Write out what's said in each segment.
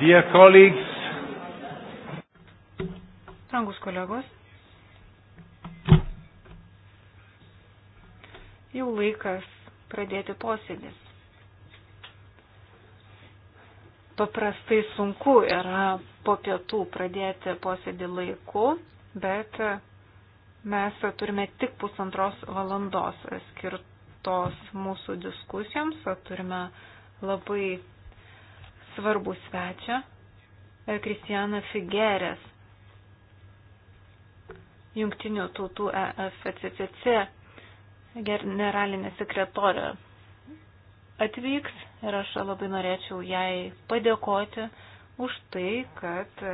Dear colleagues. Brangus kolegos. Jau laikas pradėti posėdis. Paprastai sunku yra po pietų pradėti posėdį laiku, bet mes turime tik pusantros valandos skirtos mūsų diskusijoms, turime labai svarbų svečią, e, Kristijaną Figeres, jungtinių tautų EFCCC generalinė sekretorė atvyks ir aš labai norėčiau jai padėkoti už tai, kad e,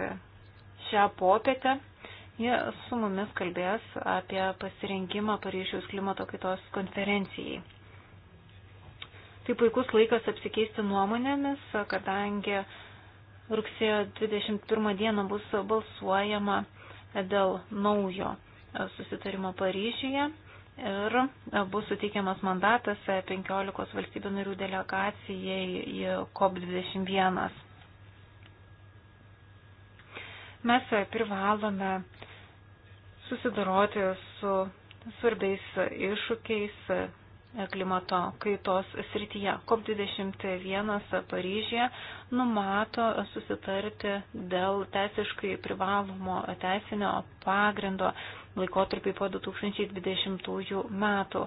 šią popietę jie su mumis kalbės apie pasirengimą Paryžiaus klimato kaitos konferencijai. Tai puikus laikas apsikeisti nuomonėmis, kadangi rugsėjo 21 dieną bus balsuojama dėl naujo susitarimo Paryžyje ir bus suteikiamas mandatas 15 valstybių narių delegacijai į COP21. Mes privalome susidoroti su svarbiais iššūkiais klimato kaitos srityje. COP21 Paryžyje numato susitarti dėl teisiškai privalomo teisinio pagrindo laikotarpį po 2020 metų.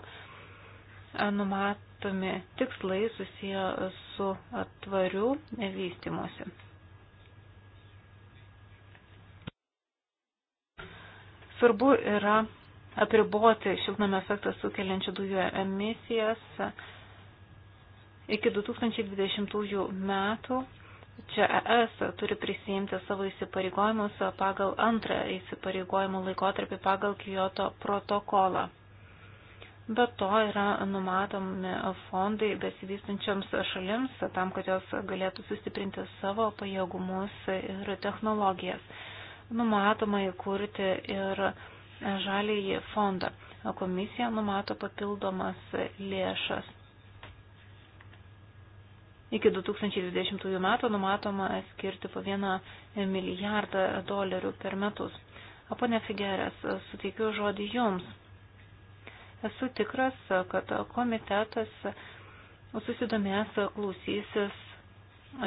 Numatomi tikslai susiję su tvariu vystimuose. svarbu yra apriboti šiltnamio efektą sukeliančių dujų emisijas iki 2020 metų. Čia ES turi prisijimti savo įsipareigojimus pagal antrą įsipareigojimų laikotarpį pagal Kyoto protokolą. Be to yra numatomi fondai besivystančiams šalims tam, kad jos galėtų sustiprinti savo pajėgumus ir technologijas. Numatoma įkurti ir žalįjį fondą. Komisija numato papildomas lėšas. Iki 2020 metų numatoma skirti po vieną milijardą dolerių per metus. Pone Figerės, suteikiu žodį Jums. Esu tikras, kad komitetas susidomės klausysis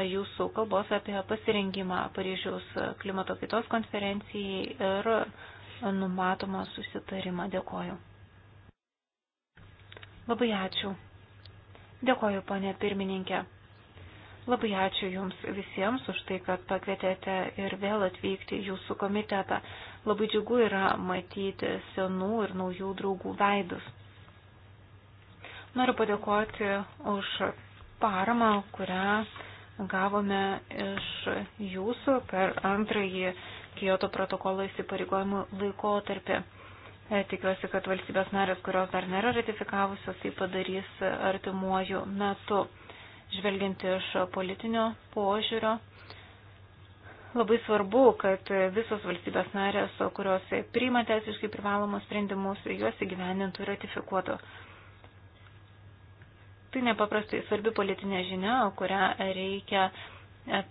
Jūsų kalbos apie pasirengimą Paryžiaus klimato kitos konferencijai ir numatomą susitarimą. Dėkoju. Labai ačiū. Dėkoju, ponė pirmininkė. Labai ačiū Jums visiems už tai, kad pakvietėte ir vėl atvykti į Jūsų komitetą. Labai džiugu yra matyti senų ir naujų draugų veidus. Noriu padėkoti už paramą, kurią gavome iš Jūsų per antrąjį Kyoto protokolo įsipareigojimų laikotarpį. E, tikiuosi, kad valstybės narės, kurios dar nėra ratifikavusios, tai padarys artimuoju metu. Žvelgiant iš politinio požiūrio, labai svarbu, kad visos valstybės narės, kurios priima teisiškai privalomus sprendimus, juos įgyvenintų ir ratifikuotų. Tai nepaprastai svarbi politinė žinia, kurią reikia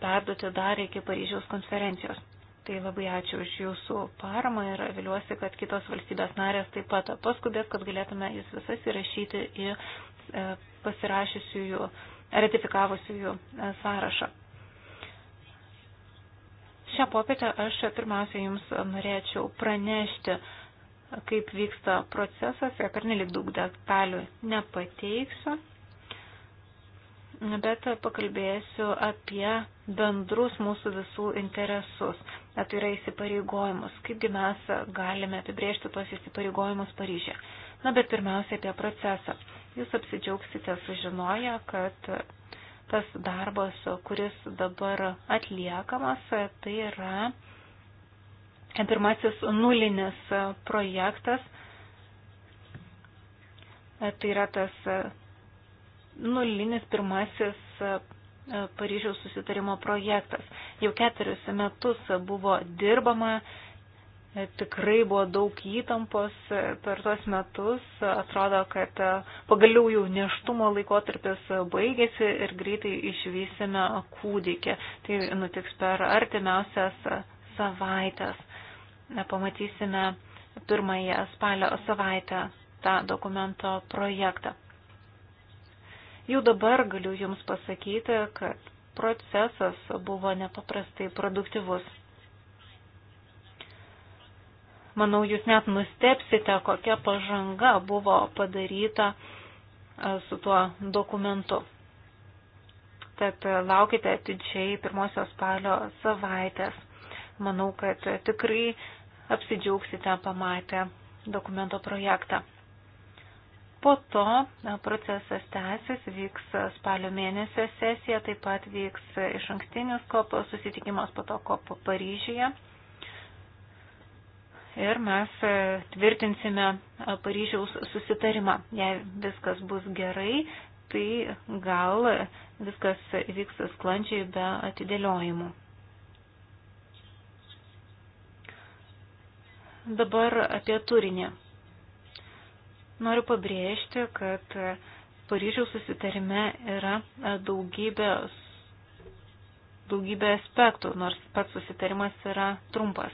perduoti dar iki Paryžiaus konferencijos. Tai labai ačiū už jūsų paramą ir viliuosi, kad kitos valstybės narės taip pat paskubės, kad galėtume jūs visas įrašyti į e, pasirašysiųjų, ratifikavusiųjų e, sąrašą. Šią popietę aš pirmiausia jums norėčiau pranešti, kaip vyksta procesas ir pernelik daug detalių nepateiksiu, bet pakalbėsiu apie bendrus mūsų visų interesus tai yra įsipareigojimus. Kaipgi mes galime apibrėžti tuos įsipareigojimus Paryžė? Na, bet pirmiausia apie procesą. Jūs apsidžiaugsite sužinoję, kad tas darbas, kuris dabar atliekamas, tai yra pirmasis nulinis projektas. Tai yra tas nulinis pirmasis E, Paryžiaus susitarimo projektas. Jau keturis metus buvo dirbama, e, tikrai buvo daug įtampos e, per tuos metus. Atrodo, kad pagaliau jau neštumo laikotarpis baigėsi ir greitai išvysime kūdikį. Tai nutiks per artimiausias savaitės. Pamatysime pirmąją spalio savaitę tą dokumento projektą. Jau dabar galiu Jums pasakyti, kad procesas buvo nepaprastai produktyvus. Manau, Jūs net nustepsite, kokia pažanga buvo padaryta e, su tuo dokumentu. Tad e, laukite atidžiai pirmosios spalio savaitės. Manau, kad tikrai apsidžiaugsite pamatę dokumento projektą. Po to e, procesas tęsis, vyks spalio mėnesio sesija, taip pat vyks iš ankstinius COP susitikimas, po to COP Paryžyje. Ir mes e, tvirtinsime e, Paryžiaus susitarimą. Jei viskas bus gerai, tai gal viskas vyks sklandžiai be atidėliojimų. Dabar apie turinį. Noriu pabrėžti, kad Paryžiaus susitarime yra e, daugybė, daugybė aspektų, nors pats susitarimas yra trumpas.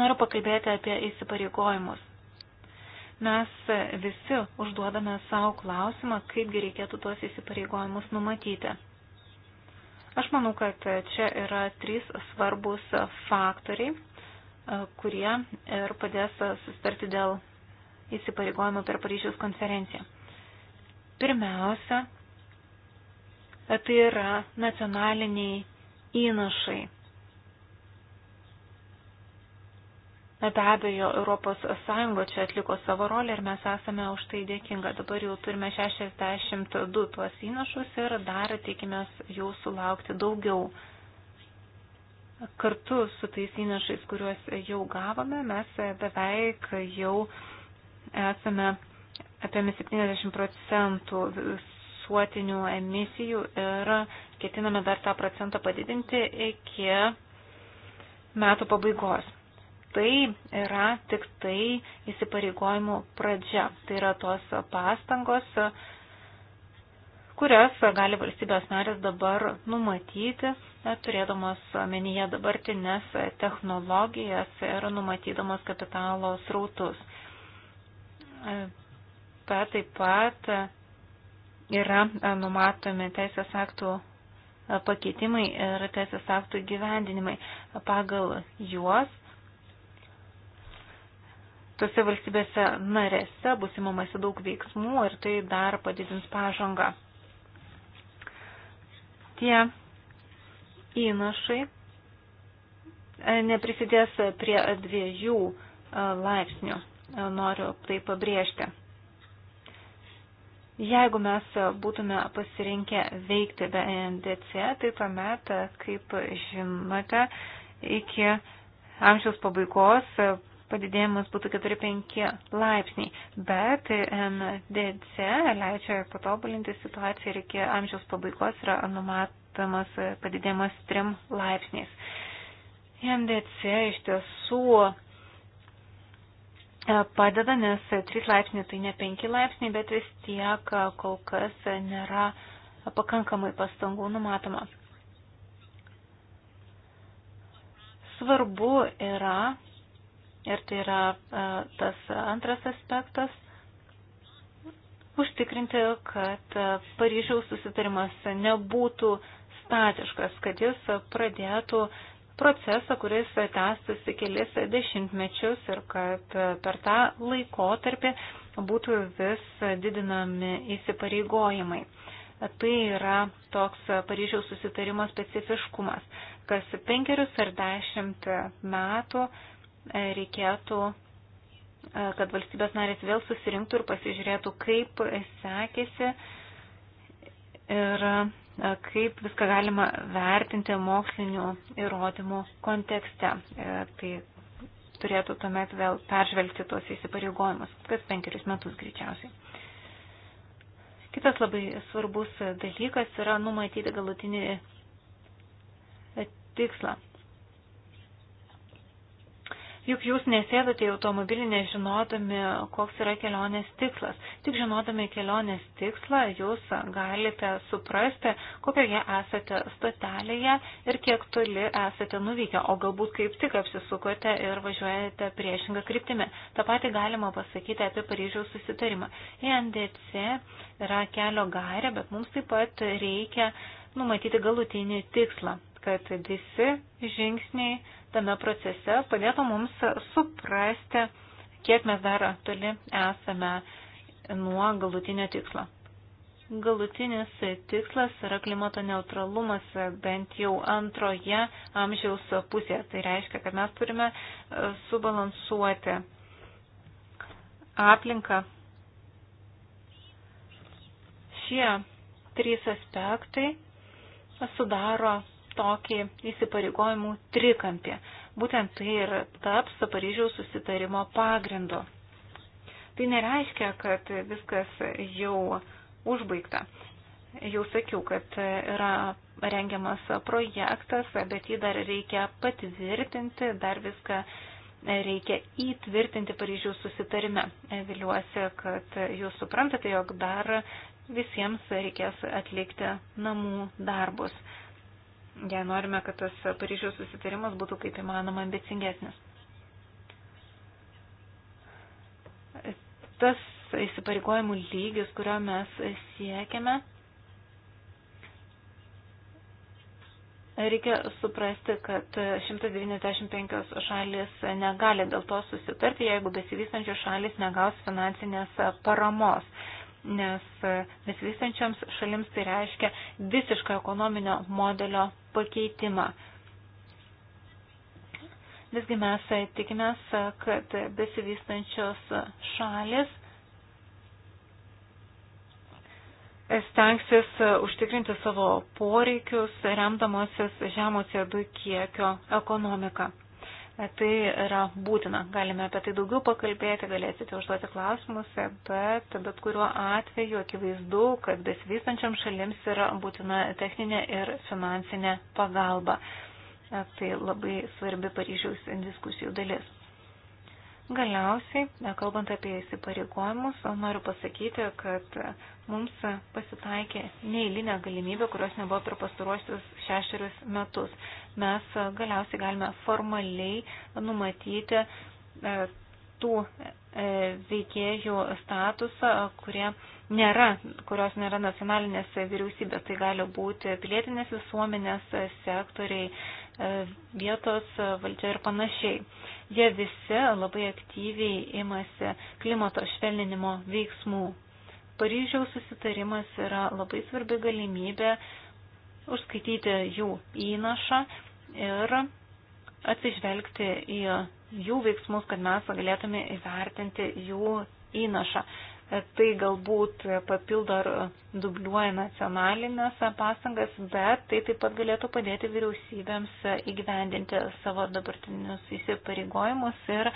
Noriu pakalbėti apie įsipareigojimus. Mes visi užduodame savo klausimą, kaipgi reikėtų tuos įsipareigojimus numatyti. Aš manau, kad čia yra trys svarbus faktoriai, e, kurie ir padės sustarti dėl įsipareigojimų per Paryžiaus konferenciją. Pirmiausia, tai yra nacionaliniai įnašai. Be abejo, ES čia atliko savo rolę ir mes esame už tai dėkinga. Dabar jau turime 62 tuos įnašus ir dar tikimės jų sulaukti daugiau. Kartu su tais įnašais, kuriuos jau gavome, mes beveik jau esame apie 70 procentų visuotinių emisijų ir ketiname dar tą procentą padidinti iki metų pabaigos. Tai yra tik tai įsipareigojimų pradžia. Tai yra tos pastangos, kurias gali valstybės narės dabar numatyti, turėdamas omenyje dabartinės technologijas ir numatydamas kapitalo srautus taip pat yra e, numatomi teisės aktų e, pakeitimai ir teisės aktų gyvendinimai. Pagal juos tose valstybėse narėse bus įmamasi daug veiksmų ir tai dar padidins pažangą. Tie įnašai e, neprisidės prie dviejų laipsnių noriu tai pabrėžti. Jeigu mes būtume pasirinkę veikti be NDC, tai tuomet, kaip žinote, iki amžiaus pabaigos padidėjimas būtų 4-5 laipsniai, bet NDC leidžia patobulinti situaciją ir iki amžiaus pabaigos yra numatomas padidėjimas 3 laipsniais. NDC iš tiesų E, padeda, nes 3 laipsniai tai ne 5 laipsniai, bet vis tiek e, kol kas nėra pakankamai pastangų numatoma. Svarbu yra, ir tai yra e, tas antras aspektas, užtikrinti, kad Paryžiaus susitarimas nebūtų statiškas, kad jis pradėtų procesą, kuris tęstusi kelis dešimtmečius ir kad per tą laikotarpį būtų vis didinami įsipareigojimai. Tai yra toks Paryžiaus susitarimo specifiškumas. Kas penkerius ar dešimt metų reikėtų kad valstybės narės vėl susirinktų ir pasižiūrėtų, kaip sekėsi ir kaip viską galima vertinti mokslinių įrodymų kontekste. E, tai turėtų tuomet vėl peržvelgti tuos įsipareigojimus, kas penkerius metus greičiausiai. Kitas labai svarbus dalykas yra numatyti galutinį tikslą. Juk jūs nesėdate į automobilį nežinodami, koks yra kelionės tikslas. Tik žinodami kelionės tikslą, jūs galite suprasti, kokioje esate stotelėje ir kiek toli esate nuvykę, o galbūt kaip tik apsisukote ir važiuojate priešingą kryptimį. Ta pati galima pasakyti apie Paryžiaus susitarimą. INDC e yra kelio gairė, bet mums taip pat reikia numatyti galutinį tikslą, kad visi žingsniai tame procese padėtų mums suprasti, kiek mes dar toli esame nuo galutinio tikslo. Galutinis tikslas yra klimato neutralumas bent jau antroje amžiaus pusėje. Tai reiškia, kad mes turime e, subalansuoti aplinką. Šie trys aspektai sudaro tokį įsipareigojimų trikampį. Būtent tai ir taps Paryžiaus susitarimo pagrindu. Tai nereiškia, kad viskas jau užbaigta. Jau sakiau, kad yra rengiamas projektas, bet jį dar reikia patvirtinti, dar viską reikia įtvirtinti Paryžiaus susitarime. Viliuosi, kad jūs suprantate, jog dar visiems reikės atlikti namų darbus jei norime, kad tas Paryžiaus susitarimas būtų kaip įmanoma ambicingesnis. Tas įsipareigojimų lygis, kurio mes siekiame, reikia suprasti, kad 195 šalis negali dėl to susitarti, jeigu besivystančios šalis negaus finansinės paramos nes e, besivystančioms šalims tai reiškia visišką ekonominio modelio pakeitimą. Visgi mes e, tikimės, e, kad besivystančios šalis stengsis užtikrinti savo poreikius, remdamasis žemo CO2 kiekio ekonomiką. Tai yra būtina. Galime apie tai daugiau pakalbėti, galėsite užduoti klausimus, bet bet kuriuo atveju akivaizdu, kad besivystančiam šalims yra būtina techninė ir finansinė pagalba. Tai labai svarbi Paryžiaus diskusijų dalis. Galiausiai, kalbant apie įsipareigojimus, noriu pasakyti, kad mums pasitaikė neįlinė galimybė, kurios nebuvo per pastaruosius šešerius metus. Mes galiausiai galime formaliai numatyti e, tų e, veikėjų statusą, kurie nėra, kurios nėra nacionalinės vyriausybės. Tai gali būti pilietinės visuomenės sektoriai, E, vietos e, valdžia ir panašiai. Jie visi labai aktyviai imasi klimato švelninimo veiksmų. Paryžiaus susitarimas yra labai svarbi galimybė užskaityti jų įnašą ir atsižvelgti į jų veiksmus, kad mes galėtume įvertinti jų įnašą tai galbūt papildo ar dubliuoja nacionalinės pastangas, bet tai taip pat galėtų padėti vyriausybėms įgyvendinti savo dabartinius įsipareigojimus ir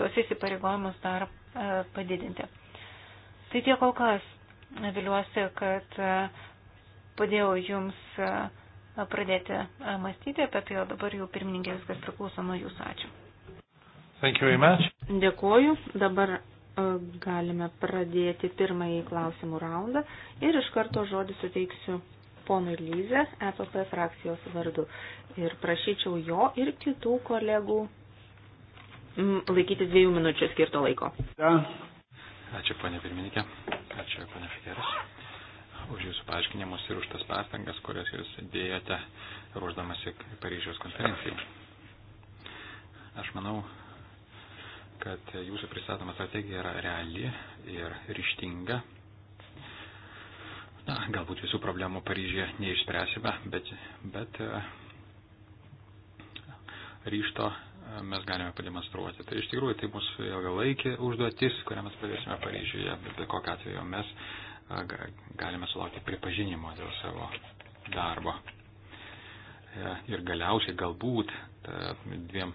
tuos įsipareigojimus dar e, padidinti. Tai tiek kol kas. Viliuosi, kad e, padėjau jums e, pradėti mąstyti apie tai, o dabar jau pirmininkė viskas priklauso nuo jūsų. Ačiū. Dėkuoju. Dabar galime pradėti pirmąjį klausimų raundą ir iš karto žodį suteiksiu ponui Lyze, EPP frakcijos vardu. Ir prašyčiau jo ir kitų kolegų laikyti dviejų minučių skirto laiko. Ačiū, ponė pirmininkė. Ačiū, ponė Fikeris, už jūsų paaiškinimus ir už tas pastangas, kurias jūs dėjote ruoždamasi Paryžiaus konferencijai. Aš manau, kad jūsų pristatoma strategija yra reali ir ryštinga. Na, galbūt visų problemų Paryžyje neišspręsime, bet, bet e, ryšto e, mes galime pademonstruoti. Tai iš tikrųjų tai mūsų ilgalaikė užduotis, kurią mes pradėsime Paryžiuje, bet be kokio atveju mes e, galime sulaukti pripažinimo dėl savo darbo. Ir galiausiai galbūt ta, dviem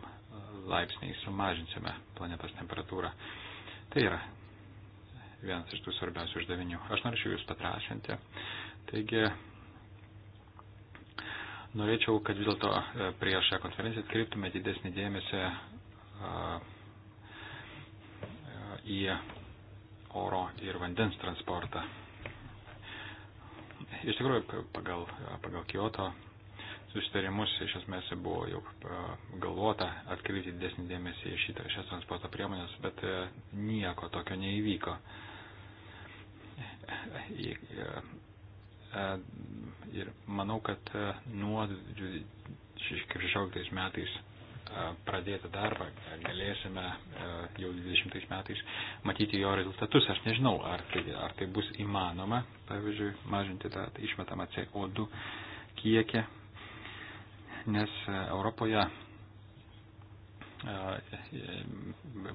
laipsniai sumažinsime planetos temperatūrą. Tai yra vienas iš tų svarbiausių uždavinių. Aš norėčiau Jūs patrašinti. Taigi, norėčiau, kad vis dėlto e, prieš šią konferenciją atkreiptume didesnį dėmesį e, e, į oro ir vandens transportą. Iš tikrųjų, pagal, pagal Kyoto susitarimus iš esmės buvo jau e, galvota atkreipti didesnį dėmesį į šitą, šias transporto priemonės, bet e, nieko tokio neįvyko. E, ir manau, kad nuo 16 metais pradėtą darbą galėsime jau 20 metais matyti jo rezultatus. Aš nežinau, ar tai, ar tai bus įmanoma, pavyzdžiui, mažinti tą išmetamą CO2 kiekį nes e, Europoje e, e,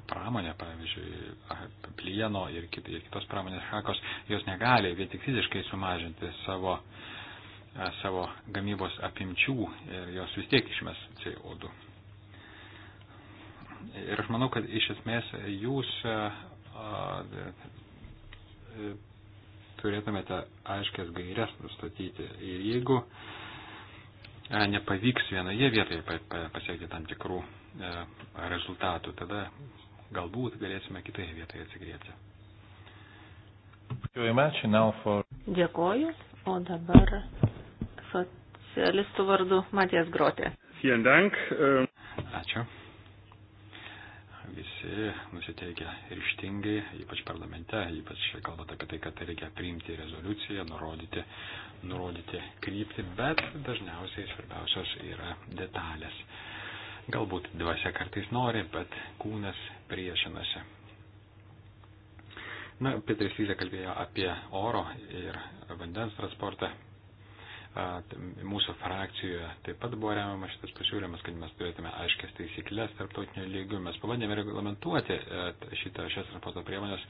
pramonė, pavyzdžiui, plieno ir kitos pramonės šakos, jos negali vien tik fiziškai sumažinti savo, savo gamybos apimčių ir jos vis tiek išmes CO2. Ir aš manau, kad iš esmės jūs turėtumėte aiškės gairias nustatyti. Ir jeigu uh, E, nepavyks vienoje vietoje pasiekti tam tikrų e, rezultatų, tada galbūt galėsime kitoje vietoje atsigriebti. Dėkoju, o dabar socialistų vardu Matijas Grotė. Ähm, Ačiū visi nusiteikia ryštingai, ypač parlamente, ypač kalbant apie tai, kad tai reikia priimti rezoliuciją, nurodyti, nurodyti kryptį, bet dažniausiai svarbiausios yra detalės. Galbūt dvasia kartais nori, bet kūnas priešinasi. Na, Petris Lysė kalbėjo apie oro ir vandens transportą, mūsų frakcijoje taip pat buvo remiamas šitas pasiūlymas, kad mes turėtume aiškias taisyklės tarptautinio lygių. Mes pabandėme reglamentuoti e, šitą šias transporto priemonės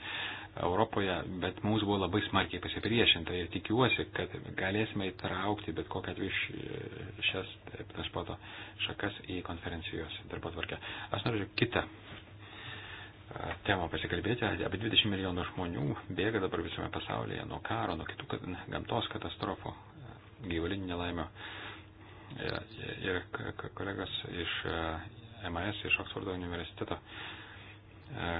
Europoje, bet mums buvo labai smarkiai pasipriešinta ir tikiuosi, kad galėsime įtraukti bet kokią atveju šias transporto šakas į konferencijos darbo tvarkę. Aš noriu kitą e, temą pasikalbėti. Apie 20 milijonų žmonių bėga dabar visame pasaulyje nuo karo, nuo kitų gamtos katastrofų gyvulinių nelaimių. Ir kolegas iš e, MAS, iš Oksfordo universiteto, e,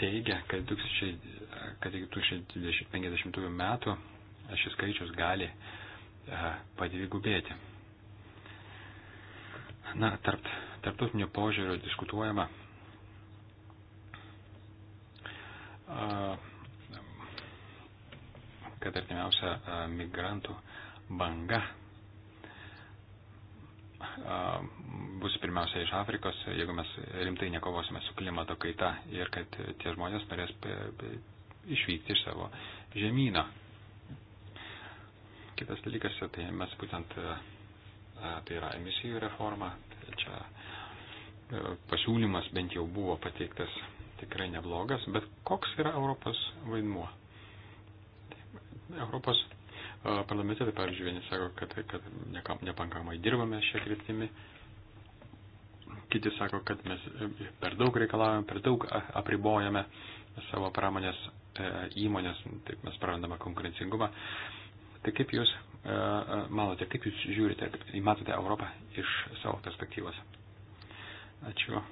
teigia, kad iki 2050 metų šis skaičius gali e, padvigubėti. Na, tarp tarptautinio požiūrio diskutuojama. Uh, kad artimiausia migrantų banga bus pirmiausia iš Afrikos, jeigu mes rimtai nekovosime su klimato kaita ir kad tie žmonės norės išvykti iš savo žemyną. Kitas dalykas, tai mes būtent, tai yra emisijų reforma, tai čia pasiūlymas bent jau buvo pateiktas tikrai neblogas, bet koks yra Europos vaidmuo? Europos e, parlamente, tai pavyzdžiui, vieni sako, kad, kad nepankamai dirbame šią kryptimį, kiti sako, kad mes e, per daug reikalavome, per daug apribojame savo pramonės e, įmonės, taip mes prarandame konkurencingumą. Tai kaip jūs manote, kaip jūs žiūrite, matote Europą iš savo perspektyvos? Ačiū.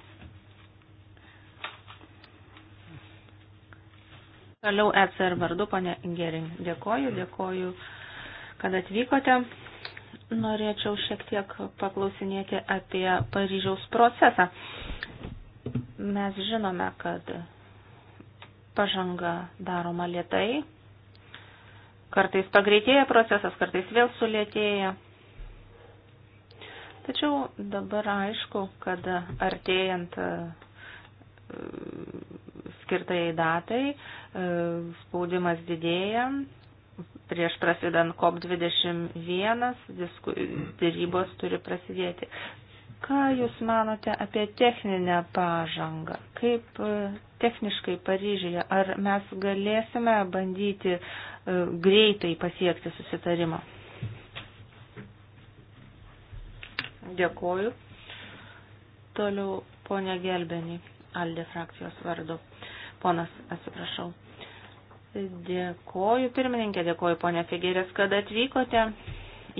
Toliau ECR vardu, ponė Gering. Dėkoju, dėkoju, kad atvykote. Norėčiau šiek tiek paklausinėti apie Paryžiaus procesą. Mes žinome, kad pažanga daroma lietai. Kartais pagreitėja procesas, kartais vėl sulėtėja. Tačiau dabar aišku, kad artėjant skirtai datai, e, spaudimas didėja. Prieš prasidant COP21 disku, dėrybos turi prasidėti. Ką Jūs manote apie techninę pažangą? Kaip e, techniškai Paryžiuje, ar mes galėsime bandyti e, greitai pasiekti susitarimą? Dėkoju. Toliau ponia Gelbenį, Aldė frakcijos vardu. Ponas, atsiprašau. Dėkoju, pirmininkė, dėkoju, ponė Figerės, kad atvykote.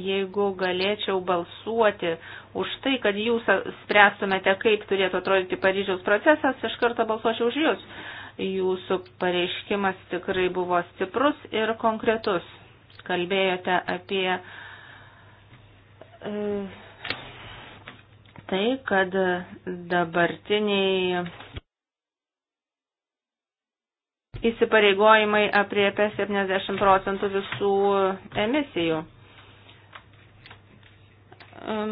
Jeigu galėčiau balsuoti už tai, kad jūs spręstumėte, kaip turėtų atrodyti Paryžiaus procesas, iš karto balsuočiau už jūs. Jūsų pareiškimas tikrai buvo stiprus ir konkretus. Kalbėjote apie e, tai, kad dabartiniai įsipareigojimai apriepia 70 procentų visų emisijų.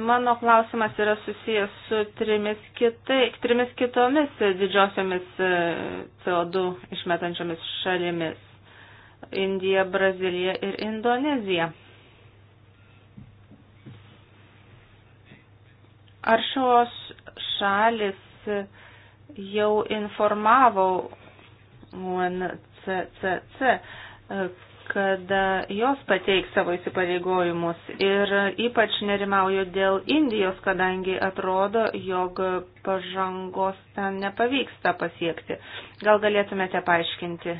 Mano klausimas yra susijęs su trimis, kitai, trimis kitomis didžiosiomis e, CO2 išmetančiomis šalimis - Indija, Brazilija ir Indonezija. Ar šios šalis jau informavo UNCCC, kad jos pateiks savo įsipareigojimus ir ypač nerimauju dėl Indijos, kadangi atrodo, jog pažangos ten nepavyksta pasiekti. Gal galėtumėte paaiškinti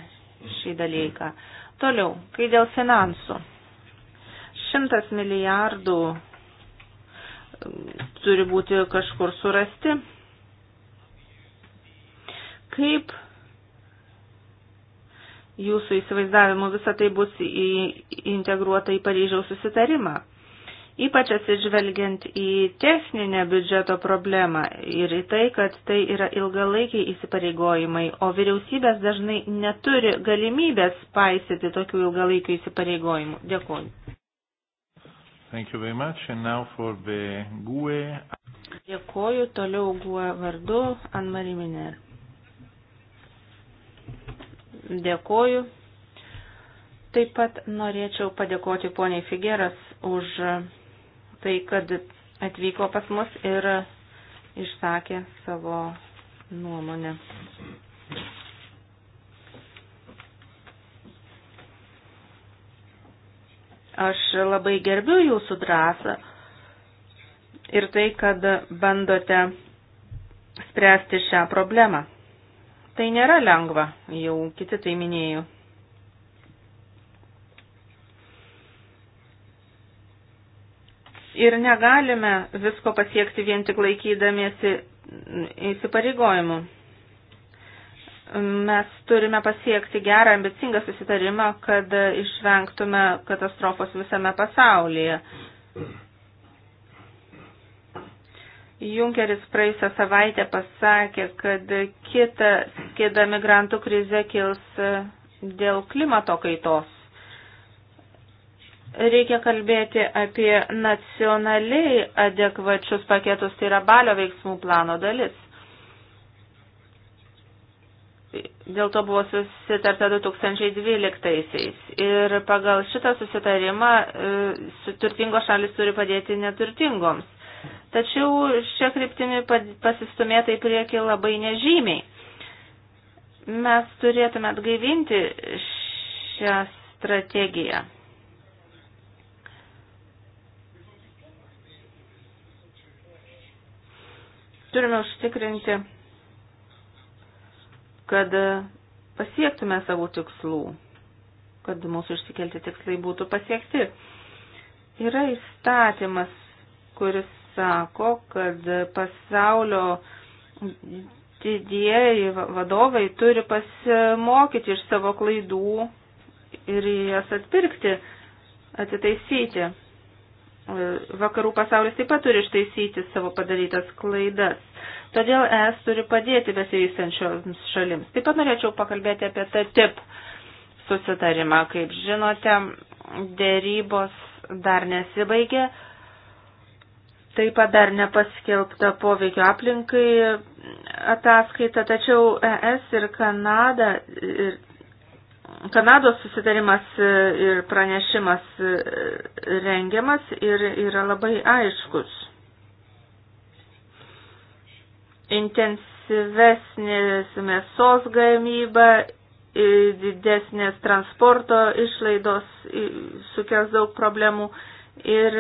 šį dalyką? Toliau, kai dėl finansų. Šimtas milijardų mm, turi būti kažkur surasti. Kaip jūsų įsivaizdavimu visą tai bus į, integruota į Paryžiaus susitarimą? Ypač atsižvelgiant į techninę biudžeto problemą ir į tai, kad tai yra ilgalaikiai įsipareigojimai, o vyriausybės dažnai neturi galimybės paisyti tokių ilgalaikių įsipareigojimų. Dėkuoju. Thank you very much. And now for the GUE. Dėkuoju toliau GUE vardu Anmari Miner. Dėkoju. Taip pat norėčiau padėkoti poniai Figeras už tai, kad atvyko pas mus ir išsakė savo nuomonę. Aš labai gerbiu jūsų drąsą ir tai, kad bandote spręsti šią problemą. Tai nėra lengva, jau kiti tai minėjo. Ir negalime visko pasiekti vien tik laikydamiesi įsipareigojimų. Mes turime pasiekti gerą ambicingą susitarimą, kad išvengtume katastrofos visame pasaulyje. Junkeris praėjusią savaitę pasakė, kad kita, kita migrantų krize kils e, dėl klimato kaitos. Reikia kalbėti apie nacionaliai adekvačius paketus, tai yra balio veiksmų plano dalis. Dėl to buvo susitarta 2012-aisiais. Ir pagal šitą susitarimą e, turtingos šalis turi padėti neturtingoms Tačiau šią kryptimį pasistumėta į priekį labai nežymiai. Mes turėtume atgaivinti šią strategiją. Turime užtikrinti, kad pasiektume savo tikslų, kad mūsų išsikelti tikslai būtų pasiekti. Yra įstatymas, kuris sako, kad pasaulio didieji vadovai turi pasimokyti iš savo klaidų ir jas atpirkti, atitaisyti. Vakarų pasaulis taip pat turi ištaisyti savo padarytas klaidas. Todėl ES turi padėti besivystančioms šalims. Taip pat norėčiau pakalbėti apie tą tip susitarimą. Kaip žinote, dėrybos dar nesibaigė, Taip pat dar nepaskelbta poveikio aplinkai ataskaita, tačiau ES ir Kanada ir Kanados susitarimas ir pranešimas rengiamas ir yra labai aiškus. Intensyvesnės mėsos gamyba, didesnės transporto išlaidos sukels daug problemų ir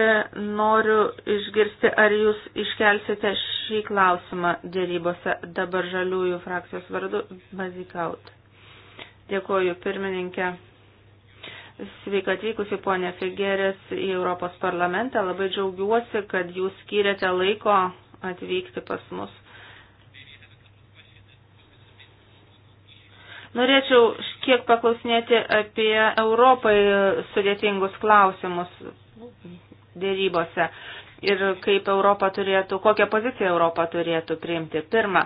noriu išgirsti, ar jūs iškelsite šį klausimą dėrybose dabar žaliųjų frakcijos vardu Bazikaut. Dėkuoju pirmininkė. Sveika atvykusi ponė Figeris į Europos parlamentą. Labai džiaugiuosi, kad jūs skiriate laiko atvykti pas mus. Norėčiau kiek paklausinėti apie Europai sudėtingus klausimus, dėrybose ir kaip Europa turėtų, kokią poziciją Europa turėtų priimti. Pirma,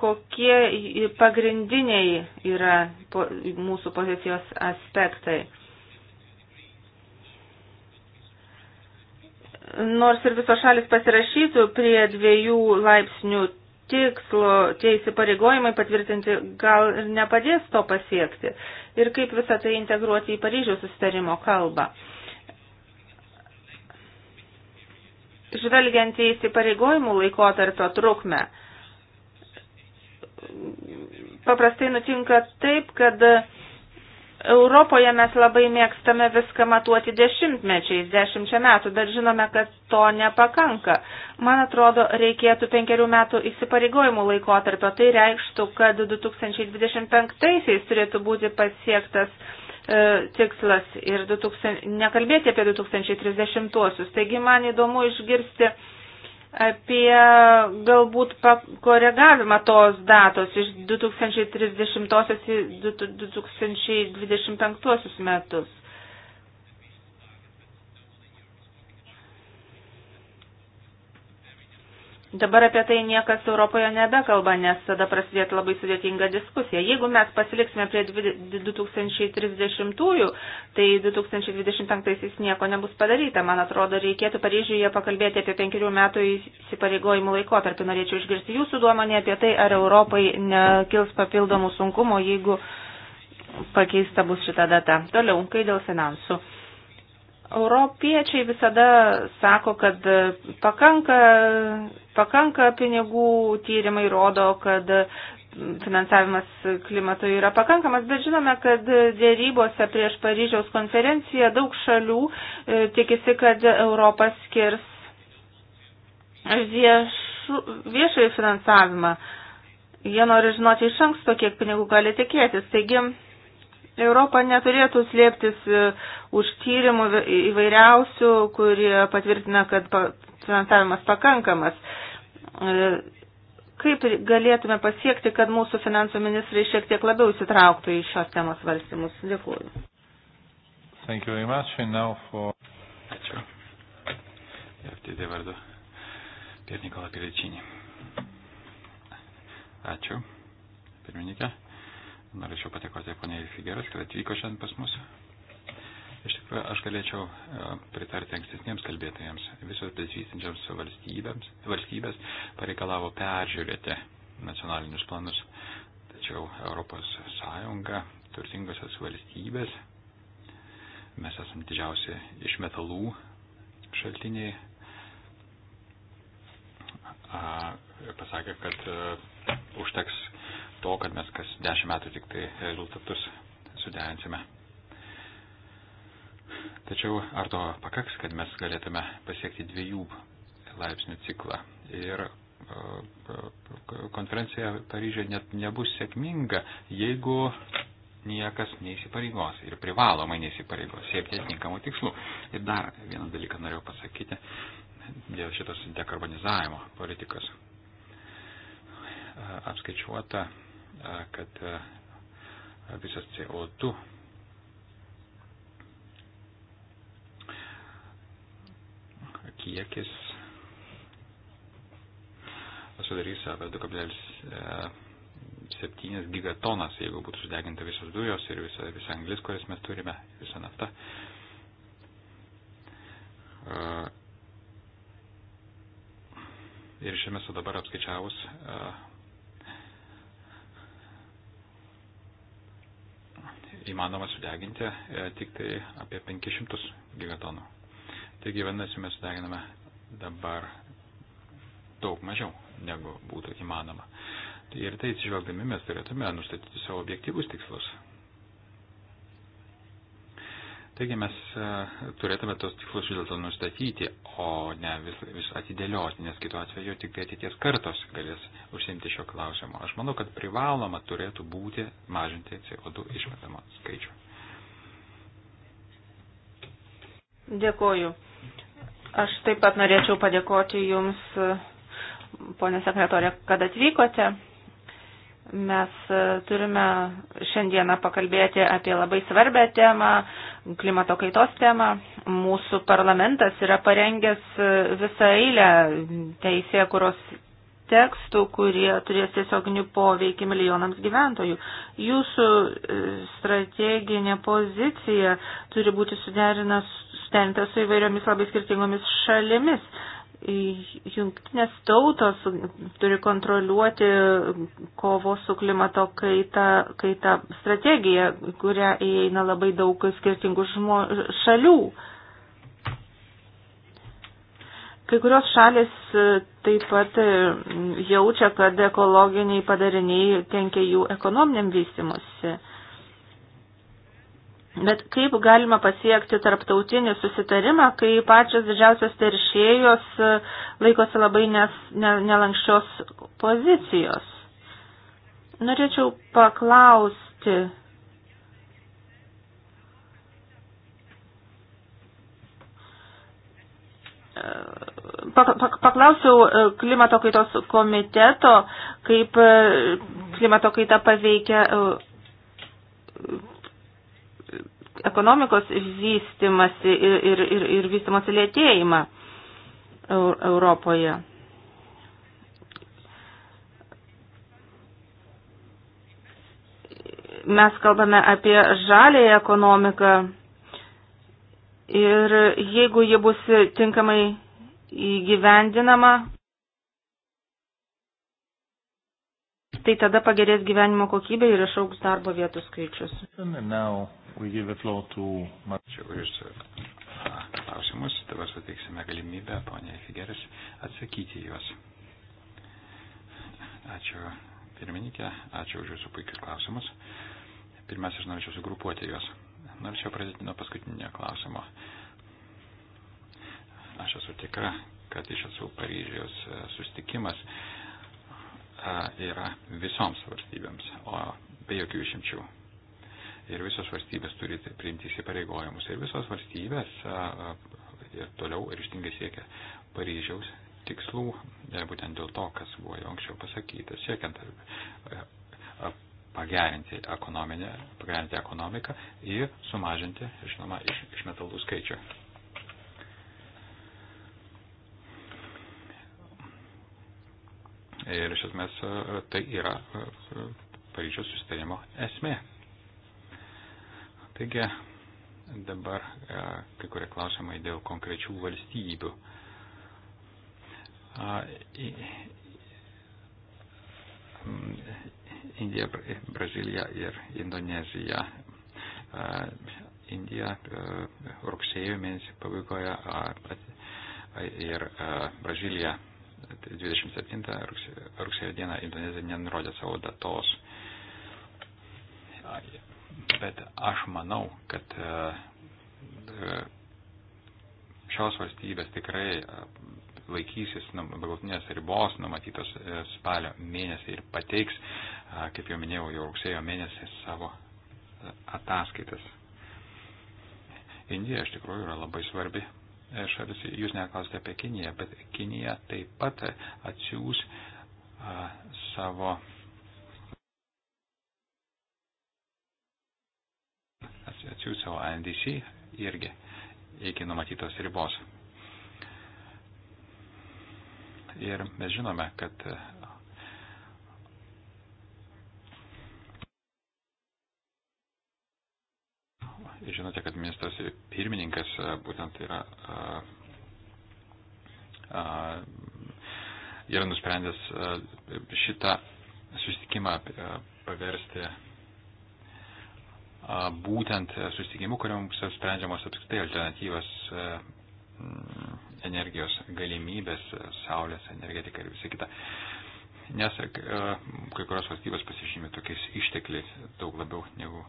kokie pagrindiniai yra mūsų pozicijos aspektai. Nors ir visos šalis pasirašytų prie dviejų laipsnių tikslo, tie įsipareigojimai patvirtinti gal ir nepadės to pasiekti. Ir kaip visą tai integruoti į Paryžiaus sustarimo kalbą. žvelgiant į įsipareigojimų laikotarpio trukmę, paprastai nutinka taip, kad Europoje mes labai mėgstame viską matuoti dešimtmečiais, dešimčia metų, bet žinome, kad to nepakanka. Man atrodo, reikėtų penkerių metų įsipareigojimų laikotarpio. Tai reikštų, kad 2025-aisiais turėtų būti pasiektas E, tikslas ir 2000, nekalbėti apie 2030-uosius. Taigi man įdomu išgirsti apie galbūt koregavimą tos datos iš 2030-osios į 2025-osius metus. Dabar apie tai niekas Europoje nebekalba, nes tada prasidėtų labai sudėtinga diskusija. Jeigu mes pasiliksime prie 2030-ųjų, tai 2025-aisiais nieko nebus padaryta. Man atrodo, reikėtų Paryžiuje pakalbėti apie penkerių metų įsipareigojimų laikotarpį. Norėčiau išgirsti jūsų duomonį apie tai, ar Europai nekils papildomų sunkumų, jeigu pakeista bus šita data. Toliau, kai dėl finansų. Europiečiai visada sako, kad pakanka, pakanka pinigų, tyrimai rodo, kad finansavimas klimatui yra pakankamas, bet žinome, kad dėrybose prieš Paryžiaus konferenciją daug šalių e, tikisi, kad Europa skirs viešu, viešai finansavimą. Jie nori žinoti iš anksto, kiek pinigų gali tikėtis. Taigi, Europa neturėtų slėptis e, už tyrimų įvairiausių, kurie patvirtina, kad finansavimas pakankamas. E, kaip galėtume pasiekti, kad mūsų finansų ministrai šiek tiek labiau įsitrauktų į šios temos valstymus? Dėkuoju. Thank you very much. And now for... Ačiū. FTD vardu. Pier Nikola Pirecinį. Ačiū. Pirmininkė. Norėčiau patikoti poniai Figeras, kad atvyko šiandien pas mus. Iš tikrųjų, aš galėčiau e, pritarti ankstesniems kalbėtojams. Visos besivystančiams valstybės pareikalavo peržiūrėti nacionalinius planus. Tačiau Europos Sąjunga, turtingosios valstybės, mes esame didžiausi iš metalų šaltiniai, pasakė, kad e, užteks to, kad mes kas dešimt metų tik tai rezultatus suderinsime. Tačiau ar to pakaks, kad mes galėtume pasiekti dviejų laipsnių ciklą? Ir e, e, konferencija Paryžiuje net nebus sėkminga, jeigu niekas neįsipareigos ir privalomai neįsipareigos siekti atitinkamų tikslų. Ir dar vieną dalyką norėjau pasakyti dėl šitos dekarbonizavimo politikos. E, apskaičiuota kad e, visas CO2 kiekis sudarys apie 2,7 e, gigatonas, jeigu būtų sudeginta visos dujos ir visa, visa anglis, kurias mes turime, visa nafta. E, ir iš emeso dabar apskaičiavus įmanoma sudeginti e, tik tai apie 500 gigatonų. Taigi, vadinasi, mes sudeginame dabar daug mažiau, negu būtų įmanoma. Tai ir tai atsižvelgdami mes turėtume nustatyti savo objektyvus tikslus. Taigi mes e, turėtume tos tikslus vis dėlto nustatyti, o ne vis, vis atidėlioti, nes kitu atveju tik tai ateities kartos galės užsimti šio klausimo. Aš manau, kad privaloma turėtų būti mažinti CO2 išmetamą skaičių. Dėkoju. Aš taip pat norėčiau padėkoti Jums, e, ponė sekretorė, kad atvykote. Mes e, turime šiandieną pakalbėti apie labai svarbę temą, klimato kaitos temą. Mūsų parlamentas yra parengęs e, visą eilę teisė, kurios tekstų, kurie turės tiesioginių poveikį milijonams gyventojų. Jūsų e, strateginė pozicija turi būti suderinta su įvairiomis labai skirtingomis šalimis. Jungtinės tautos turi kontroliuoti kovos su klimato kaita, kaita strategiją, kurią įeina labai daug skirtingų žmo, šalių. Kai kurios šalis taip pat jaučia, kad ekologiniai padariniai kenkia jų ekonominiam vystimusi. Bet kaip galima pasiekti tarptautinį susitarimą, kai pačios didžiausios teršėjos e, laikosi labai nes, ne, nelankščios pozicijos? Norėčiau paklausti. E, paklausiau e, klimato kaitos komiteto, kaip klimato kaita paveikia ekonomikos vystimasi ir, ir, ir, ir vystimosi lėtėjimą Europoje. Mes kalbame apie žalėją ekonomiką ir jeigu ji bus tinkamai įgyvendinama, tai tada pagerės gyvenimo kokybė ir išaugs darbo vietų skaičius. Now, we give the floor to Marčiau už e, klausimus. Dabar suteiksime galimybę ponė Figeris atsakyti juos. Ačiū pirmininkė, ačiū už jūsų puikius klausimus. Pirmiausia, aš norėčiau sugrupuoti juos. Norėčiau pradėti nuo paskutinio klausimo. Aš esu tikra, kad iš esu Paryžiaus e, sustikimas e, yra visoms valstybėms, o be jokių išimčių ir visos valstybės turi tai priimti įsipareigojimus. Ir visos valstybės ir toliau ryštingai siekia Paryžiaus tikslų, e, būtent dėl to, kas buvo jau anksčiau pasakyta, siekiant e, pagerinti, pagerinti ekonomiką ir sumažinti, žinoma, iš, iš metalų skaičių. Ir iš esmės e, tai yra Paryžiaus sustarimo esmė. Taigi dabar e, kai kurie klausimai dėl konkrečių valstybių. Indija, Brazilija ir Indonezija. Indija e, rugsėjo mėnesį pabaigoje ir Brazilija 27 tai rugsėjo dieną Indonezija nenurodė savo datos. Bet aš manau, kad e, e, šios valstybės tikrai e, laikysis galutinės ribos numatytos spalio mėnesį ir pateiks, kaip jau minėjau, jau rugsėjo mėnesį savo ataskaitas. Indija iš tikrųjų yra labai svarbi šalis. Jūs neklausite apie Kiniją, bet Kinija taip pat atsiūs savo atsiųsiu NDC irgi iki numatytos ribos. Ir mes žinome, kad žinote, kad ministras pirmininkas e, būtent yra, e, e, yra nusprendęs šitą susitikimą paversti būtent susitikimu, kuriuom sprendžiamos apskritai alternatyvas e, energijos galimybės, saulės energetika ir visa kita. Nes e, kai kurios valstybės pasižymė tokiais ištekliais daug labiau negu,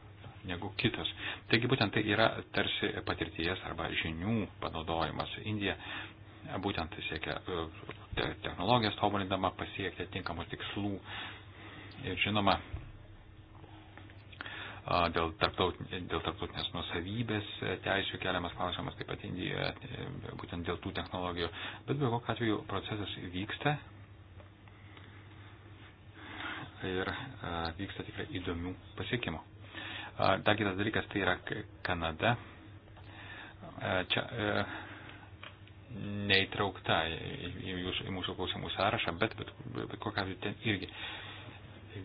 negu kitos. Taigi būtent tai yra tarsi patirties arba žinių panaudojimas. Indija būtent siekia e, technologijas tobulindama pasiekti tinkamų tikslų. Ir žinoma, dėl, tarptaut, dėl tarptautinės nusavybės e, teisų keliamas klausimas taip pat Indijoje, e, būtent dėl tų technologijų. Bet be kokio atveju procesas vyksta ir e, vyksta tikrai įdomių pasiekimų. Dar kitas dalykas tai yra Kanada. Čia neįtraukta į, jūs, į mūsų klausimų sąrašą, bet, bet, bet kokia atveju ten irgi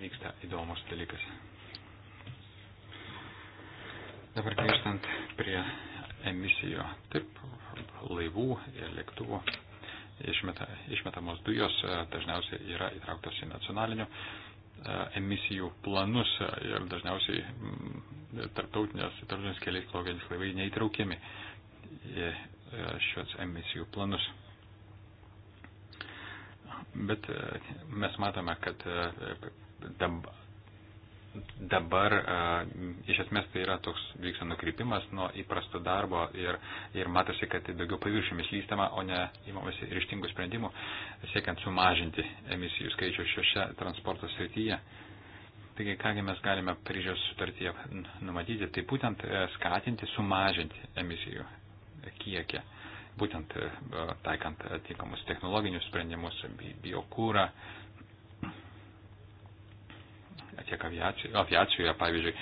vyksta įdomus dalykas. Dabar grįžtant prie emisijų. Taip, laivų ir lėktuvų išmeta, išmetamos dujos e, dažniausiai yra įtrauktos į nacionalinių e, emisijų planus e, ir dažniausiai mm, tarptautinės, tarptautinės keliais plaukiantys laivai neįtraukiami į šios emisijų planus. Bet mes matome, kad dabar iš esmės tai yra toks vyksta nukrypimas nuo įprasto darbo ir, ir matosi, kad daugiau paviršimis lystama, o ne įmamasi ryštingų sprendimų, siekiant sumažinti emisijų skaičių šiose transporto srityje. Taigi, kągi mes galime Paryžiaus sutartyje numatyti, tai būtent e, skatinti, sumažinti emisijų kiekį, būtent e, taikant atitinkamus technologinius sprendimus, biokūrą. Bi tiek aviacijoje, aviacijoje pavyzdžiui,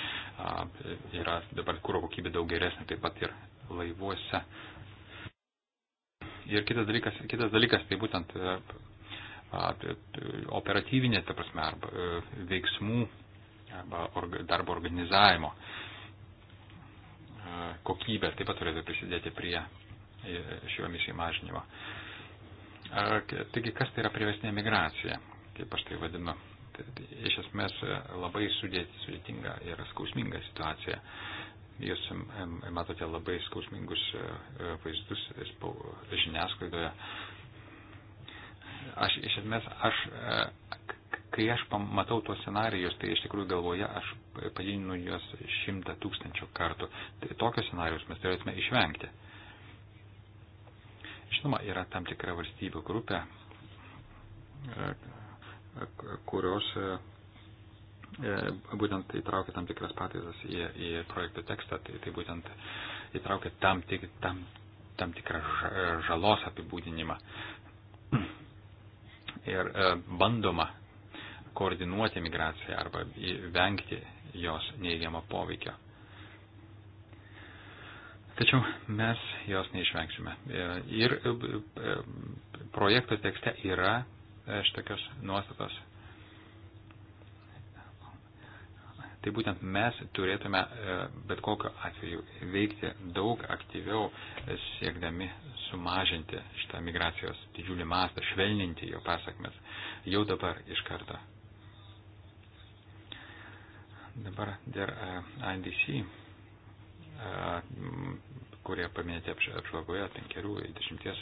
yra dabar kūro kokybė daug geresnė, taip pat ir laivuose. Ir kitas dalykas, kitas dalykas tai būtent e, operatyvinė, ta prasme, arba e, veiksmų arba orga, darbo organizavimo e, kokybė taip pat turėtų prisidėti prie šio emisijų mažinimo. Taigi, kas tai yra privesinė migracija, kaip aš tai vadinu? iš esmės e, labai sudėti sudėtinga ir skausminga situacija. Jūs matote labai skausmingus e, e, vaizdus žiniasklaidoje. Aš iš esmės, aš, kai aš matau tuos scenarijus, tai iš tikrųjų galvoje aš padidinu juos šimtą tūkstančių kartų. Tai tokius scenarius mes turėtume išvengti. Žinoma, yra tam tikra valstybių grupė, kurios e, būtent įtraukia tam tikras pataisas į, į projektų tekstą, tai, tai būtent įtraukia tam, tik, tam, tam tikrą e, žalos apibūdinimą. Ir e, bandoma koordinuoti migraciją arba vengti jos neįgiamą poveikio. Tačiau mes jos neišvengsime. Ir projekto tekste yra E, šitokios nuostatos. Tai būtent mes turėtume e, bet kokiu atveju veikti daug aktyviau, e, siekdami sumažinti šitą migracijos didžiulį mastą, švelninti jo pasakmes jau dabar iš karto. Dabar dėl NDC, kurie paminėti apžvalgoje penkerių ir dešimties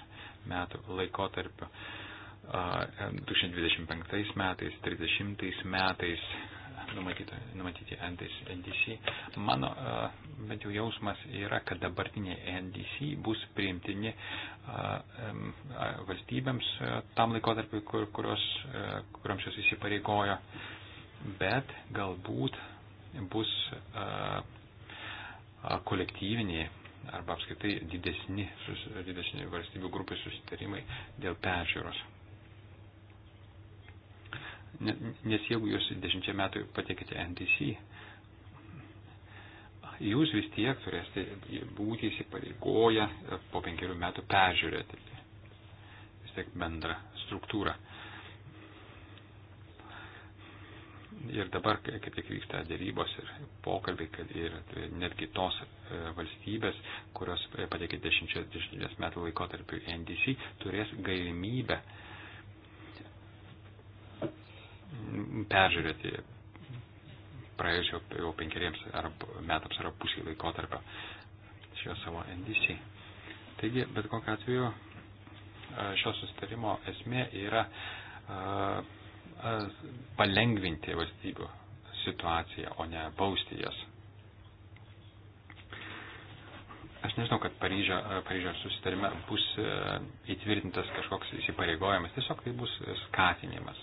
metų laikotarpio. Uh, 2025 metais, 30 metais numatyta, numatyti NDC. Mano bent jau jausmas yra, kad dabartiniai NDC bus priimtini valstybėms tam laikotarpiu, kur, kurios, kuriams jos įsipareigojo, bet galbūt bus kolektyviniai arba apskaitai didesni, didesni valstybių grupės susitarimai dėl peržiūros. Nes jeigu jūs dešimčia metų patekite NTC, jūs vis tiek turėsite būti įsipareigoję po penkerių metų peržiūrėti vis tiek bendrą struktūrą. Ir dabar, kaip tik vyksta dėrybos ir pokalbiai, kad ir netgi tos e, valstybės, kurios patikė 10 metų laikotarpiu NDC, turės galimybę uh, peržiūrėti praėjusio jau penkeriems ar metams ar pusį laikotarpio šio savo NDC. Taigi, bet kokiu atveju šio sustarimo esmė yra palengvinti valstybių situaciją, o ne bausti jas. Aš nežinau, kad Paryžio, Paryžiaus susitarime bus įtvirtintas kažkoks įsipareigojimas, tiesiog tai bus skatinimas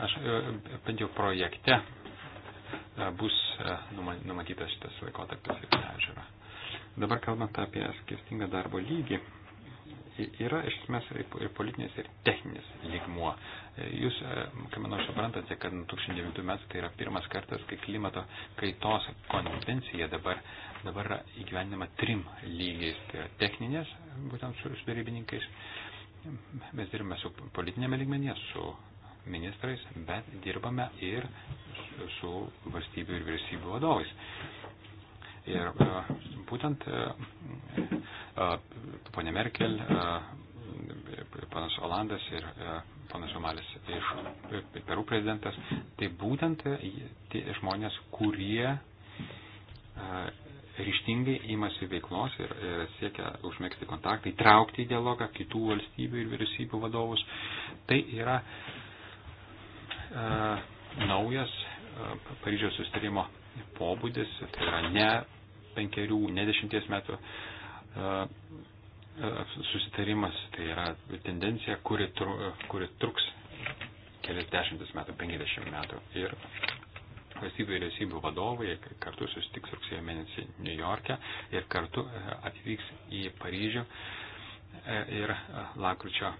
Aš e, bent jau projekte e, bus e, numatytas šitas laikotarpis ir peržiūra. Dabar kalbant apie skirtingą darbo lygį, yra iš esmės ir politinės, ir techninis lygmuo. Jūs, kaip manau, suprantate, kad 2009 metų tai yra pirmas kartas, kai klimato kaitos konvencija dabar, dabar yra įgyvendinama trim lygiais. Tai yra techninės, būtent su darybininkais. Mes dirbame su politinėme lygmenyje, su ministrais, bet dirbame ir su valstybių ir vyriausybių vadovais. Ir e, būtent e, e, ponė Merkel, panas Olandas ir panas Omalis iš Perų prezidentas, tai būtent tie žmonės, kurie ryštingai imasi veiklos ir siekia užmėgsti kontaktą, įtraukti į dialogą kitų valstybių ir vyriausybių vadovus. Tai yra uh, E, naujas e, Paryžiaus sustarimo pobūdis, tai yra ne penkerių, ne dešimties metų e, susitarimas, tai yra tendencija, kuri, tru, kuri truks kelias dešimtis metų, penkiasdešimt metų. Ir valstybių vyriausybių vadovai kartu susitiks rugsėjo mėnesį New York'e ir kartu atvyks į Paryžių ir lakryčio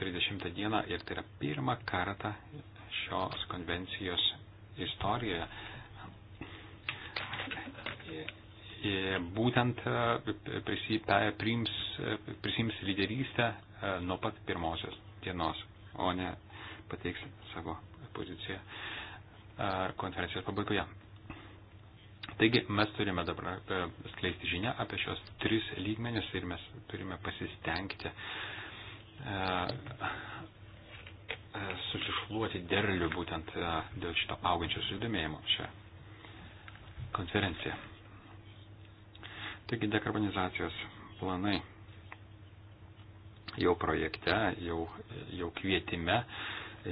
30 dieną ir tai yra pirmą kartą šios konvencijos istorijoje. Būtent prisims, e, prisims e, lyderystę e, nuo pat pirmosios dienos, o ne pateiks savo poziciją konferencijos pabaigoje. Taigi mes turime dabar skleisti žinią apie šios tris lygmenis ir mes turime pasistengti E, susišluoti derlių būtent e, dėl šito augančio susidomėjimo šią konferenciją. Taigi dekarbonizacijos planai jau projekte, jau, jau kvietime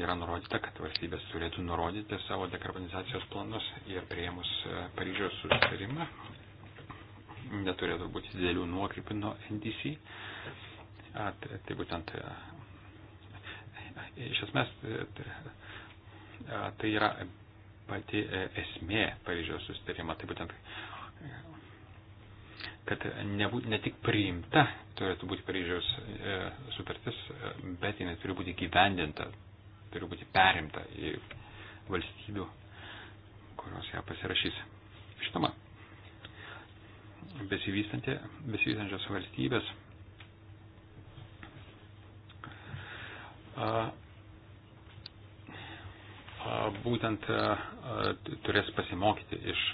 yra nurodyta, kad valstybės turėtų nurodyti savo dekarbonizacijos planus ir prieimus e, Paryžiaus susitarimą neturėtų būti didelių nuokrypių nuo NDC. A, tai, tai būtent Iš esmės, e, tai, e, tai yra pati e, esmė Paryžiaus susitarimo. Tai būtent, kad ne, ne tik priimta turėtų būti Paryžiaus sutartis, bet jinai turi būti gyvendinta, turi būti perimta į valstybių, kurios ją pasirašys. Žinoma, besivystančios valstybės būtent turės pasimokyti iš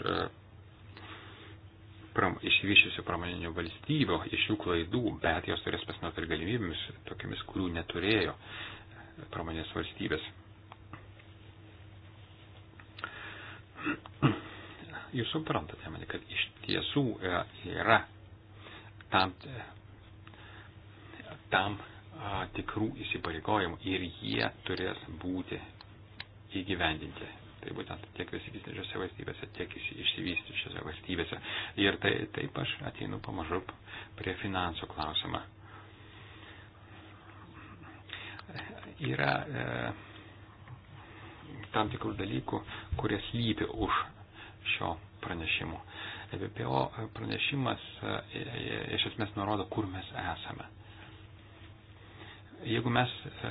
pram, išvyščiusių pramoninių valstybių, iš jų klaidų, bet jos turės pasinaudoti ir galimybėmis, tokiamis, kurių neturėjo pramonės valstybės. Jūs suprantate mane, kad iš tiesų e, yra tam, e, tam a, tikrų įsipareigojimų ir jie turės būti įgyvendinti. Tai būtent tiek besivystančiose valstybėse, tiek išsivystančiose valstybėse. Ir tai, taip aš ateinu pamažu prie finansų klausimą. Yra e, tam tikrų dalykų, kurie slypi už šio pranešimo. EBPO pranešimas e, e, e, iš esmės nurodo, kur mes esame. E, Jeigu mes e, e,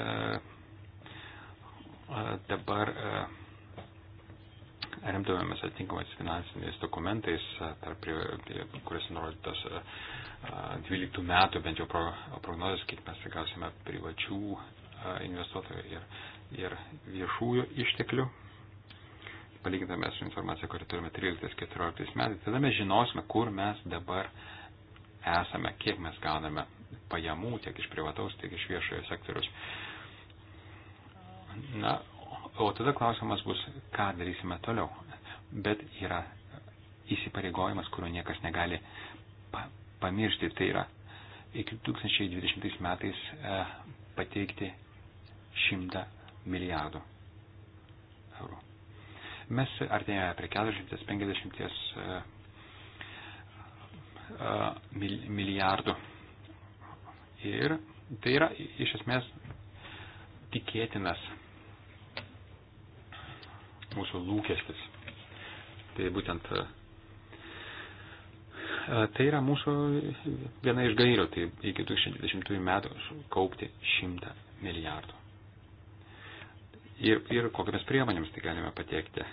dabar e, remdavomės atitinkamais finansiniais dokumentais, tarp, kuris nurodytas 12 metų bent jau prognozijas, kiek mes gausime privačių investuotojų ir, ir viešųjų išteklių, palygintame su informacija, kurią turime 13-14 metais, tada mes žinosime, kur mes dabar esame, kiek mes gauname pajamų tiek iš privataus, tiek iš viešojo sektorius. Na, o tada klausimas bus, ką darysime toliau. Bet yra įsipareigojimas, kurio niekas negali pa pamiršti. Tai yra iki 2020 metais e, pateikti 100 milijardų eurų. Mes artėjame prie 450 e, e, milijardų. E, ir tai yra iš esmės tikėtinas mūsų lūkestis. Tai būtent e, tai yra mūsų viena iš gairių, tai iki 2020 metų kaupti 100 milijardų. Ir, ir kokiamis priemonėmis tai galime patiekti.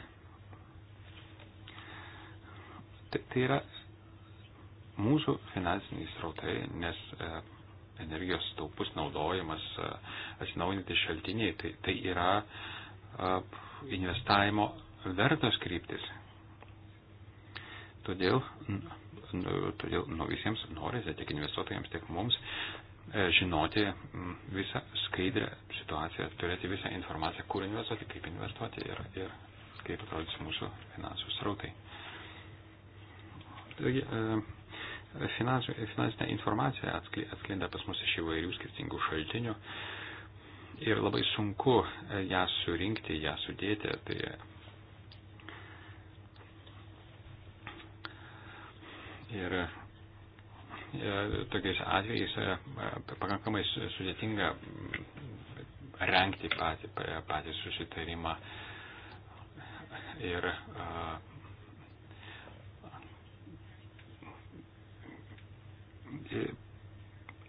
Tai, tai yra mūsų finansiniai srautai, nes e, energijos taupus naudojimas, atsinaujinti šaltiniai, tai, tai yra investavimo vertos kryptis. Todėl, todėl nu, visiems norisi, tiek investuotojams, tiek mums, e, žinoti visą skaidrę situaciją, turėti visą informaciją, kur investuoti, kaip investuoti ir, ir kaip atrodys mūsų finansų srautai. Taigi, e, Finansų, finansinė informacija atsklinda pas mus iš įvairių skirtingų šaltinių ir labai sunku e, ją surinkti, ją sudėti. Tai ir e, tokiais atvejais e, pakankamai sudėtinga renkti patį, patį susitarimą ir uh,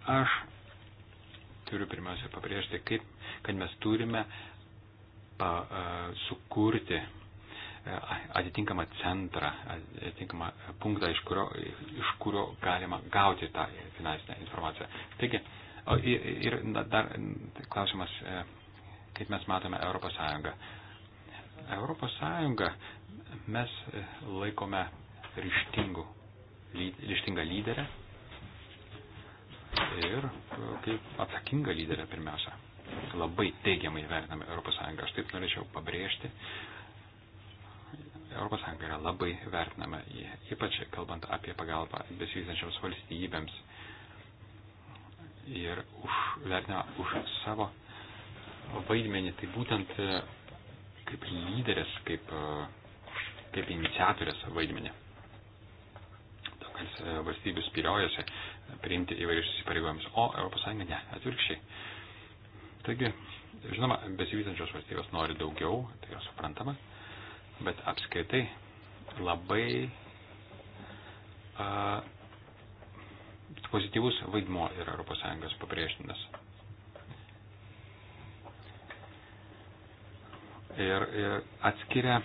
Aš turiu pirmiausia pabrėžti, kaip, kad mes turime pa, a, sukurti atitinkamą centrą, atitinkamą punktą, iš kurio, iš kurio galima gauti tą finansinę informaciją. Taigi, o, ir, ir dar klausimas, e, kaip mes matome Europos Sąjungą. Europos Sąjungą mes e, laikome ryštingų, ryštingą lyderę ir e, kaip atsakinga lyderė pirmiausia. Labai teigiamai vertiname ES. Aš taip norėčiau pabrėžti. ES yra labai vertinama, ypač kalbant apie pagalbą besivystančiams valstybėms ir už, vertinama už savo vaidmenį. Tai būtent e, kaip lyderės, kaip, e, kaip iniciatorės vaidmenį kad e, valstybių spyriojasi e, priimti įvairius įsipareigojimus, o ES ne, atvirkščiai. Taigi, žinoma, besivystančios valstybės nori daugiau, tai yra suprantama, bet apskaitai labai a, pozityvus vaidmo yra ES papriešinimas. Ir, ir atskiria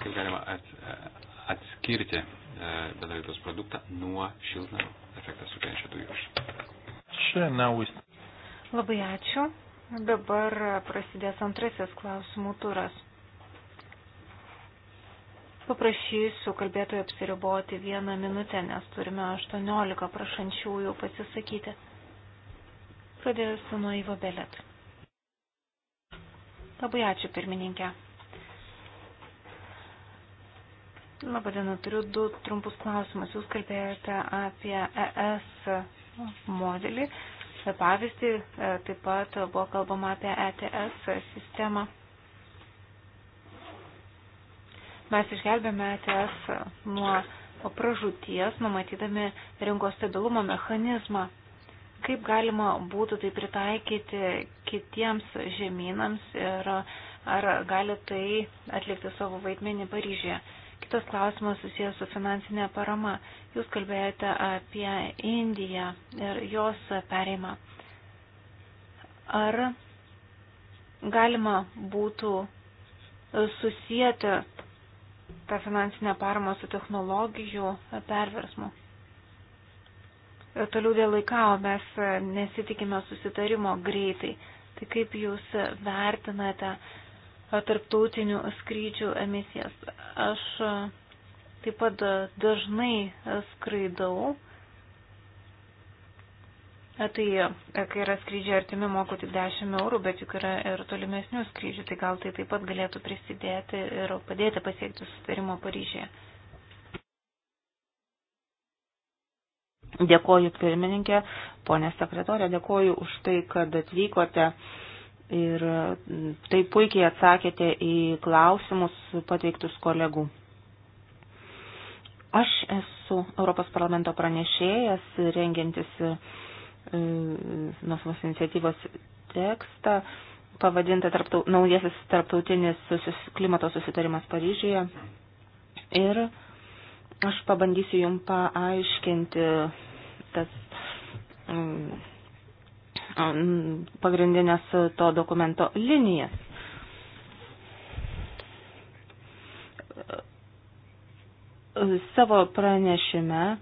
Kaip galima atskirti e, bendravėtos produktą nuo šiltnamio efektą sukeliančių dujų? Labai ačiū. Dabar prasidės antrasis klausimų turas. Paprašysiu kalbėtojų apsiriboti vieną minutę, nes turime 18 prašančiųjų pasisakyti. Pradėsiu nuo Ivo Belet. Labai ačiū pirmininkė. Labadiena, turiu du trumpus klausimus. Jūs kalbėjote apie ES modelį, pavyzdį, e, taip pat buvo kalbama apie ETS sistemą. Mes išgelbėme ETS nuo pražūties, numatydami rinkos stabilumo mechanizmą. Kaip galima būtų tai pritaikyti kitiems žemynams ir ar gali tai atlikti savo vaidmenį Paryžėje? Kitas klausimas susijęs su finansinė parama. Jūs kalbėjote apie Indiją ir jos pereimą. Ar galima būtų susijęti tą finansinę paramą su technologijų perversmu? Toliau dėl laikao mes nesitikime susitarimo greitai. Tai kaip jūs vertinate tarptautinių skrydžių emisijas. Aš e, taip pat e, dažnai e, skraidau. Tai, kai yra skrydžiai artimi, moku tik 10 eurų, bet juk yra ir tolimesnių skrydžių, tai gal tai taip pat galėtų prisidėti ir padėti pasiekti sustarimo Paryžėje. Dėkoju pirmininkė, ponė sekretorė, dėkoju už tai, kad atvykote Ir tai puikiai atsakėte į klausimus pateiktus kolegų. Aš esu Europos parlamento pranešėjas, rengiantis e, nuosmos iniciatyvos tekstą, pavadintą tarptau, naujasis tarptautinis susis, klimato susitarimas Paryžiuje. Ir aš pabandysiu jums paaiškinti tas. Mm, pagrindinės e, to dokumento linijas. E, savo pranešime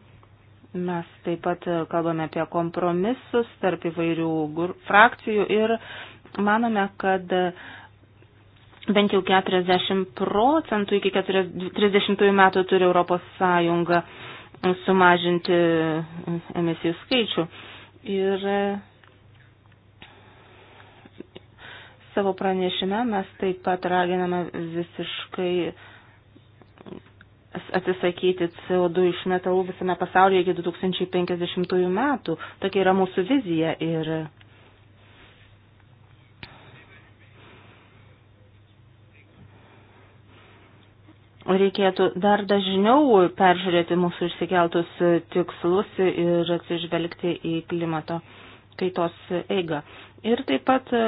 Mes taip pat e, kalbame apie kompromisus tarp įvairių frakcijų ir manome, kad bent jau 40 procentų iki 30 metų turi Europos Sąjunga sumažinti emisijų skaičių. Ir Savo pranešime mes taip pat raginame visiškai atsisakyti CO2 iš metalų visame pasaulyje iki 2050 metų. Tokia yra mūsų vizija ir reikėtų dar dažniau peržiūrėti mūsų išsikeltus tikslus ir atsižvelgti į klimato kaitos eigą. Ir taip pat e,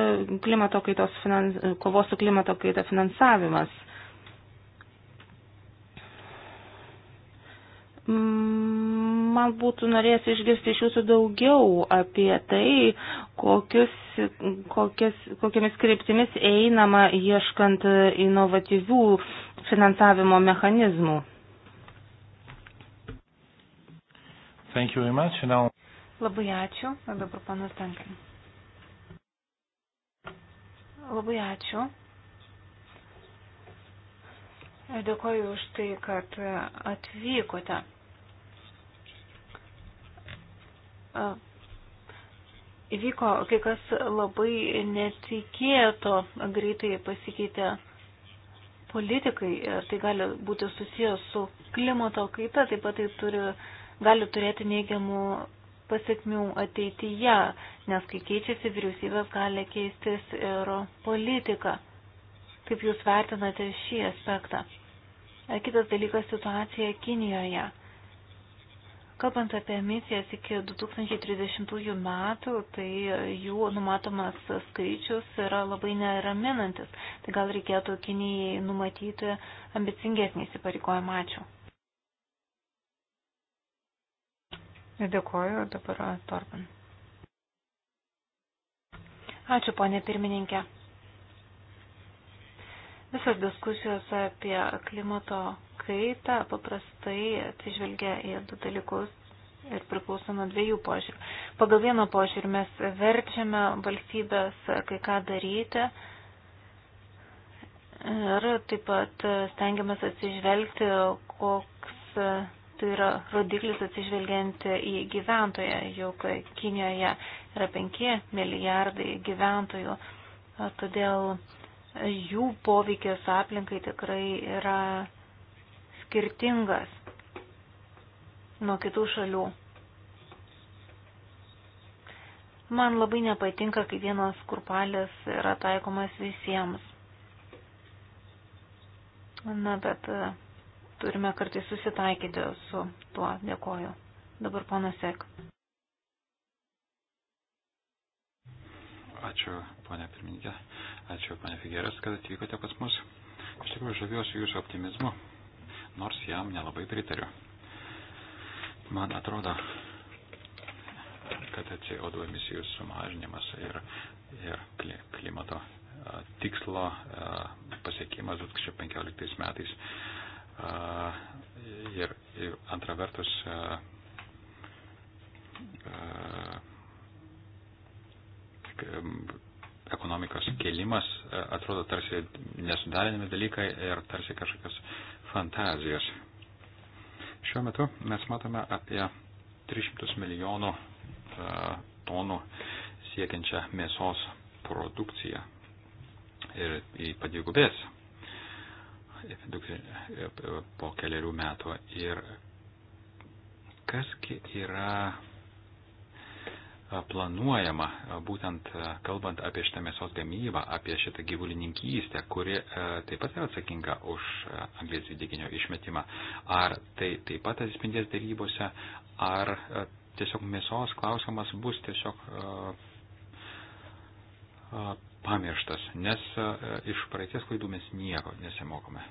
klimato kaitos finans, kovos su klimato kaita finansavimas. Mm, man būtų norėjęs išgirsti iš jūsų daugiau apie tai, kokius, kokias, kokiamis kryptimis einama ieškant inovatyvių finansavimo mechanizmų. Thank you very much. Now... Labai ačiū. O dabar panas Tankin. Labai ačiū. Dėkoju už tai, kad atvykote. Įvyko kai kas labai netikėto, greitai pasikeitė politikai ir tai gali būti susijęs su klimato kaita, taip pat tai turi, gali turėti neigiamų pasiekmių ateityje, nes kai keičiasi vyriausybės, gali keistis ir politika. Kaip Jūs vertinate šį aspektą? Kitas dalykas - situacija Kinijoje. Kalbant apie emisijas iki 2030 metų, tai jų numatomas skaičius yra labai neraminantis. Tai gal reikėtų Kinijai numatyti ambicingesnį įsipareigojimą. Ačiū. Dėkuoju dabar Torban. Ačiū, ponė pirmininkė. Visos diskusijos apie klimato kaitą paprastai atsižvelgia į du dalykus ir priklauso nuo dviejų požiūrių. Pagal vieną požiūrį mes verčiame valstybės kai ką daryti ir taip pat stengiamės atsižvelgti, koks tai yra rodiklis atsižvelgiant į gyventoją, juk Kinijoje yra 5 milijardai gyventojų, todėl jų poveikis aplinkai tikrai yra skirtingas nuo kitų šalių. Man labai nepatinka, kai vienas kurpalis yra taikomas visiems. Na, bet turime kartais susitaikyti su tuo. Dėkoju. Dabar ponas Sek. Ačiū, ponė pirmininkė. Ačiū, ponė Figeras, kad atvykote pas mus. Iš tikrųjų, žaviuosi jūsų optimizmu, nors jam nelabai pritariu. Man atrodo, kad CO2 emisijų sumažinimas ir, ir klimato tikslo pasiekimas 2015 metais ir, ir antra vertus ekonomikos kėlimas atrodo tarsi nesudarinami dalykai ir tarsi kažkokios fantazijos. Šiuo metu mes matome apie 300 milijonų tonų siekiančią mėsos produkciją ir į padvigubės po keliarių metų. Ir kasgi yra planuojama, būtent kalbant apie šitą mėsos gamybą, apie šitą gyvulininkystę, kuri e, taip pat yra atsakinga už e, anglės dvideginio išmetimą. Ar tai taip pat atsispindės darybose, ar e, tiesiog mėsos klausimas bus tiesiog pamirštas, nes e, iš praeities klaidų mes nieko nesimokome.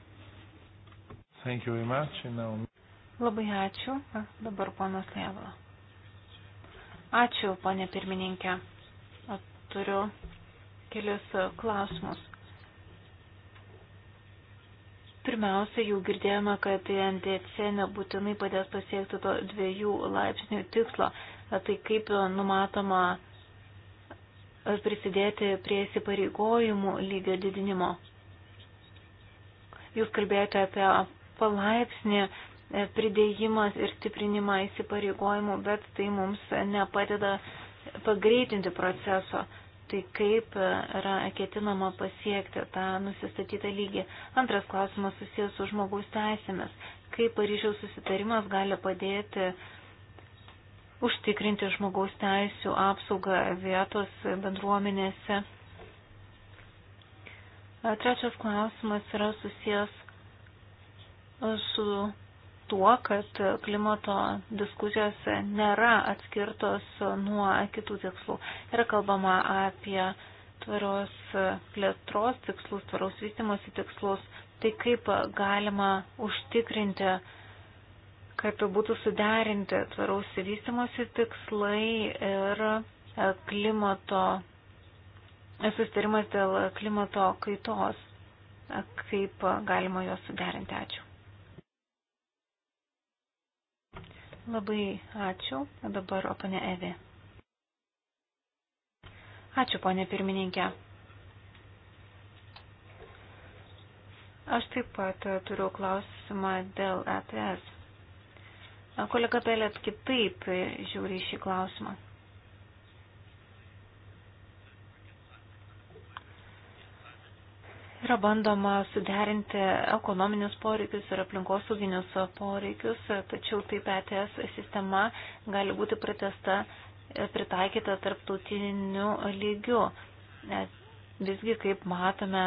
Labai ačiū. Dabar ponas Jevla. Ačiū, ponė pirmininkė. Turiu kelius e, klausimus. Pirmiausia, jau girdėjome, kad NDC nebūtinai padės pasiekti to dviejų laipsnių tikslo. Tai kaip e, numatoma prisidėti prie įsipareigojimų lygio didinimo. Jūs kalbėjote apie palaipsnį e, pridėjimas ir stiprinimą įsipareigojimų, bet tai mums nepadeda pagreitinti proceso. Tai kaip e, yra ketinama pasiekti tą nusistatytą lygį. Antras klausimas susijęs su žmogaus teisėmis. Kaip Paryžiaus susitarimas gali padėti uh, užtikrinti žmogaus teisų apsaugą vietos bendruomenėse. Trečias klausimas yra susijęs su tuo, kad klimato diskusijos nėra atskirtos nuo kitų tikslų. Yra kalbama apie tvarios plėtros tikslus, tvaraus vystimosi tikslus, tai kaip galima užtikrinti kad būtų suderinti tvaraus vystimosi tikslai ir e, klimato, sustarimas dėl klimato kaitos, e, kaip galima juos suderinti. Ačiū. Labai ačiū. Dabar oponė Evi. Ačiū, ponė pirmininkė. Aš taip pat turiu klausimą dėl ETS. Kolega Pelėt kitaip e, žiūri šį klausimą. Yra bandoma suderinti ekonominius poreikius ir aplinkosauginius poreikius, tačiau taip ETS sistema gali būti pritesta, e, pritaikyta tarptautiniu lygiu. E, visgi, kaip matome,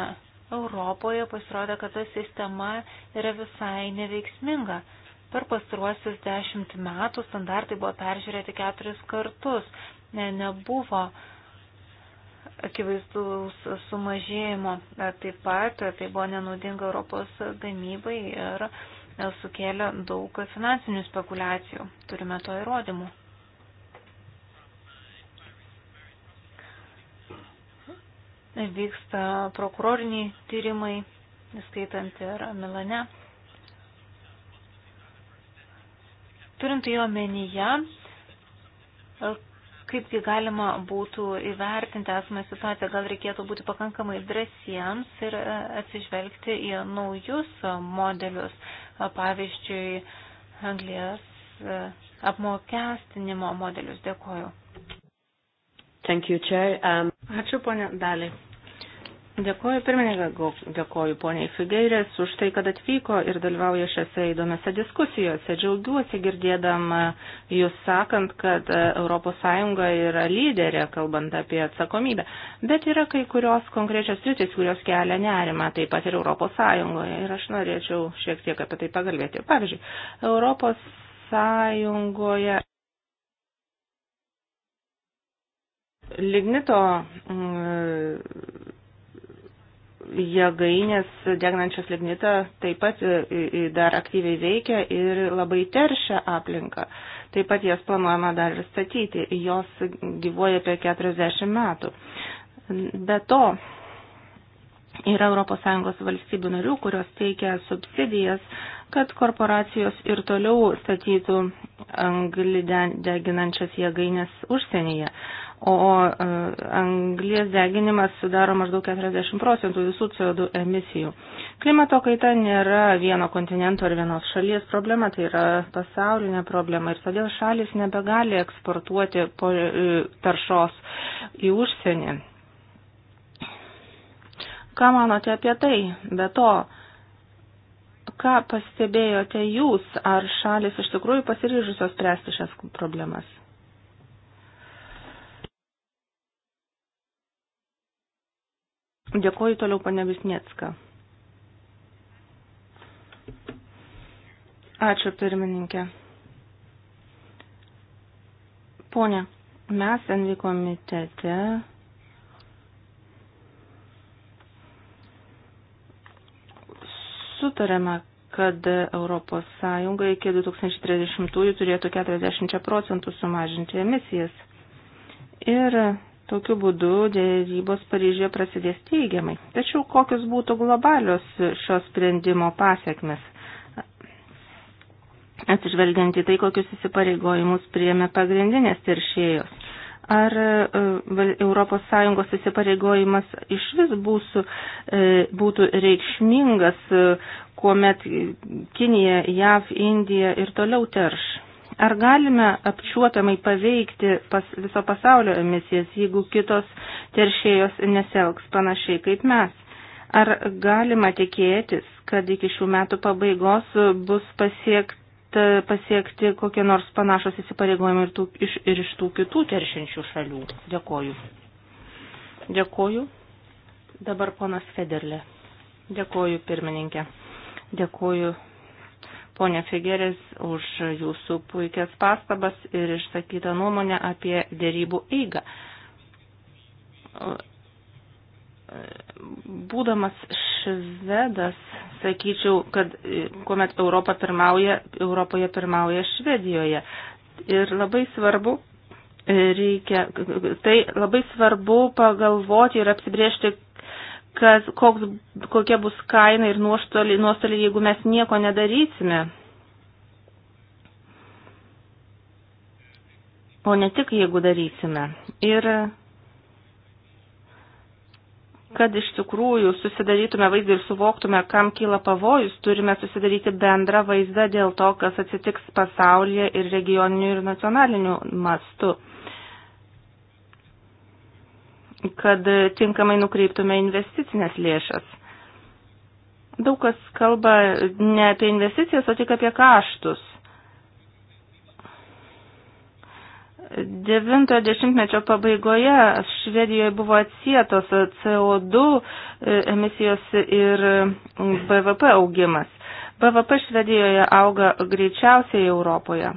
Europoje pasirodė, kad ta sistema yra visai neveiksminga Per pastaruosius dešimt metų standartai buvo peržiūrėti keturis kartus. Ne, nebuvo akivaizdaus sumažėjimo. Taip pat tai buvo nenaudinga Europos gamybai ir sukėlė daug finansinių spekulacijų. Turime to įrodymų. Vyksta prokuroriniai tyrimai, skaitant ir Milane. Turint tai omenyje, kaipgi galima būtų įvertinti esamą situaciją, gal reikėtų būti pakankamai drąsiems ir e, atsižvelgti į naujus modelius, pavyzdžiui, anglės e, apmokestinimo modelius. Dėkoju. Thank you, Chair. Um... Ačiū, ponia Daliai. Dėkoju pirmininkai, dėkoju poniai Figeirės už tai, kad atvyko ir dalyvauja šiose įdomiose diskusijose. Džiaugiuosi girdėdama jūs sakant, kad ES yra lyderė, kalbant apie atsakomybę. Bet yra kai kurios konkrečios rytis, kurios kelia nerimą, taip pat ir ES. Ir aš norėčiau šiek tiek apie tai pagalbėti. Pavyzdžiui, ES. Lignito mm, jėgainės degnančios lignitą taip pat dar aktyviai veikia ir labai teršia aplinką. Taip pat jas planuojama dar ir statyti. Jos gyvuoja apie 40 metų. Be to, yra ES valstybių narių, kurios teikia subsidijas, kad korporacijos ir toliau statytų anglį deginančias jėgainės užsienyje o e, anglies deginimas sudaro maždaug 40 procentų visų CO2 emisijų. Klimato kaita nėra vieno kontinento ar vienos šalies problema, tai yra pasaulinė problema ir todėl šalis nebegali eksportuoti e, taršos į užsienį. Ką manote apie tai? Be to, ką pastebėjote jūs, ar šalis iš tikrųjų pasiryžusios spręsti šias problemas? Dėkoju toliau, pane Visniecka. Ačiū, pirmininkė. Pone, mes NV komitete sutarėme, kad ES iki 2030-ųjų turėtų 40 procentų sumažinti emisijas. Ir Tokiu būdu dėrybos Paryžioje prasidės teigiamai. Tačiau kokios būtų globalios šio sprendimo pasiekmes? Atsižvelgiant į tai, kokius įsipareigojimus priėmė pagrindinės teršėjos. Ar ES įsipareigojimas iš vis būsų, e, būtų reikšmingas, e, kuomet Kinija, JAV, Indija ir toliau terš? Ar galime apčiuopiamai paveikti pas viso pasaulio emisijas, jeigu kitos teršėjos neselgs panašiai kaip mes? Ar galima tikėtis, kad iki šių metų pabaigos bus pasiekti, pasiekti kokie nors panašos įsipareigojimai ir, tų, iš, ir iš tų kitų teršinčių šalių? Dėkoju. Dėkoju. Dabar ponas Federlė. Dėkoju, pirmininkė. Dėkoju ponė Figeris, už jūsų puikias pastabas ir išsakytą nuomonę apie dėrybų eigą. Būdamas švedas, sakyčiau, kad e, kuomet Europa pirmauja, Europoje pirmauja Švedijoje. Ir labai svarbu, e, reikia, tai labai svarbu pagalvoti ir apsibriežti, kas, koks, kokia bus kaina ir nuostoliai, nuostoliai, jeigu mes nieko nedarysime. O ne tik jeigu darysime. Ir kad iš tikrųjų susidarytume vaizdą ir suvoktume, kam kyla pavojus, turime susidaryti bendrą vaizdą dėl to, kas atsitiks pasaulyje ir regioniniu ir nacionaliniu mastu kad tinkamai nukreiptume investicinės lėšas. Daug kas kalba ne apie investicijas, o tik apie kaštus. 90-mečio pabaigoje Švedijoje buvo atsietos CO2 e, emisijos ir BVP augimas. BVP Švedijoje auga greičiausiai Europoje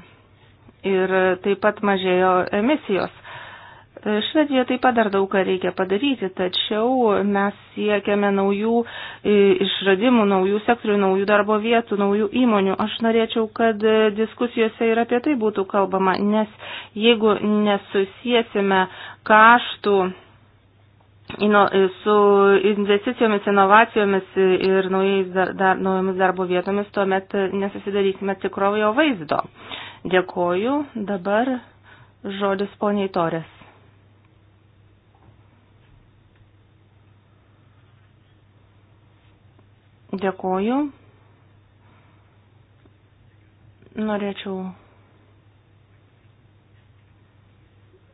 ir taip pat mažėjo emisijos. Švedija taip pat dar daug ką reikia padaryti, tačiau mes siekiame naujų e, išradimų, naujų sektorių, naujų darbo vietų, naujų įmonių. Aš norėčiau, kad diskusijose ir apie tai būtų kalbama, nes jeigu nesusiesime kaštų e, su investicijomis, inovacijomis ir dar, dar, naujomis darbo vietomis, tuomet nesusidarysime tikrojo vaizdo. Dėkoju. Dabar žodis poniai Torės. Dėkoju. Norėčiau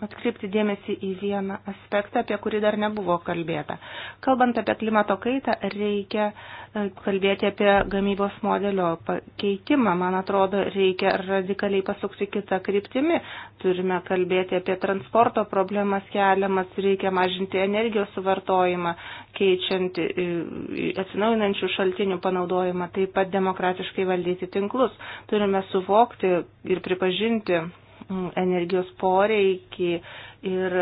atkreipti dėmesį į vieną aspektą, apie kurį dar nebuvo kalbėta. Kalbant apie klimato kaitą, reikia e, kalbėti apie gamybos modelio pakeitimą. Man atrodo, reikia radikaliai pasukti kitą kryptimį. Turime kalbėti apie transporto problemas keliamas, reikia mažinti energijos suvartojimą, keičiant e, atsinaujinančių šaltinių panaudojimą, taip pat demokratiškai valdyti tinklus. Turime suvokti ir pripažinti Mm, energijos poreikį ir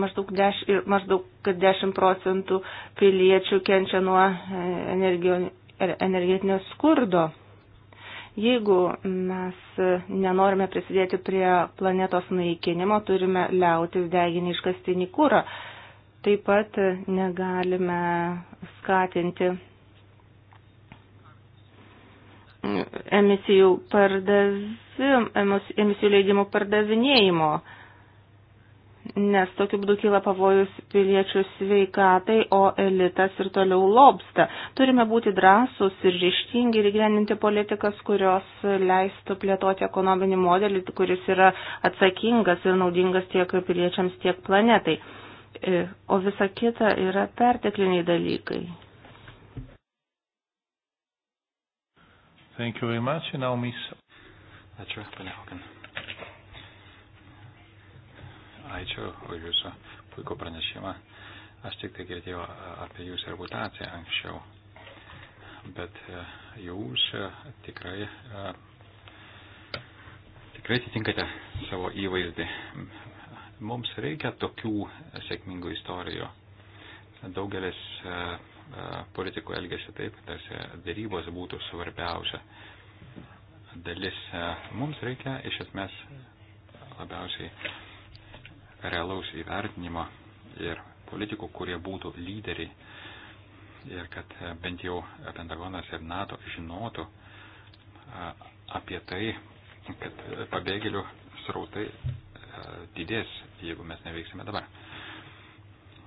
maždaug, deš, ir maždaug 10 procentų piliečių kenčia nuo e, energijo, er, energetinio skurdo. Jeigu mes nenorime prisidėti prie planetos naikinimo, turime liautis deginį iškastinį kūrą. Taip pat negalime skatinti emisijų pardav, emisijų leidimų pardavinėjimo, nes tokiu būdu kyla pavojus piliečių sveikatai, o elitas ir toliau lobsta. Turime būti drąsūs ir ryštingi ir gyveninti politikas, kurios leistų plėtoti ekonominį modelį, kuris yra atsakingas ir naudingas tiek piliečiams, tiek planetai. E, o visa kita yra pertekliniai dalykai. Thank you very much. And now, Miss Ačiū, panė Hogan. Ačiū už jūsų puikų pranešimą. Aš tik tai girdėjau apie jūsų reputaciją anksčiau, bet e, jūs e, tikrai, e, tikrai atitinkate savo įvaizdį. Mums reikia tokių sėkmingų istorijų. Daugelis politikų elgesi taip, tarsi dėrybos būtų svarbiausia dalis. E, mums reikia iš esmės labiausiai realaus įvertinimo ir politikų, kurie būtų lyderiai ir kad e, bent jau Pentagonas ir NATO žinotų e, apie tai, kad pabėgėlių srautai didės, jeigu mes neveiksime dabar.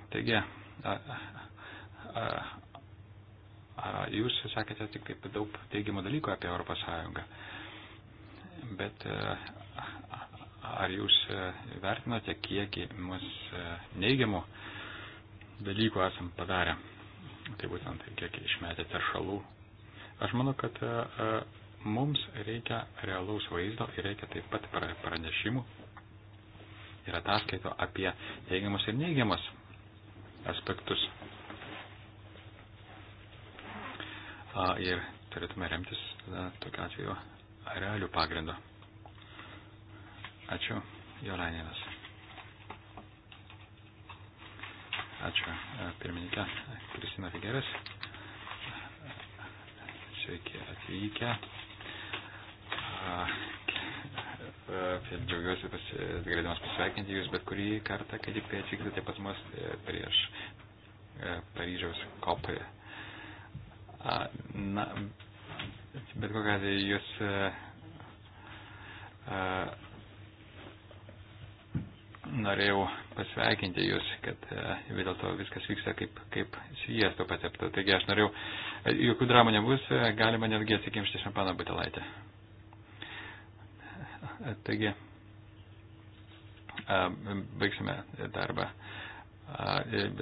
Taigi, a, a, a, jūs sakėte tik taip daug teigiamų dalykų apie Europos Sąjungą. Bet e, ar jūs e, vertinate, kiek mus e, neigiamų dalykų esam padarę? Tai būtent kiek išmetė teršalų. Aš manau, kad mums reikia realaus vaizdo ir reikia taip pat pranešimų ir ataskaito apie teigiamus ir neigiamus aspektus. Ir turėtume remtis tokiu atveju realių pagrindų. Ačiū, Jolaninas. Ačiū, e, pirmininkė Kristina Figeris. Sveiki atvykę. E, e, džiaugiuosi pas, galėdamas pasveikinti Jūs bet kurį kartą, kad tik atvykstate pas mus prieš Paryžiaus kopą. Na, Bet kokią atveju jūs e, e, norėjau pasveikinti Jūs, kad e, vis dėlto viskas vyksta kaip, kaip sviesto patepta. Taigi aš norėjau, jokių dramų nebus, galima netgi atsikimšti šampaną butelaitę. Taigi, baigsime darbą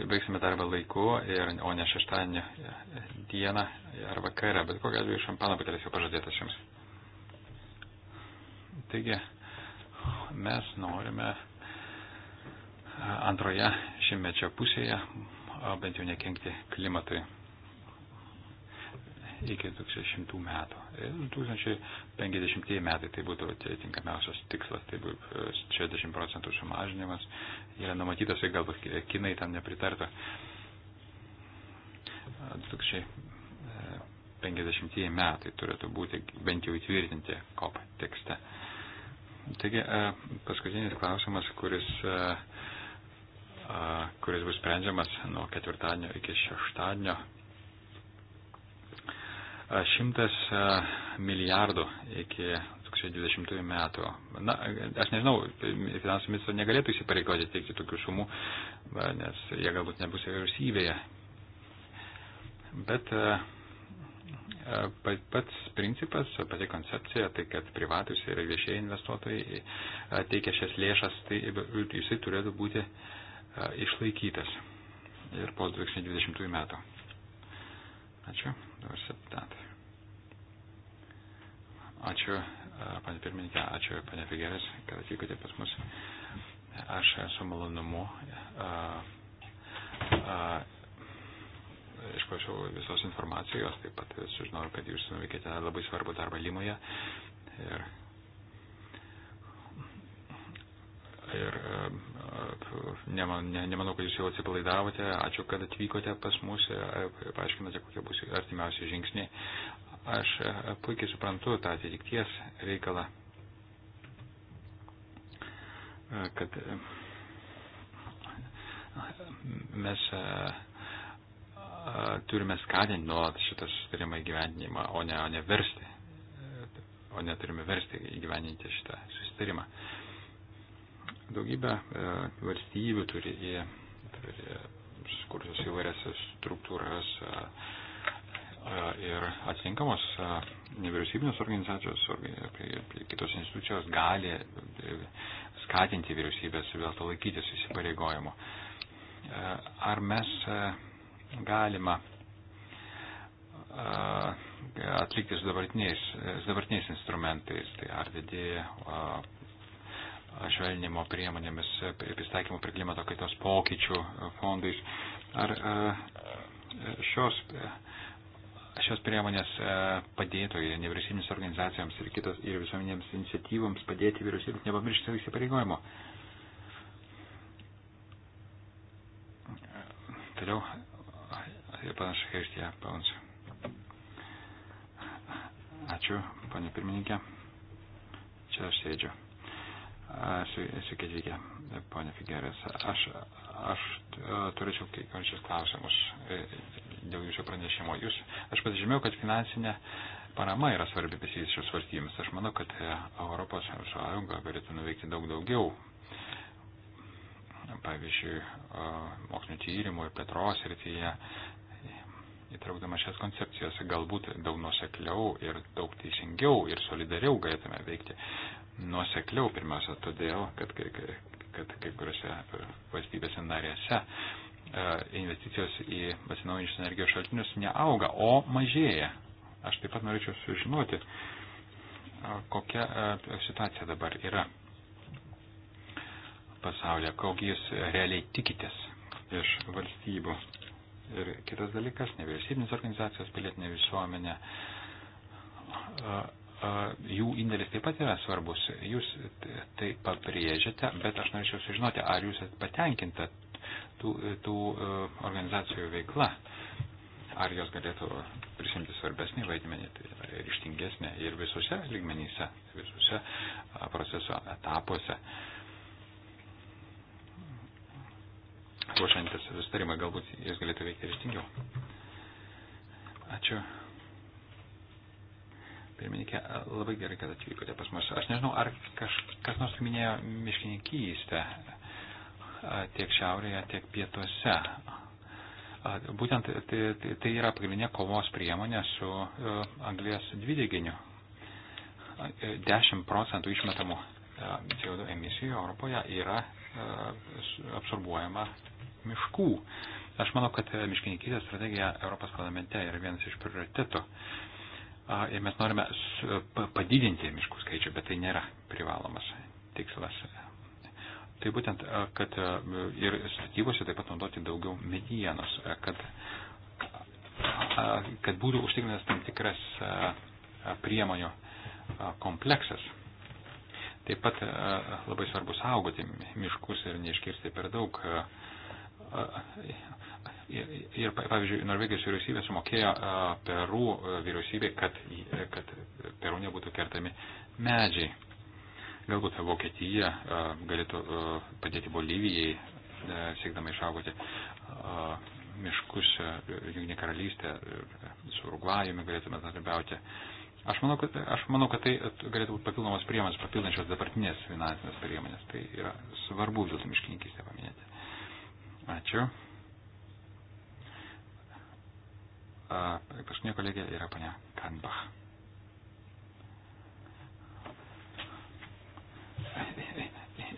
baigsime darbą laiku, ir, o ne šeštadienį e, dieną ar vakarą, bet kokią atveju šampano butelis jau pažadėtas jums. Taigi, mes norime antroje šimmečio pusėje bent jau nekenkti klimatui iki 2000 metų. 2050 metai tai būtų tinkamiausias tikslas, tai būtų 60 e, procentų sumažinimas. Yra numatytas, kad galbūt kinai tam nepritarta. 2050 e, metai turėtų būti bent jau įtvirtinti COP tekste. Taigi, e, paskutinis klausimas, kuris kuris bus sprendžiamas nuo ketvirtadienio iki šeštadienio 100 milijardų iki 2020 metų. Na, aš nežinau, tai finansų ministro negalėtų įsipareigoti teikti tokių sumų, nes jie galbūt nebus vyriausybėje. Bet pats principas, pati koncepcija, tai kad privatus ir viešieji investuotojai teikia šias lėšas, tai jisai turėtų būti išlaikytas ir po 2020 metų. Ačiū. Dabar septintai. Ačiū, e, panė pirmininkė, ačiū, panė Figeris, kad atvykote pas mus. Aš su malonumu e, e, išklausiau visos informacijos, taip pat sužinojau, kad jūs nuveikėte labai svarbu darbą Limoje. Ir, ir neman, ne, nemanau, kad jūs jau atsipalaidavote. Ačiū, kad atvykote pas mus ir e, paaiškinote, kokie bus artimiausi žingsniai. Aš e, puikiai suprantu tą atitikties reikalą, e, kad mes turime skatinti nuolat šitą susitarimą įgyvendinimą, o ne, o ne versti, o neturime versti įgyvendinti šitą susitarimą. Uh, Daugybė e, valstybių turi, turi skurdusios įvairias struktūras e, e, ir atitinkamos nevyriausybinės organizacijos ir kitos institucijos gali skatinti vyriausybės vėl to laikytis įsipareigojimo. Ar mes galima atlikti su dabartiniais, su dabartiniais instrumentais, tai ar didėja švelnimo priemonėmis, pristaikymo prie klimato kaitos pokyčių fondais. Ar e, šios, šios priemonės e, padėtų ir nevyriausybinės organizacijoms ir, kitos, ir visuomenėms iniciatyvoms padėti vyriausybėms nepamiršti savo įsipareigojimo? Toliau, e, panašiai, Herstija, pavonsiu. Ačiū, panė pirmininkė. Čia aš sėdžiu. Esu, esu Kedvigė, ponė Figeris. Aš, aš e, turėčiau kiekvienus klausimus e, dėl jūsų pranešimo. Jūs, aš pasižymėjau, kad finansinė parama yra svarbi visiems šios valstybėms. Aš manau, kad e, Europos Sąjunga galėtų nuveikti daug daugiau. Pavyzdžiui, mokslinio tyrimų ir plėtros rytyje, įtraukdama šias koncepcijas, galbūt daug nusekliau ir daug teisingiau ir solidariau galėtume veikti nuosekliau pirmiausia todėl, kad, kad kai kuriuose valstybėse narėse e, investicijos į atsinaujinčius energijos šaltinius neauga, o mažėja. Aš taip pat norėčiau sužinoti, e, kokia e, situacija dabar yra pasaulyje, kokį jūs realiai tikitės iš valstybių. Ir kitas dalykas, nevyriausybinės organizacijos, pilietinė visuomenė jų indėlis taip pat yra svarbus. Jūs tai pabrėžiate, bet aš norėčiau sužinoti, ar jūs patenkinta tų, tų e, organizacijų veikla, ar jos galėtų prisimti svarbesnį vaidmenį, tai ryštingesnį ir visuose lygmenyse, visuose proceso etapuose. Ruošiantis sustarimą, galbūt jis galėtų veikti ryštingiau. Ačiū. Pirmininkė, labai gerai, kad atvykote pas mus. Aš nežinau, ar kažkas nors minėjo miškininkystę tiek šiaurėje, tiek pietuose. Būtent tai, tai, tai yra pagrindinė kovos priemonė su e, anglės dvideginiu. 10 e, procentų išmetamų CO2 emisijų Europoje yra e, absorbuojama miškų. Aš manau, kad miškininkystės strategija Europos parlamente yra vienas iš prioritetų ir mes norime padidinti miškų skaičių, bet tai nėra privalomas tikslas. Tai būtent, kad ir statybose taip pat naudoti daugiau medienos, kad, kad būtų užtikrinęs tam tikras priemonių kompleksas. Taip pat labai svarbu saugoti miškus ir neiškirsti per daug Ir, ir pavyzdžiui, Norvegijos vyriausybė sumokėjo Perų vyriausybė, kad, kad Perų nebūtų kertami medžiai. Galbūt Vokietija galėtų padėti Bolivijai, siekdama išaugoti miškus, Junginė karalystė, su Urugvajumi galėtume bendradarbiauti. Aš manau, kad, aš manau, kad tai galėtų būti papildomos priemonės, papildančios dabartinės finansinės priemonės. Tai yra svarbu vilkų miškininkystė paminėti. Ačiū. Paskutinė kolegė yra ponia Kanbach.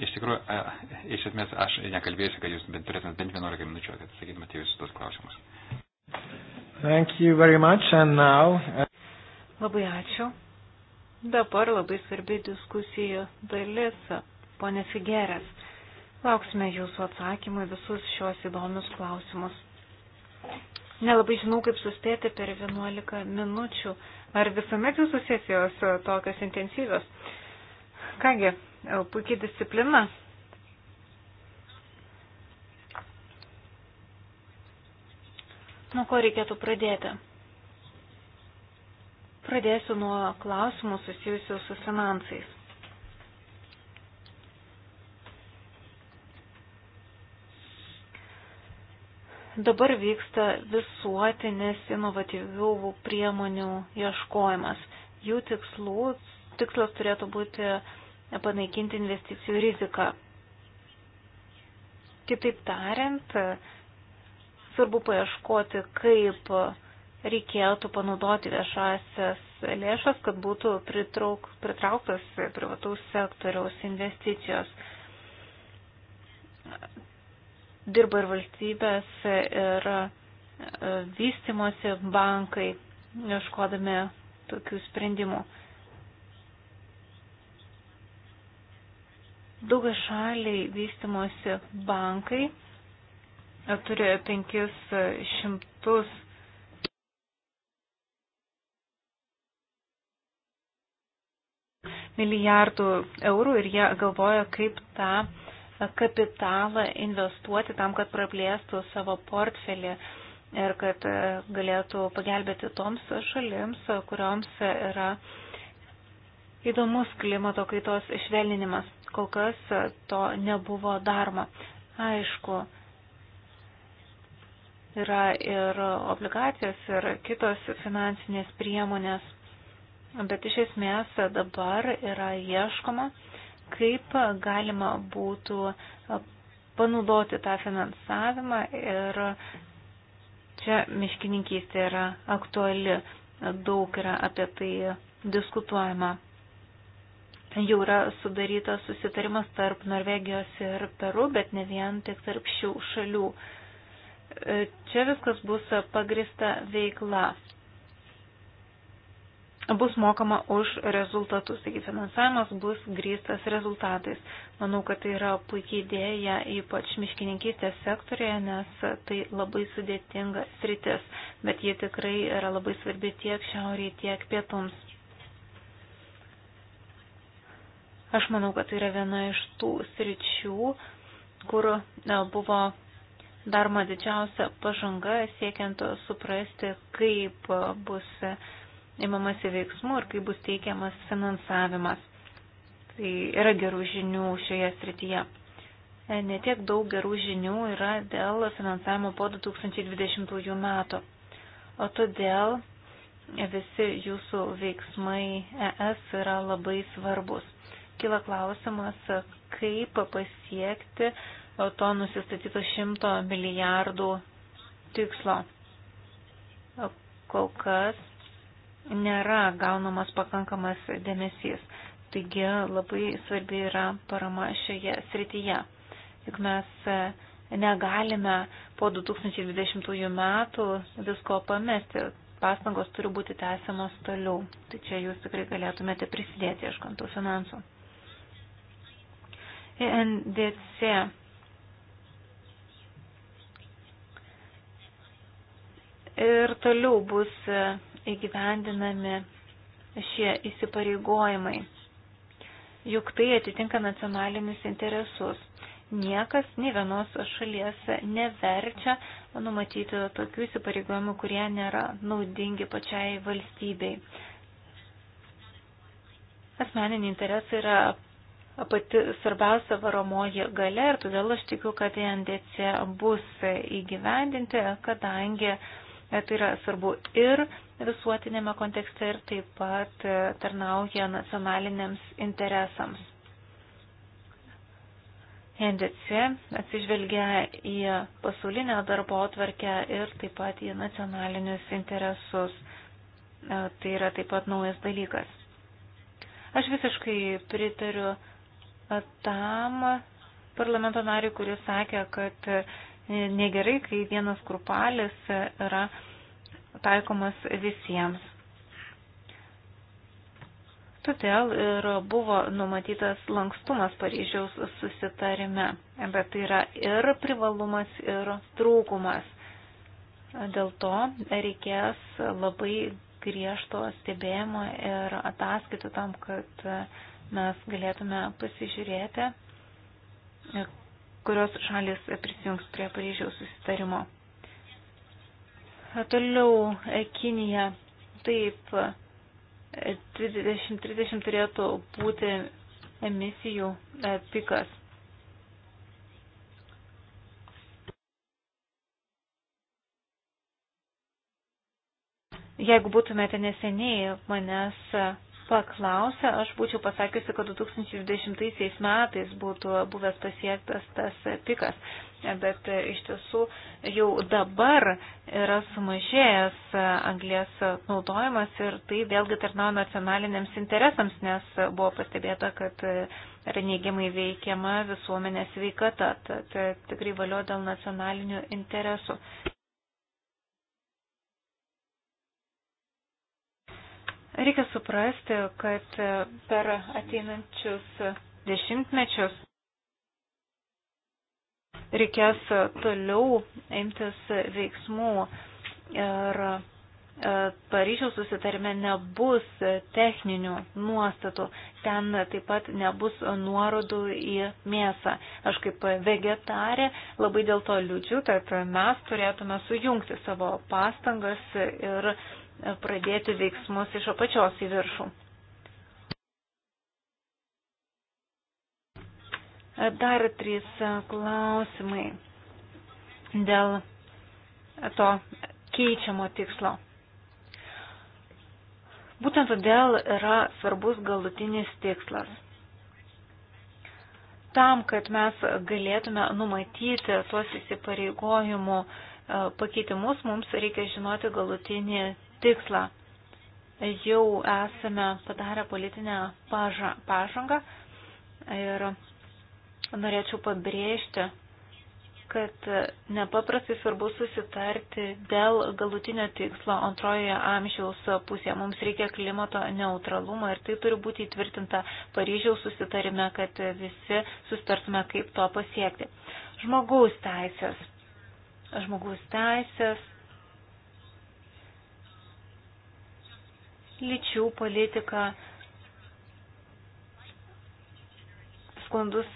Iš tikrųjų, iš esmės aš nekalbėsiu, kad jūs bent turėtumėt bent 11 minučių, kad sakytumėte visus tos klausimus. Thank you very much and now. Uh, labai ačiū. Dabar labai svarbi diskusijų dalis, ponė Figeras. Lauksime jūsų atsakymų visus šios įdomius klausimus. Nelabai žinau, kaip suspėti per 11 minučių. Ar visuomet jūsų sesijos e, tokios intensyvios? Kągi, e, puikiai disciplina. Nuo ko reikėtų pradėti? Pradėsiu nuo klausimų susijusių su finansais. Dabar vyksta visuotinis inovatyvių priemonių ieškojimas. Jų tikslų, tikslas turėtų būti panaikinti investicijų riziką. Kitaip tariant, svarbu paieškoti, kaip reikėtų panaudoti viešasias lėšas, kad būtų pritrauk, pritrauktas privataus sektoriaus investicijos dirba ir valstybės, ir e, vystimosi bankai, ieškodami tokių sprendimų. Daugia šaliai vystimosi bankai e, turi 500 milijardų eurų ir jie galvoja, kaip tą ta kapitalą investuoti tam, kad praplėstų savo portfelį ir kad e, galėtų pagelbėti toms šalims, kurioms yra įdomus klimato kaitos švelninimas. Kol kas e, to nebuvo daroma. Aišku, yra ir obligacijos, ir kitos finansinės priemonės, bet iš esmės dabar yra ieškoma kaip galima būtų panaudoti tą finansavimą ir čia miškininkystė yra aktuali, daug yra apie tai diskutuojama. Jau yra sudarytas susitarimas tarp Norvegijos ir Peru, bet ne vien tik tarp šių šalių. Čia viskas bus pagrista veikla bus mokama už rezultatus, taigi finansavimas bus grįstas rezultatais. Manau, kad tai yra puikiai idėja, ypač miškininkystės sektorėje, nes tai labai sudėtinga sritis, bet jie tikrai yra labai svarbi tiek šiauriai, tiek pietums. Aš manau, kad tai yra viena iš tų sričių, kur e, buvo daroma didžiausia pažanga siekiant suprasti, kaip bus imamasi veiksmų ir kaip bus teikiamas finansavimas. Tai yra gerų žinių šioje srityje. E, Netiek daug gerų žinių yra dėl finansavimo po 2020 metų. O todėl visi jūsų veiksmai ES yra labai svarbus. Kila klausimas, kaip pasiekti to nusistatyto 100 milijardų tikslo. Kol kas nėra gaunamas pakankamas dėmesys. Taigi labai svarbi yra parama šioje srityje. Juk mes e, negalime po 2020 metų visko pamesti. Pastangos turi būti tęsiamos toliau. Tai čia jūs tikrai galėtumėte prisidėti ieškant tų finansų. ENDC ir toliau bus e, įgyvendinami šie įsipareigojimai. Juk tai atitinka nacionalinius interesus. Niekas, nei vienos šalies neverčia numatyti tokių įsipareigojimų, kurie nėra naudingi pačiai valstybei. Asmeniniai interesai yra pati svarbiausia varomoji gale ir todėl aš tikiu, kad NDC bus įgyvendinti, kadangi E, tai yra svarbu ir visuotinėme kontekste, ir taip pat e, tarnauja nacionaliniams interesams. NDC atsižvelgia į pasaulinę darbo atvarkę ir taip pat į nacionalinius interesus. E, tai yra taip pat naujas dalykas. Aš visiškai pritariu tam parlamento nariui, kuris sakė, kad negerai, kai vienas grupalis yra taikomas visiems. Todėl ir buvo numatytas lankstumas Paryžiaus susitarime, bet tai yra ir privalumas, ir trūkumas. Dėl to reikės labai griežto stebėjimo ir ataskaitų tam, kad mes galėtume pasižiūrėti, kurios šalis prisijungs prie Paryžiaus susitarimo. Toliau e, Kinija. Taip, 2030 e, turėtų būti emisijų e, pikas. Jeigu būtumėte neseniai manęs paklausė, aš būčiau pasakiusi, kad 2020 metais būtų buvęs pasiektas tas pikas, bet iš tiesų jau dabar yra sumažėjęs anglės naudojimas ir tai vėlgi tarnauja nacionaliniams interesams, nes buvo pastebėta, kad yra neigiamai veikiama visuomenės veikata, tad tikrai valio dėl nacionalinių interesų. Reikia suprasti, kad per ateinančius dešimtmečius reikės toliau imtis veiksmų ir e, Paryžiaus susitarime nebus techninių nuostatų, ten taip pat nebus nuorodų į mėsą. Aš kaip vegetarė labai dėl to liūdžiu, tad mes turėtume sujungti savo pastangas ir pradėti veiksmus iš apačios į viršų. Dar trys klausimai dėl to keičiamo tikslo. Būtent todėl yra svarbus galutinis tikslas. Tam, kad mes galėtume numatyti tuos įsipareigojimų e, pakeitimus, mums reikia žinoti galutinį tikslą. Jau esame padarę politinę pažangą ir norėčiau pabrėžti, kad nepaprastai svarbu susitarti dėl galutinio tikslo antrojoje amžiaus pusėje. Mums reikia klimato neutralumo ir tai turi būti įtvirtinta Paryžiaus susitarime, kad visi sustartume, kaip to pasiekti. Žmogaus teisės. Žmogaus teisės lyčių politika, sklandus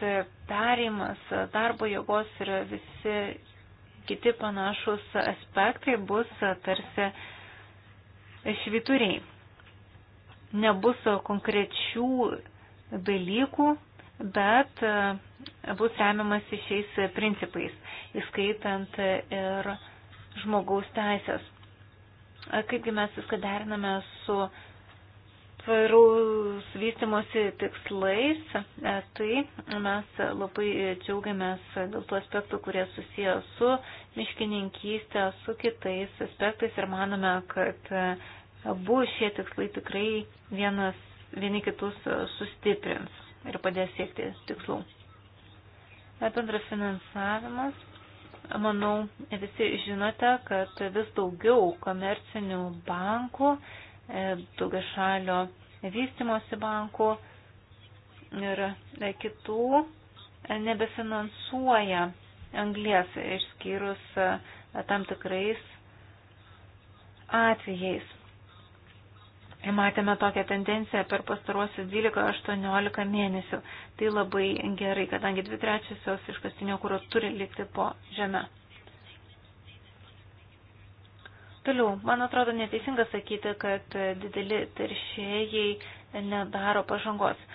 perėjimas darbo jėgos ir visi kiti panašus aspektai bus tarsi švituriai. Nebus konkrečių dalykų, bet bus remiamas šiais principais, įskaitant ir žmogaus teisės kaipgi mes viską deriname su tvarus vystimosi tikslais, e, tai mes labai džiaugiamės dėl tų aspektų, kurie susiję su miškininkystė, su kitais aspektais ir manome, kad abu šie tikslai tikrai vienas, vieni kitus sustiprins ir padės siekti tikslų. Bendras finansavimas Manau, visi žinote, kad vis daugiau komercinių bankų, e, daugia šalio vystimosi bankų ir e, kitų e, nebefinansuoja anglės išskyrus tam tikrais atvejais. Matėme tokią tendenciją per pastaruosius 12-18 mėnesių. Tai labai gerai, kadangi dvi trečiosios iškastinio kūro turi likti po žemę. Toliau, man atrodo neteisinga sakyti, kad dideli teršėjai nedaro pažangos.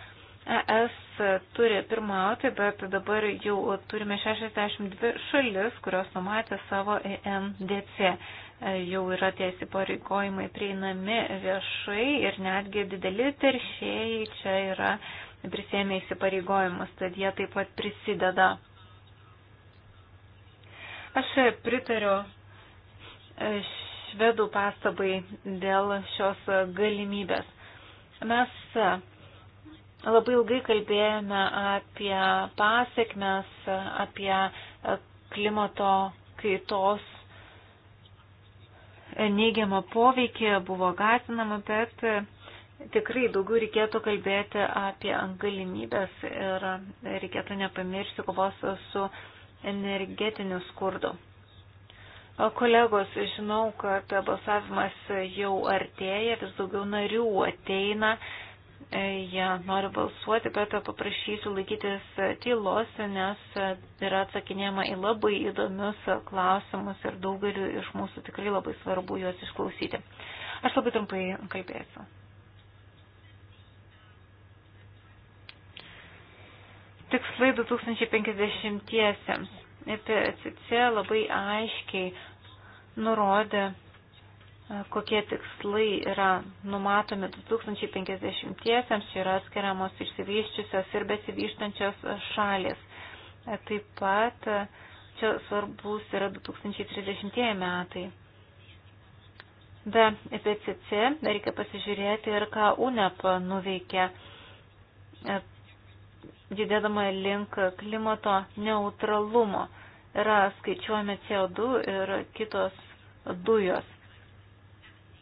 ES turi pirmauti, bet dabar jau turime 62 šalis, kurios numatė savo EMDC. E, jau yra tie įsipareigojimai prieinami viešai ir netgi dideli teršėjai čia yra prisėmė įsipareigojimus, tad jie taip pat prisideda. Aš pritariu e, švedų pastabai dėl šios galimybės. Mes e, labai ilgai kalbėjome apie pasiekmes, apie klimato kaitos neigiamą poveikį, buvo gazinama, bet e, tikrai daugiau reikėtų kalbėti apie galimybės ir reikėtų nepamiršti kovos su energetiniu skurdu. Kolegos, žinau, kad balsavimas jau artėja, vis daugiau narių ateina jie nori balsuoti, bet paprašysiu laikytis tylos, nes yra atsakinėjama į labai įdomius klausimus ir daugeliu iš mūsų tikrai labai svarbu juos išklausyti. Aš labai trumpai kalbėsiu. Tikslai 2050-iesiems. EPCC labai aiškiai nurodė kokie tikslai yra numatomi 2050-iesiams, čia yra atskiriamos išsivyščiusios ir besivyštančios šalis. Taip pat čia svarbus yra 2030-ieji metai. Be EPCC reikia pasižiūrėti ir ką UNEP nuveikia, judėdama link klimato neutralumo. Yra skaičiuojami CO2 ir kitos dujos.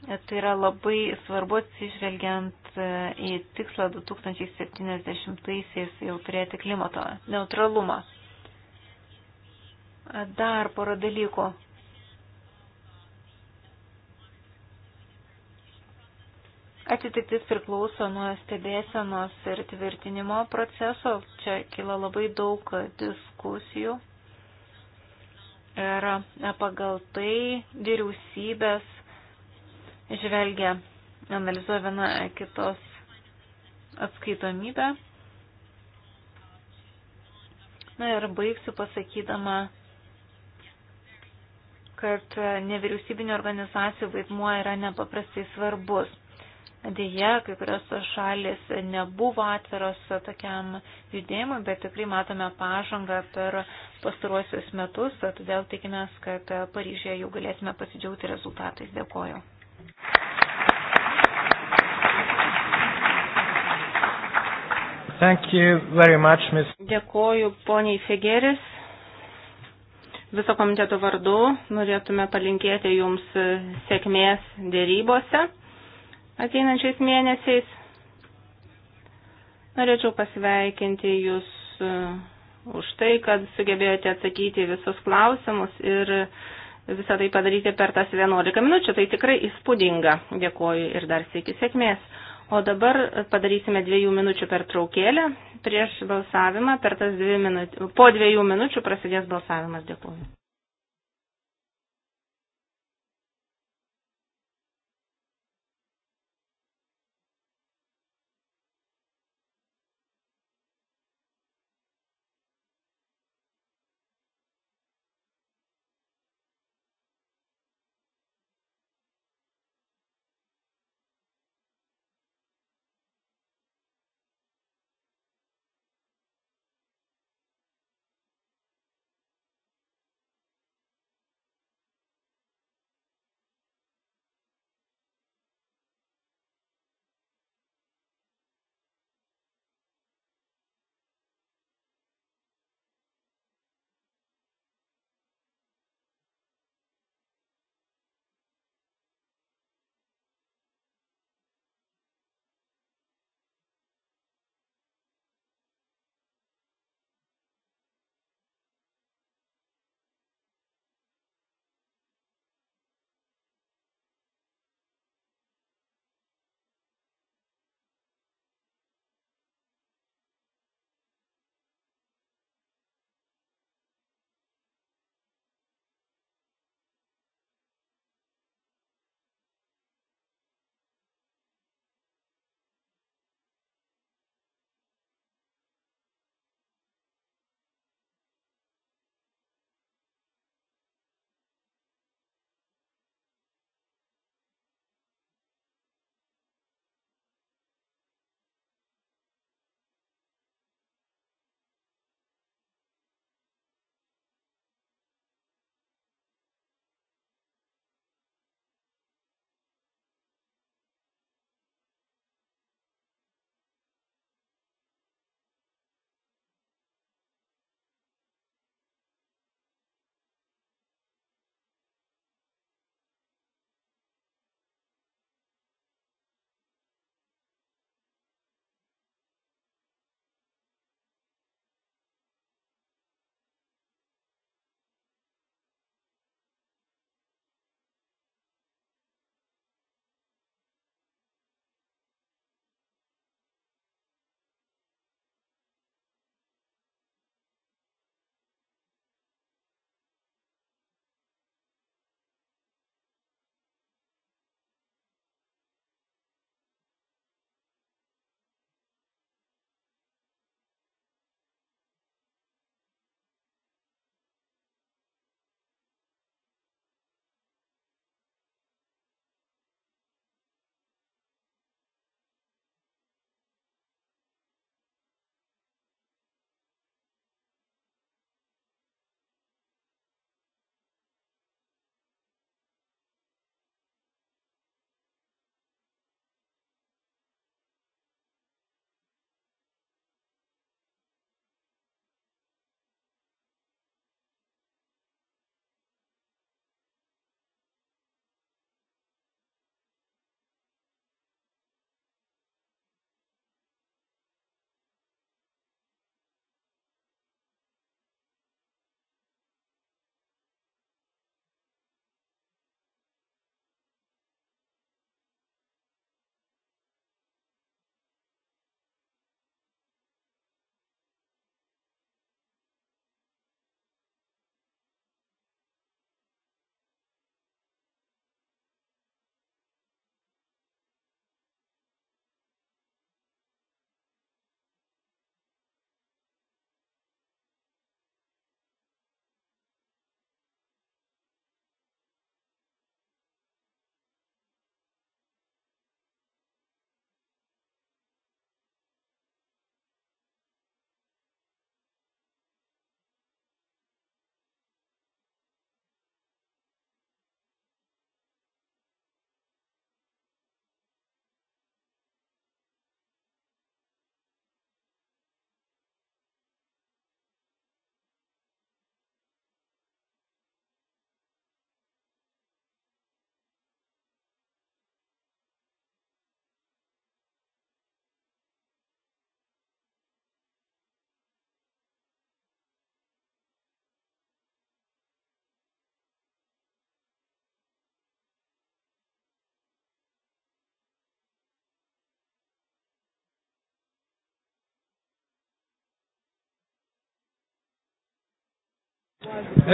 E, tai yra labai svarbu atsižvelgiant e, į tikslą 2070-aisiais jau turėti klimato neutralumą. E, dar porą dalykų. Atitiktis priklauso nuo stebėsenos ir tvirtinimo proceso. Čia kila labai daug diskusijų. Ir pagal tai vyriausybės žvelgia, analizuoja viena kitos atskaitomybę. Na ir baigsiu pasakydama, kad nevyriausybinio organizacijų vaidmuo yra nepaprastai svarbus. Dėja, kai kurios šalis nebuvo atviros tokiam judėjimui, bet tikrai matome pažangą per pastaruosius metus, todėl tikimės, kad Paryžėje jau galėsime pasidžiaugti rezultatais. Dėkoju. Thank you very much, Ms. Dėkoju poniai Fegeris. Viso komiteto vardu norėtume palinkėti Jums sėkmės dėrybose ateinančiais mėnesiais. Norėčiau pasveikinti Jūs e, už tai, kad sugebėjote atsakyti visus klausimus ir visą tai padaryti per tas 11 minučių. Tai tikrai įspūdinga. Dėkoju ir dar sėki sėkmės. O dabar padarysime dviejų minučių per traukėlę. Prieš balsavimą per tas dvi minučių, po dviejų minučių prasidės balsavimas. Dėkuoju.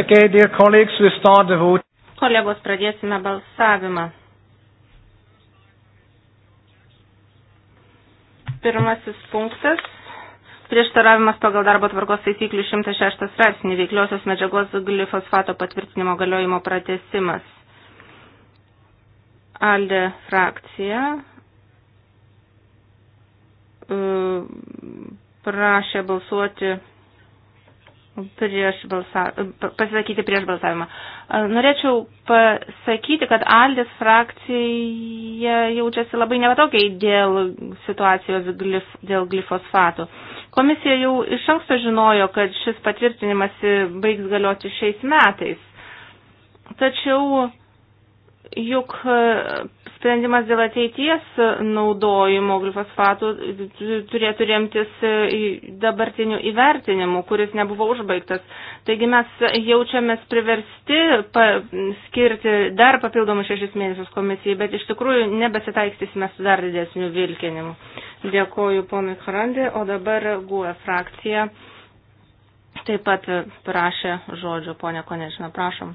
Okay, dear colleagues, we start the vote. Kolegos, pradėsime balsavimą. Pirmasis punktas. Prieštaravimas pagal darbo tvarkos taisyklių 106 straipsnį veikliosios medžiagos glifosfato patvirtinimo galiojimo pratesimas. Alde frakcija e, prašė balsuoti prieš balsa, pasisakyti prieš balsavimą. Norėčiau pasakyti, kad Aldės frakcija jaučiasi labai nepatogiai dėl situacijos glif, dėl glifosfatų. Komisija jau iš anksto žinojo, kad šis patvirtinimas baigs galioti šiais metais. Tačiau juk sprendimas dėl ateities naudojimo glifosfatų turėtų remtis dabartiniu įvertinimu, kuris nebuvo užbaigtas. Taigi mes jaučiamės priversti pa, skirti dar papildomus šešis mėnesius komisijai, bet iš tikrųjų nebesitaikstysime su dar didesniu vilkinimu. Dėkoju ponui Harandi, o dabar GUE frakcija taip pat prašė žodžio, ponė Konežina, prašom.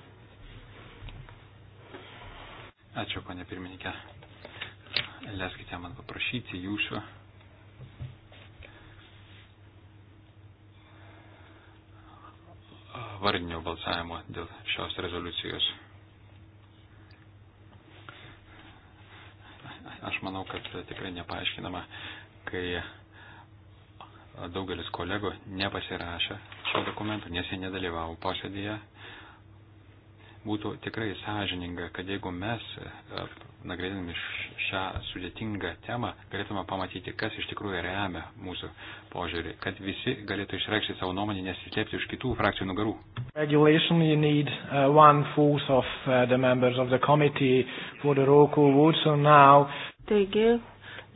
Ačiū, ponė pirmininkė. Leiskite man paprašyti jūsų. Vardinio balsavimo dėl šios rezoliucijos. Aš manau, kad tikrai nepaaiškinama, kai daugelis kolegų nepasirašė šio dokumento, nes jie nedalyvavo posėdėje būtų tikrai sąžininga, kad jeigu mes, e, nagrėdami šią sudėtingą temą, galėtume pamatyti, kas iš tikrųjų remia mūsų požiūrį, kad visi galėtų išreikšti savo nuomonę, nesislėpti už kitų frakcijų nugarų. Need, uh, of, uh, so now... Taigi,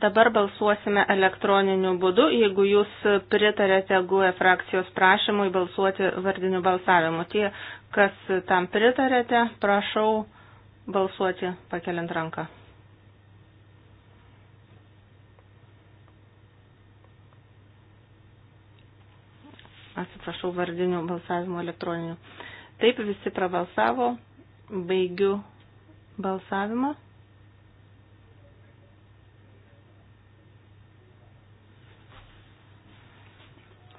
Dabar balsuosime elektroniniu būdu, jeigu jūs pritarėte GUE frakcijos prašymui balsuoti vardiniu balsavimu. Tie, kas tam pritarėte, prašau balsuoti pakeliant ranką. Atsiprašau, vardiniu balsavimu elektroniniu. Taip visi prabalsavo. Baigiu balsavimą.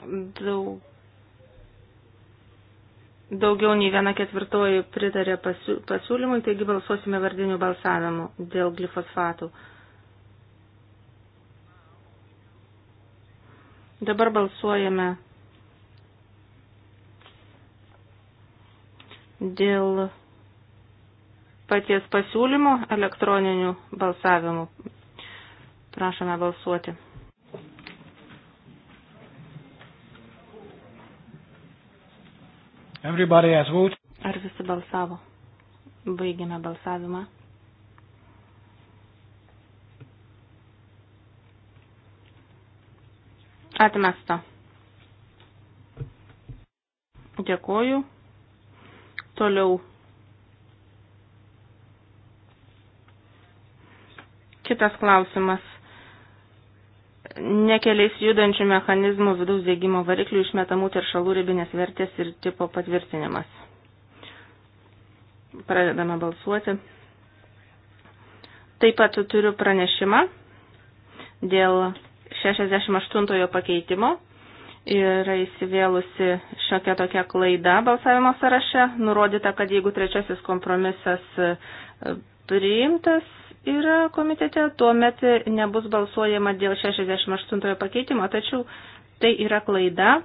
daug, daugiau nei viena ketvirtoji pritarė pasiūlymui, taigi balsuosime vardinių balsavimų dėl glifosfatų. Dabar balsuojame dėl paties pasiūlymo elektroninių balsavimų. Prašome balsuoti. Everybody has voted. Ar visi balsavo? Baigiame balsavimą. Atmesta. Dėkoju. Toliau. Kitas klausimas nekeliais judančių mechanizmų vidaus dėgymo variklių išmetamų teršalų ribinės vertės ir tipo patvirtinimas. Pradedame balsuoti. Taip pat turiu pranešimą dėl 68 pakeitimo. Yra įsivėlusi šiokia tokia klaida balsavimo sąraše. Nurodyta, kad jeigu trečiasis kompromisas e, priimtas, yra komitete, tuomet nebus balsuojama dėl 68 pakeitimo, tačiau tai yra klaida,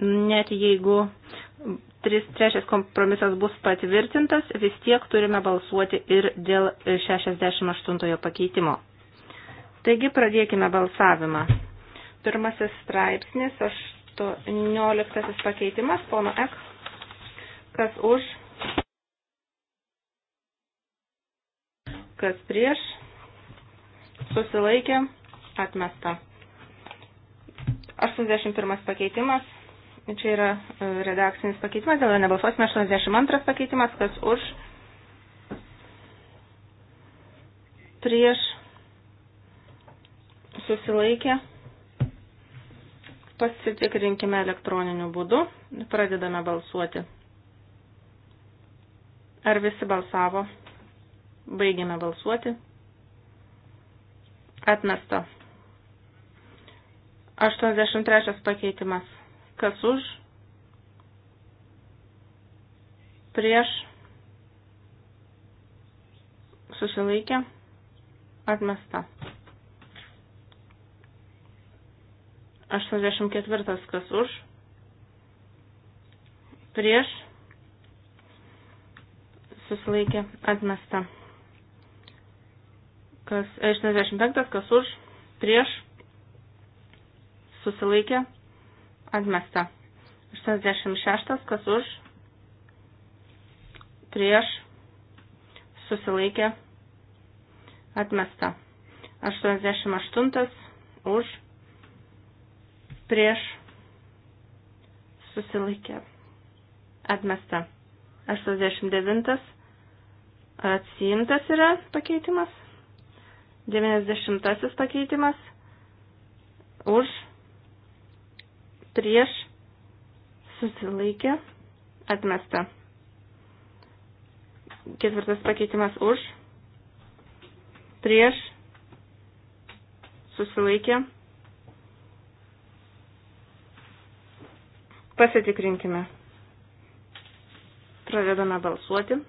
net jeigu tris, trečias kompromisas bus patvirtintas, vis tiek turime balsuoti ir dėl 68 pakeitimo. Taigi pradėkime balsavimą. Pirmasis straipsnis, 18 pakeitimas, pono Ek, kas už, kas prieš, susilaikė, atmesta. 81 pakeitimas, čia yra e, redakcinis pakeitimas, dėl nebalsuosime 82 pakeitimas, kas už, prieš, susilaikė, pasitikrinkime elektroniniu būdu, pradedame balsuoti. Ar visi balsavo? Baigiame balsuoti. Atmesta. 83 pakeitimas. Kas už? Prieš. Susilaikė. Atmesta. 84 kas už. Prieš. Susilaikė. Atmesta. Kas 65, kas už, prieš, susilaikė, atmesta. 86, kas už, prieš, susilaikė, atmesta. 88, už, prieš, susilaikė, atmesta. 89, atsiimtas yra pakeitimas. 90 pakeitimas už, prieš, susilaikė, atmesta. Ketvirtas pakeitimas už, prieš, susilaikė. Pasitikrinkime. Pradedame balsuoti.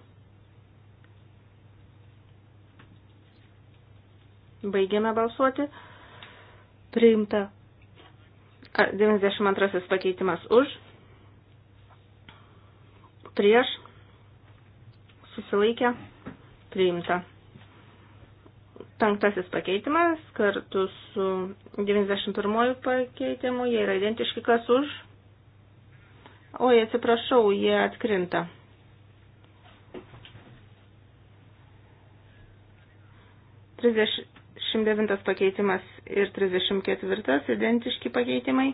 Baigiame balsuoti. Priimta. 92 pakeitimas už. Prieš. Susilaikė. Priimta. Penktasis pakeitimas kartu su 91 pakeitimu. Jie yra identiški kas už. Oi, atsiprašau, jie atkrinta. Trisdešimt. 29 pakeitimas ir 34 identiški pakeitimai.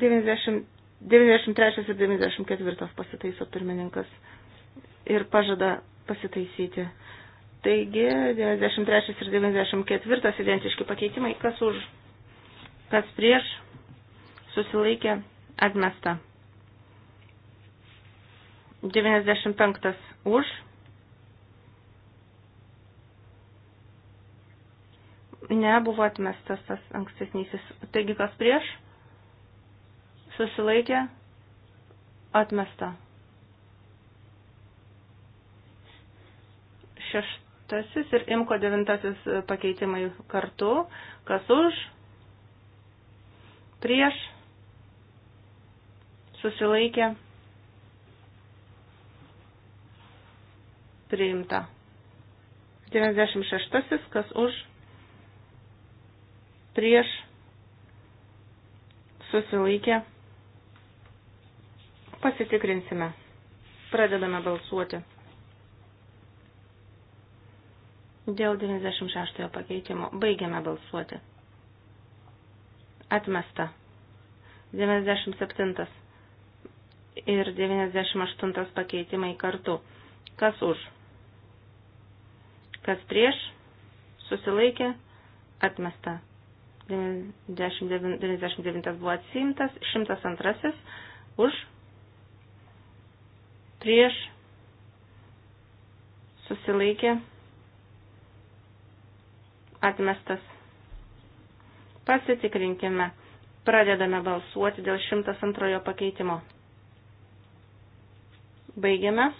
90, 93 ir 94 pasitaiso pirmininkas ir pažada pasitaisyti. Taigi 93 ir 94 identiški pakeitimai, kas už, kas prieš, susilaikė, atmesta. 95 už, Ne, buvo atmestas tas ankstesnysis. Taigi, kas prieš? Susilaikė? Atmesta. Šeštasis ir imko devintasis pakeitimai kartu. Kas už? Prieš? Susilaikė? Priimta. 96. Kas už? prieš susilaikę. Pasitikrinsime. Pradedame balsuoti. Dėl 96 pakeitimo baigiame balsuoti. Atmesta. 97 ir 98 pakeitimai kartu. Kas už? Kas prieš? Susilaikė? Atmesta. 99 buvo atsiimtas, 102 už, prieš, susilaikė, atmestas. Pasitikrinkime, pradedame balsuoti dėl 102 pakeitimo. Baigiame.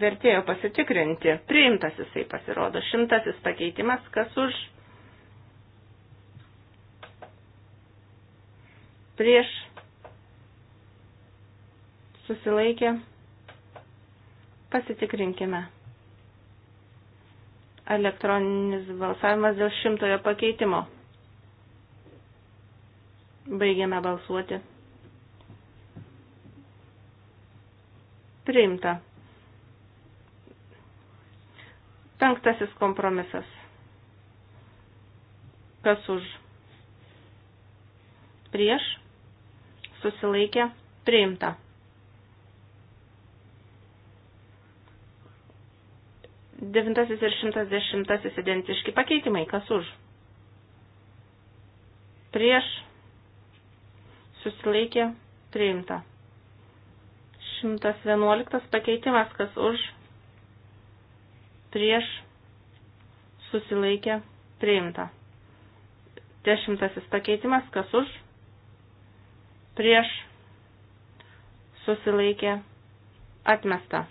vertėjo pasitikrinti. Priimtas jisai pasirodo. Šimtasis pakeitimas, kas už prieš susilaikė. Pasitikrinkime. Elektroninis balsavimas dėl šimtojo pakeitimo. Baigiame balsuoti. Priimta. Penktasis kompromisas. Kas už? Prieš? Susilaikė? Priimta. Devintasis ir šimtas dešimtasis identiški pakeitimai. Kas už? Prieš? Susilaikė? Priimta. Šimtas vienuoliktas pakeitimas. Kas už? prieš susilaikę priimta. Dešimtasis pakeitimas, kas už, prieš susilaikė atmesta.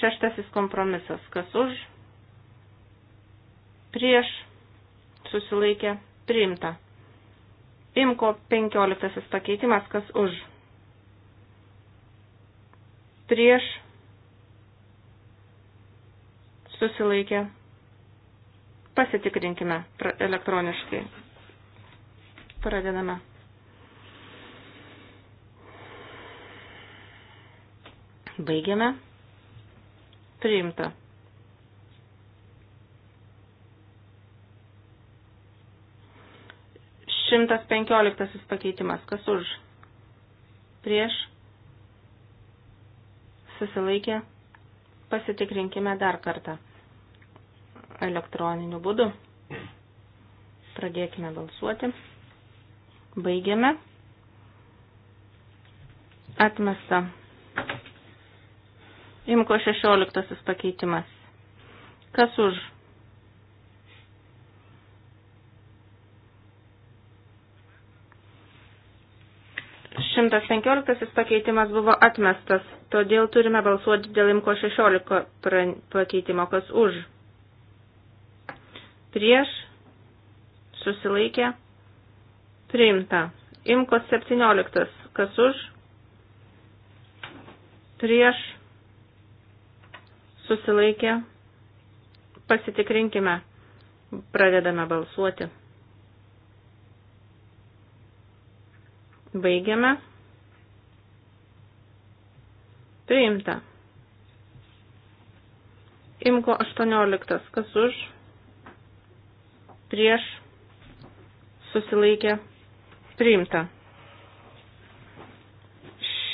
Šeštasis kompromisas, kas už, prieš susilaikė priimta. Imko penkioliktasis pakeitimas, kas už, prieš susilaikė. Pasitikrinkime elektroniškai. Pradedame. Baigiame. Priimta. Šimtas penkioliktasis pakeitimas. Kas už? Prieš? Susilaikė? Pasitikrinkime dar kartą elektroniniu būdu. Pradėkime balsuoti. Baigiame. Atmesta. Imko 16 pakeitimas. Kas už? Šimtas penkioliktasis pakeitimas buvo atmestas, todėl turime balsuoti dėl imko 16 pakeitimo, kas už prieš, susilaikė, priimta. Imko 17, kas už, prieš, susilaikė, pasitikrinkime, pradedame balsuoti. Baigiame. Priimta. Imko 18, kas už, prieš susilaikė priimta.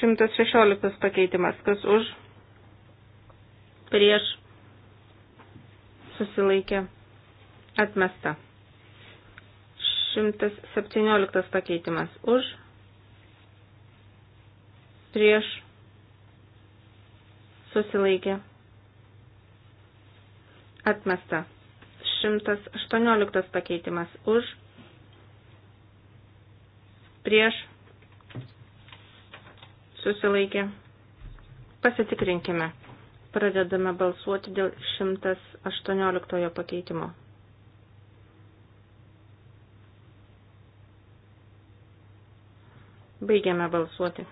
116 pakeitimas, kas už prieš susilaikė atmesta. 117 pakeitimas už prieš susilaikė atmesta. 118 pakeitimas už, prieš, susilaikė. Pasitikrinkime. Pradedame balsuoti dėl 118 pakeitimo. Baigiame balsuoti.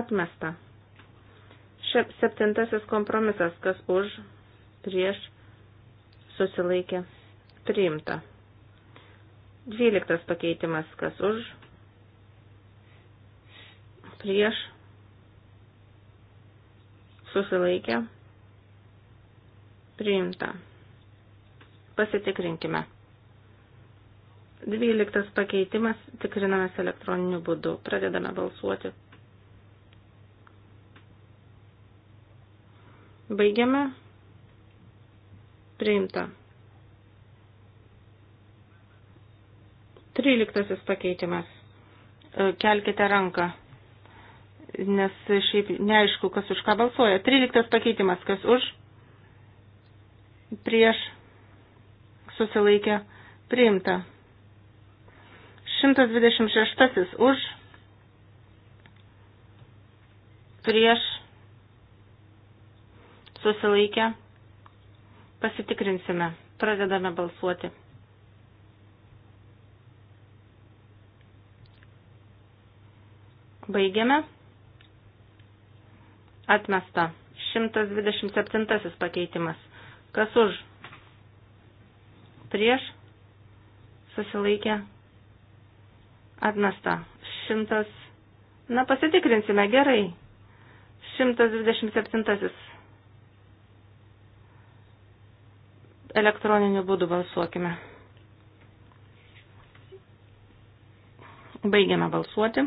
Atmesta. Septintasis kompromisas, kas už, prieš, susilaikė, priimta. Dvyliktas pakeitimas, kas už, prieš, susilaikė, priimta. Pasitikrinkime. Dvyliktas pakeitimas, tikrinamės elektroniniu būdu, pradedame balsuoti. Baigiame. Priimta. Tryliktasis pakeitimas. E, kelkite ranką, nes šiaip neaišku, kas už ką balsuoja. Tryliktas pakeitimas, kas už, prieš, susilaikė, priimta. 126 už, prieš, susilaikė, Pasitikrinsime. Pradedame balsuoti. Baigiame. Atmesta. 127 pakeitimas. Kas už? Prieš? Susilaikė. Atmesta. 100. Na, pasitikrinsime gerai. 127. elektroniniu būdu balsuokime. Baigiame balsuoti.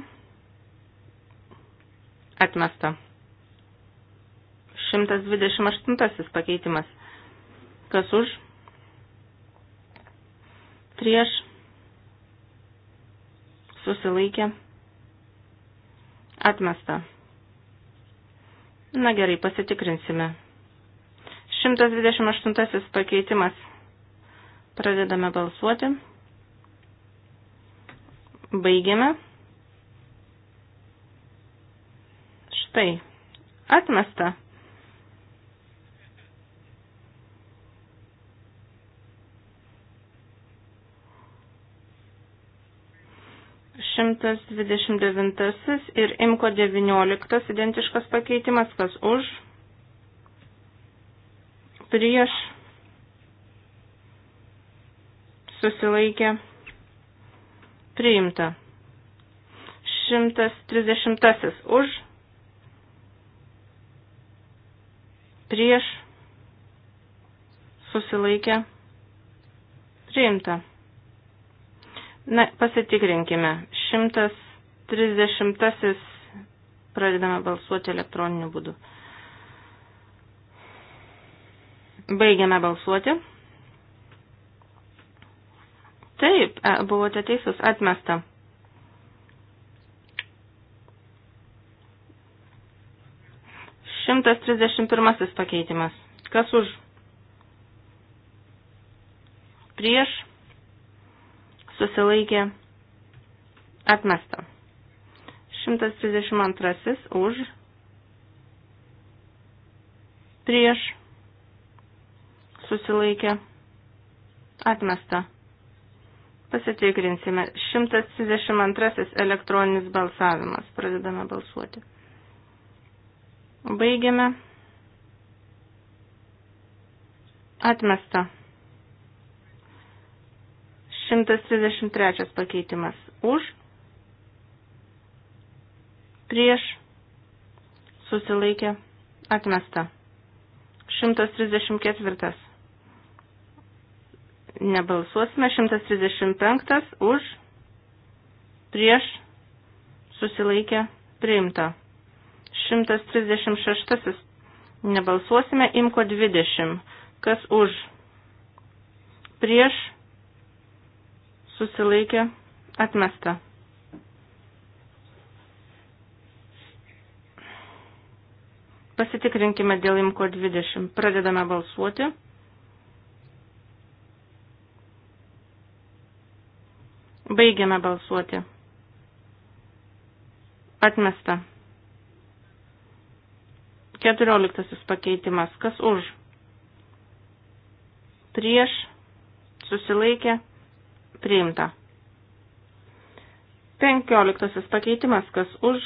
Atmesta. 128 pakeitimas. Kas už? Prieš. Susilaikė. Atmesta. Na gerai, pasitikrinsime. 128 pakeitimas. Pradedame balsuoti. Baigiame. Štai. Atmesta. Šimtas dvidešimt devintasis ir imko devynioliktas identiškas pakeitimas, kas už prieš susilaikė priimta. 130 už prieš susilaikė priimta. Na, pasitikrinkime. 130 pradedame balsuoti elektroniniu būdu. Baigiame balsuoti. Taip, e, buvote teisus, atmesta. Šimtas trisdešimt pirmasis pakeitimas. Kas už? Prieš susilaikė atmesta. 132 už prieš susilaikė, atmesta. Pasitikrinsime. 132 elektroninis balsavimas. Pradedame balsuoti. Baigiame. Atmesta. 133 pakeitimas. Už. Prieš. Susilaikė. Atmesta. 134 nebalsuosime. 135 už, prieš, susilaikė, priimta. 136 nebalsuosime, imko 20. Kas už, prieš, susilaikė, atmesta. Pasitikrinkime dėl imko 20. Pradedame balsuoti. Baigiame balsuoti. Atmesta. Keturioliktasis pakeitimas. Kas už? Prieš. Susilaikė. Priimta. Penkioliktasis pakeitimas. Kas už?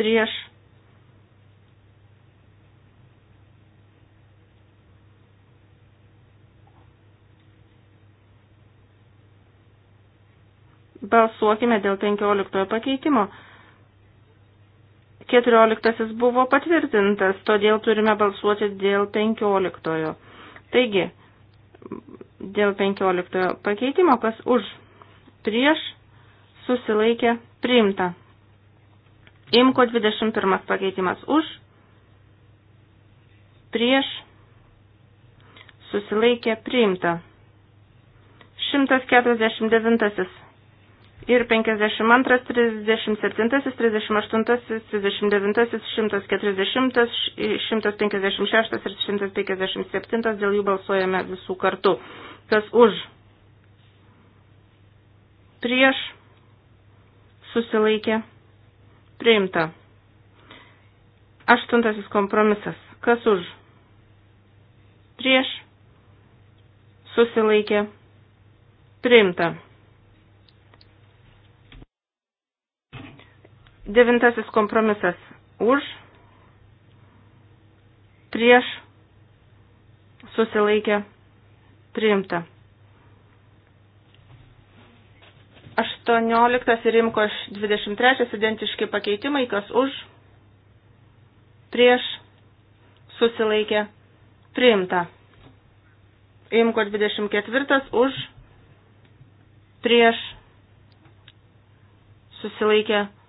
Prieš. Balsuokime dėl 15 pakeitimo. 14 buvo patvirtintas, todėl turime balsuoti dėl 15. Taigi, dėl 15 pakeitimo, kas už prieš susilaikė priimta. Imko 21 pakeitimas už prieš susilaikė priimta. 149 ir 52, 37, 38, 39, 140, 156 ir 157 dėl jų balsuojame visų kartų. Kas už? Prieš? Susilaikė? Priimta. Aštuntasis kompromisas. Kas už? Prieš? Susilaikė? Priimta. Devintasis kompromisas už, prieš, susilaikė, priimta. 18 ir rimko 23 identiški pakeitimai, kas už, prieš, susilaikė, priimta. Imko 24 už, prieš, susilaikė, priimta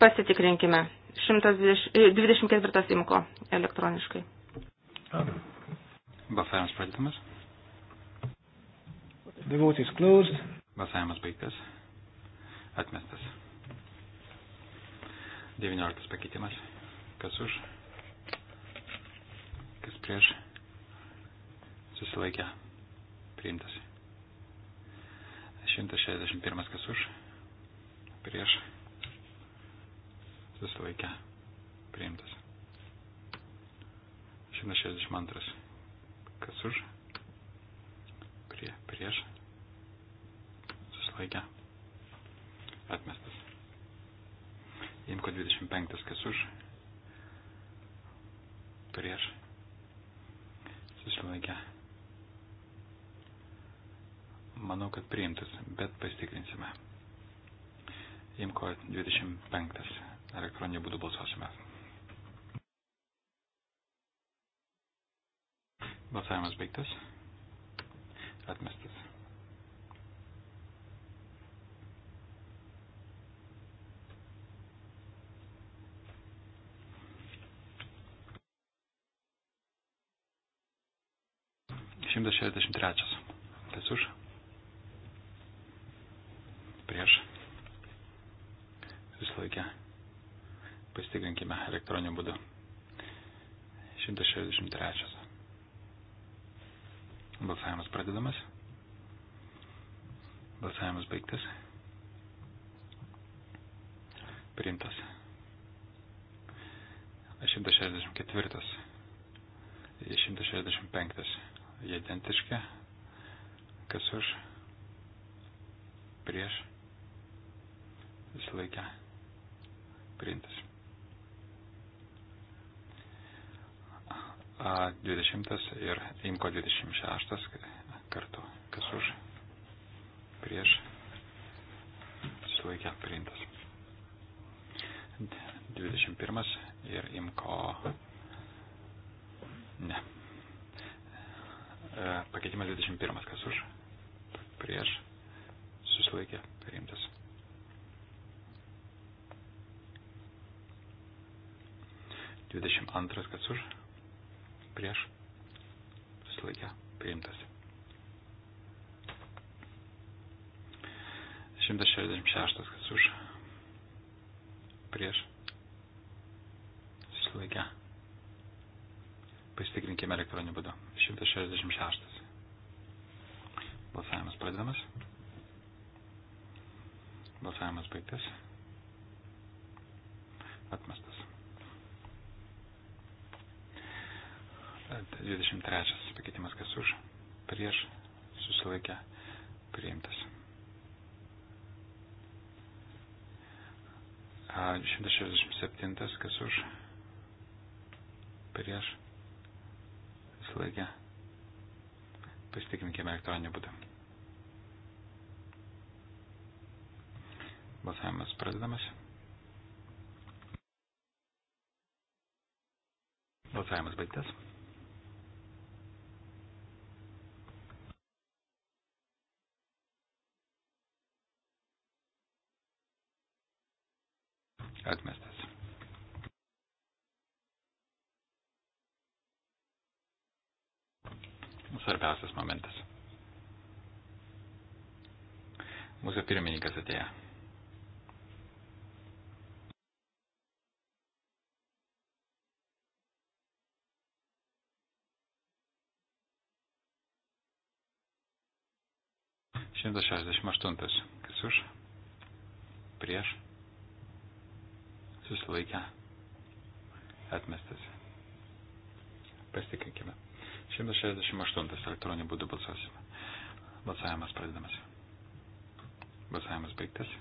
Pasitikrinkime. 124 e, imko elektroniškai. Balsavimas pradedamas. The vote is closed. Balsavimas baigtas. Atmestas. 19 pakeitimas. Kas už? Kas prieš? Susilaikė. Priimtas. 161 kas už? Prieš susilaikė priimtas. 162. Kas už? Prie, prieš susilaikė atmestas. Imko 25. Kas už? Prieš susilaikė. Manau, kad priimtas, bet pasitikrinsime. Imko 25. Elektroninė būdu balsuosime. Balsavimas baigtas. Atmestas. Šimtas šešiasdešimt trečias. Kas už? elektroniniu būdu. 163. Balsavimas pradedamas. Balsavimas baigtas. Priimtas. 164 ir 165. Jie identiški. Kas už? Prieš. Visą laikę. Priimtas. A20 ir Imko 26 kartu. Kas už? Prieš. Susilaikę priimtas. 21 ir Imko. Ne. Pakeitimas 21. Kas už? Prieš. Susilaikė priimtas. Dvidešimt e, antras, kas už? prieš susilaikę priimtas. 166 kas už prieš susilaikę. Pasitikrinkime elektroniniu būdu. 166. Balsavimas pradedamas. Balsavimas baigtas. Atmestas. 23 pakeitimas kas už, prieš, susilaikę, priimtas. 167 kas už, prieš, susilaikę, pasitikinkime elektroninį būdą. Balsavimas pradedamas. Balsavimas baigtas. Atmestas. Svarbiausias momentas. Mūsų pirmininkas atėjo. Šimtas šešdešimt aštuntas. Kas už? Prieš? susilaikę, atmestas. Pasitikrinkime. 168 elektroninių būdų balsuosime. Balsavimas pradedamas. Balsavimas baigtas.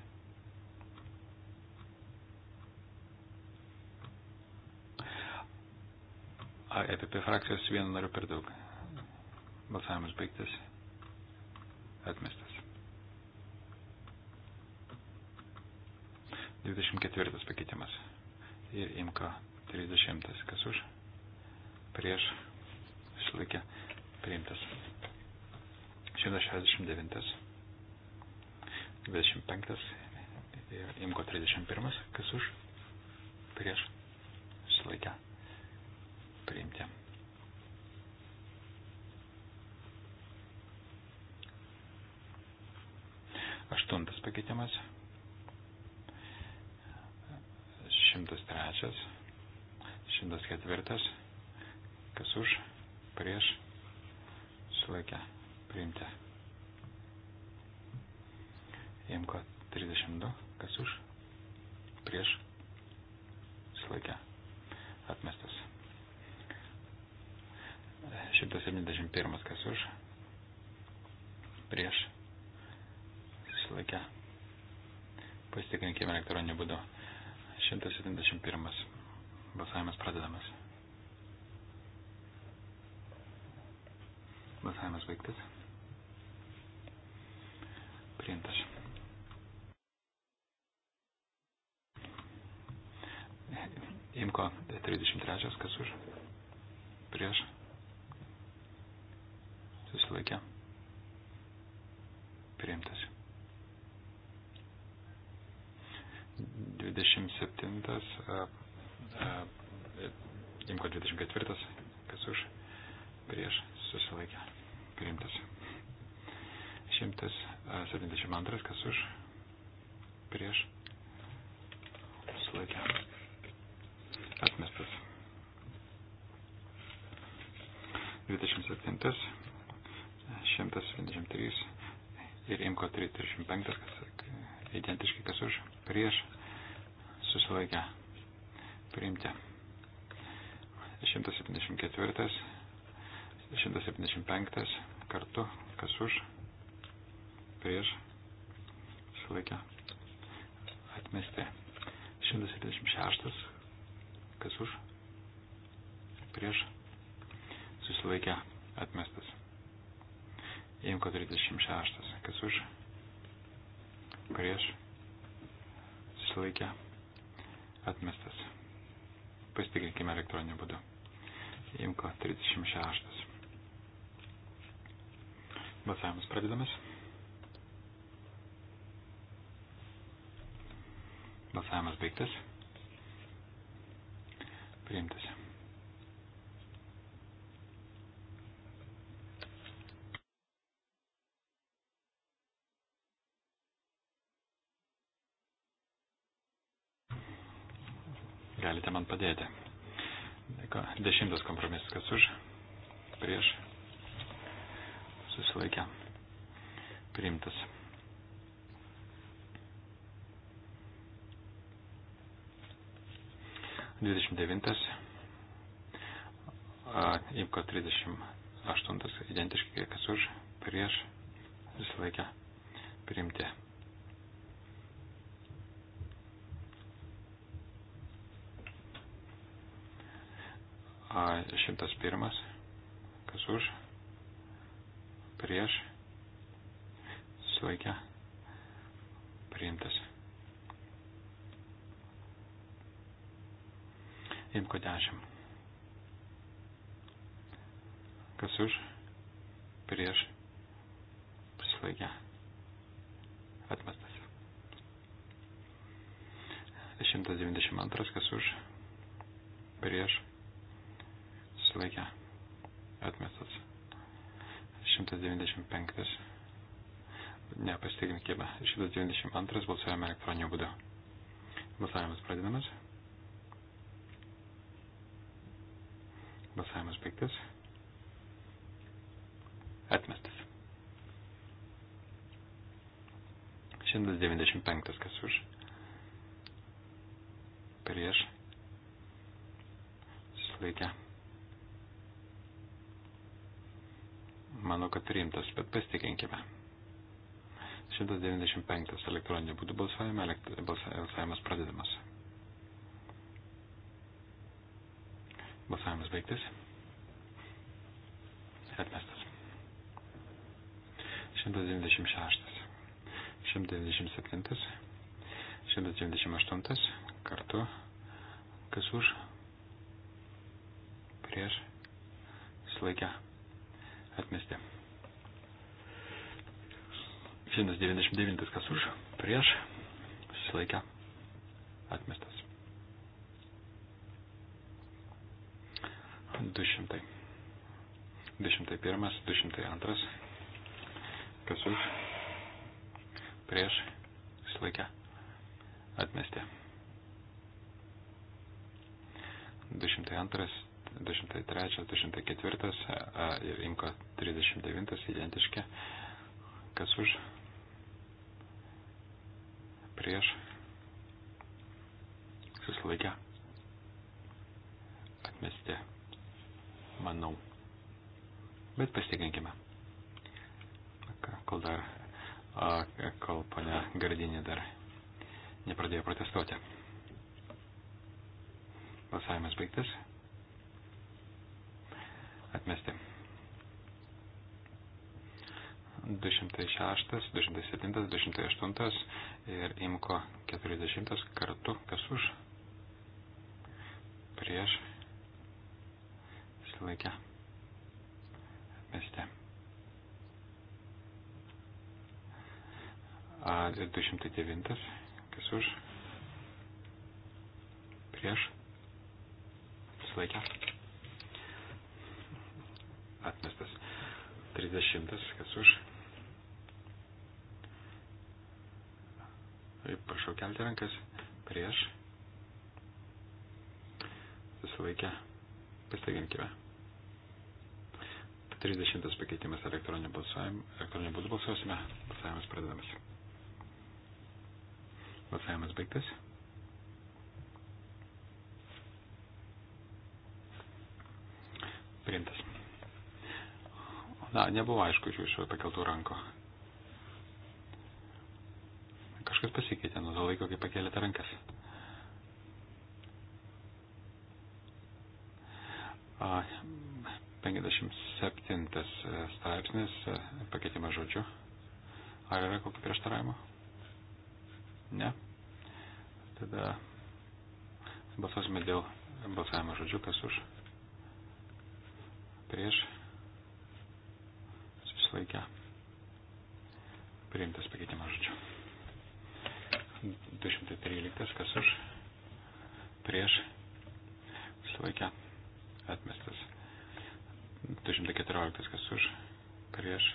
EPP frakcijos vienu nariu per daug. Balsavimas baigtas. Atmestas. 24 pakeitimas. Ir imka 30. Kas už? Prieš. Išlaikė. Priimtas. 169. 25. Ir imko 31. Kas už? Prieš. Išlaikė. Priimti. Aštuntas pakeitimas. 103, 104, kas už, prieš, sulaikę, priimti. Jemko 32, kas už, prieš, sulaikę, atmestas. 171, kas už, prieš, sulaikę. Pasitikrinkime elektroninį būdą. 171. Balsavimas pradedamas. Balsavimas baigtas. Priimtas. Imko 33. Kas už? Prieš. Susilaikė. Priimtas. 27, imko 24, kas už, prieš susilaikė priimtas. 172, kas už, prieš susilaikė atmestas. 27, 173 ir imko 35, kas identiški, kas už, prieš susilaikę priimti. 174, 175 kartu, kas už, prieš, susilaikę atmesti. 176, kas už, prieš, susilaikę atmestas. Imko 36, kas už, prieš, susilaikę atmestas atmestas. Pasitikrinkime elektroniniu būdu. Imko 36. Balsavimas pradedamas. Balsavimas baigtas. Priimtas. padėti. Dešimtas kompromisas, kas už, prieš, susilaikę, priimtas. Dvidešimt devintas, imko trisdešimt aštuntas, identiškai, kas už, prieš, susilaikę, priimti. 101. Kas už? Prieš. Sveikia. Priimtas. Imko 10. Kas už? Prieš. Sveikia. Atmestas. 192. Kas už? Prieš susilaikė atmestas. 195. Ne, pasitikinkime. 192 balsuojame elektroniniu būdu. Balsavimas pradedamas. Balsavimas baigtas. Atmestas. 195 kas už. Prieš. Susilaikę. Manau, kad priimtas, bet pasitikinkime. 195 elektroninė būtų balsavime, balsavimas pradedamas. Balsavimas baigtas. Atmestas. 196. 197. 198 kartu. Kas už? Prieš. Slaikę atmesti. 199 kas už, prieš, susilaikę, atmestas. 200. 201, 202 kas už, prieš, susilaikę, atmesti. 202, 203, 204 ir Inko 39 identiški. Kas už? Prieš. Susilaikę. Atmesti. Manau. Bet pasitikrinkime. Kol dar, kol ponia Gardinė dar nepradėjo protestuoti. Balsavimas baigtas atmesti. 206, 207, 208 ir imko 40 kartu, kas už, prieš, silaikę, atmesti. 209, kas už, prieš, silaikę 30, kas už. Taip, prašau kelti rankas prieš. Susilaikę. Pasitikinkime. 30 pakeitimas elektroninio balsavimo. Elektroninio būdu balsuosime. Balsavimas pradedamas. Balsavimas baigtas. Na, nebuvo aišku iš jūsų pakeltų rankų. Kažkas pasikeitė nuo to laiko, kai pakėlėte rankas. A, 57 e, straipsnis, e, pakeitimas žodžiu. Ar yra kokio prieštaravimo? Ne. Tada balsuosime dėl balsavimo žodžiu, kas už. Prieš susilaikė priimtas pakeitimas žodžiu. 213, kas už, prieš, susilaikė, atmestas. 214, kas už, prieš,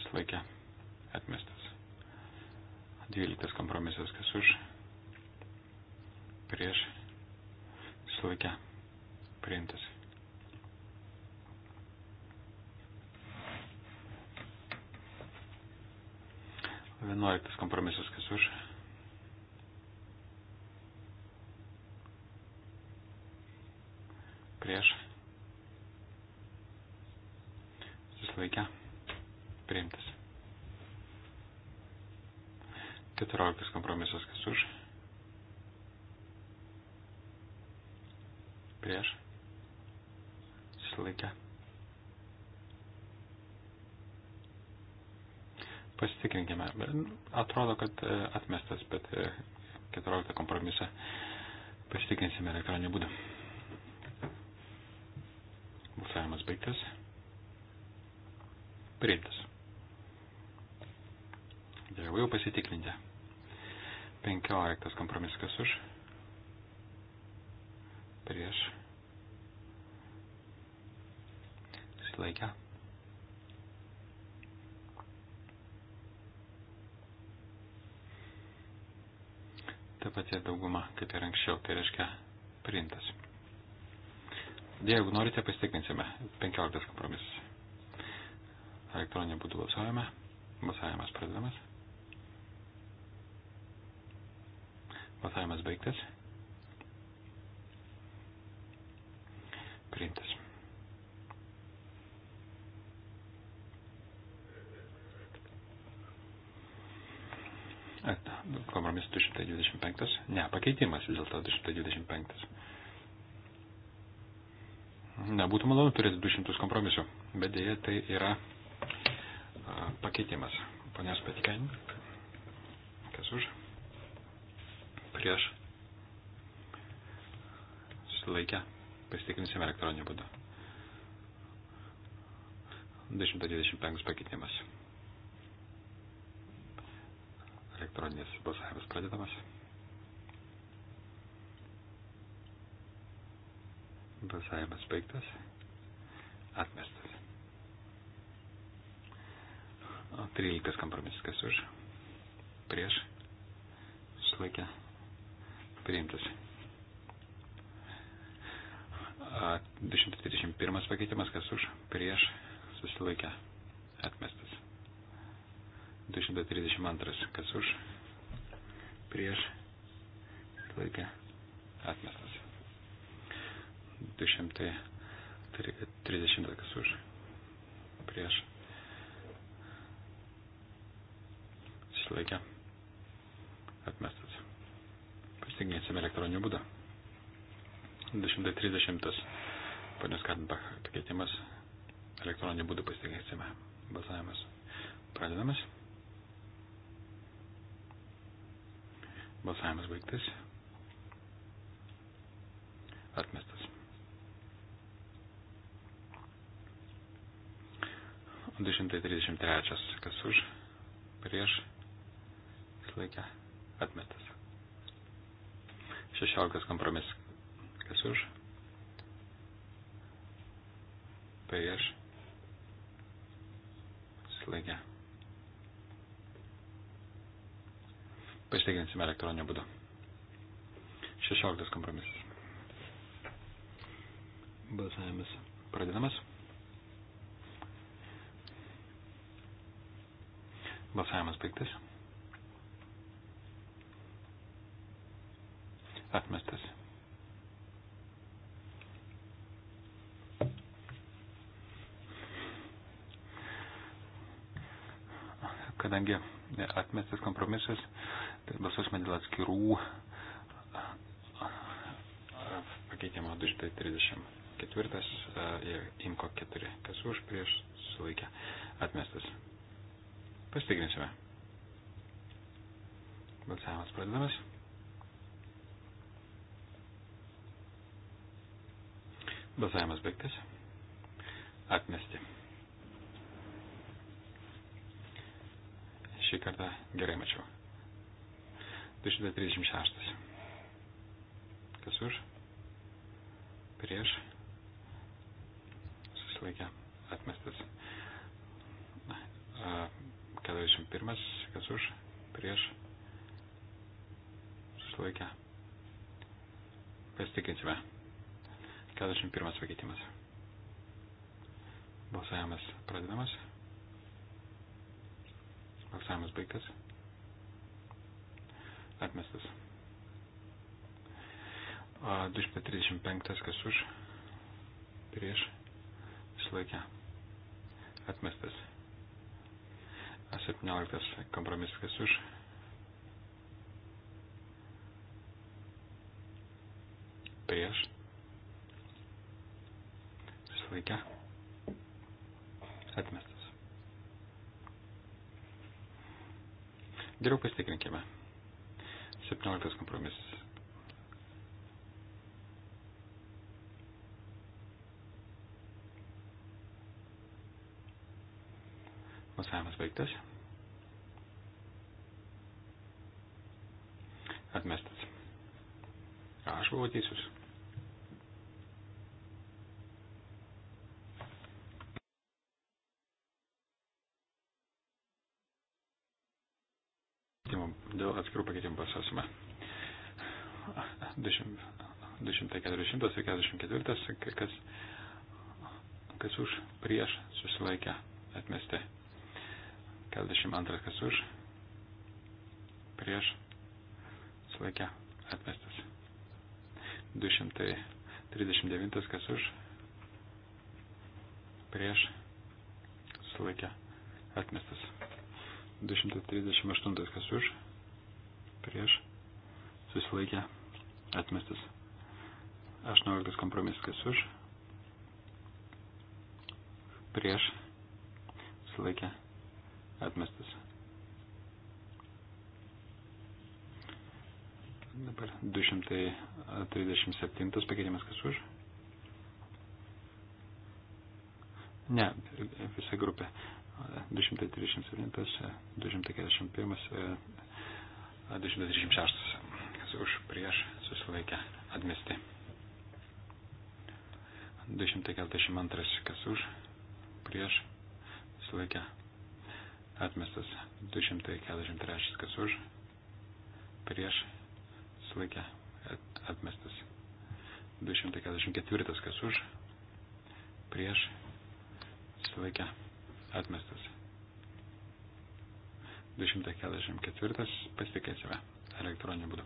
susilaikė, atmestas. 12 kompromisas, kas už, prieš, susilaikė, priimtas. 11 kompromisas, kas už. Prieš. Susilaikę. Priimtas. 14 kompromisas, kas už. Prieš. Susilaikę Pasitikrinkime. Atrodo, kad e, atmestas, bet 14 e, kompromisą pasitikrinsime elektroniniu būdu. Balsavimas baigtas. Priimtas. Dėkui, jau pasitikrinti. 15 kompromisas už. Prieš. Silaikę. ta pati dauguma kaip ir anksčiau, tai reiškia priimtas. Jeigu norite, pasitikrinsime 15 kompromisas. Elektroninė būtų balsuojame, balsavimas pradedamas. Balsavimas baigtas. Priimtas. Kompromisas 225. Ne, pakeitimas vis dėlto 225. Na, būtų malonu turėti 200 kompromisų, bet dėja tai yra a, pakeitimas. Ponios patikain. Kas už? Prieš. Susilaikę. Pasitikrinsim elektroniniu būdu. 225 pakeitimas. Elektroninis balsavimas pradedamas. Balsavimas baigtas. Atmestas. 13 kompromisas kas už. Prieš. Susilaikė. Priimtas. 231 pakeitimas kas už. Prieš. Susilaikė. Atmestas. 232, kas už, prieš, laikė, atmestas. 230, kas už, prieš, susilaikė, atmestas. Pasitikėsime elektroniniu būdu. 230, ponios Kardenbach, pakeitimas, elektroniniu būdu pasitikėsime, balsavimas pradedamas. Balsavimas baigtas. Atmestas. O 233. Kas už? Prieš. Išlaikė. Atmestas. 16 kompromis. Kas už? Prieš. Išlaikė. Pasitikrinsime elektroniniu būdu. 16 kompromisas. Balsavimas pradedamas. Balsavimas baigtas. Atmestas. Kadangi atmestas kompromisas, Tai balsuosime dėl atskirų pakeitimo 234 e, ir imko 4, kas už prieš sulaikę atmestas. Pasitikrinsime. Balsavimas pradedamas. Balsavimas baigtas. Atmesti. Šį kartą gerai mačiau. 236. Kas už? Prieš. Susilaikė. Atmestas. 41. Kas už? Prieš. Susilaikė. Pasitikinsime. 41 pakeitimas. Balsavimas pradedamas. Balsavimas baigtas atmestas. 235 kas už, prieš, išlaikė, atmestas. 17 kompromisas kas už. Prieš. Išlaikė. Atmestas. Geriau pasitikrinkime. 17 kompromisas. Balsavimas baigtas. Atmestas. Aš buvau teisus. tikrų pakeitimų balsuosime. 240 ir 44, kas, kas už prieš susilaikę atmesti. 42, kas už prieš susilaikę atmestas. 239, kas už prieš susilaikę atmestas. 238, kas už prieš susilaikę atmestas. 18 kompromisas kas už prieš susilaikę atmestas. Dabar 237 pakeitimas kas už. Ne, visa grupė. 237, 241, 236 už prieš susilaikę atmesti. 242 kas už prieš susilaikę atmestas. 243 kas už prieš susilaikę atmestas. 244 kas už prieš susilaikę atmestas. 244 pasitikėsime elektroniniu būdu.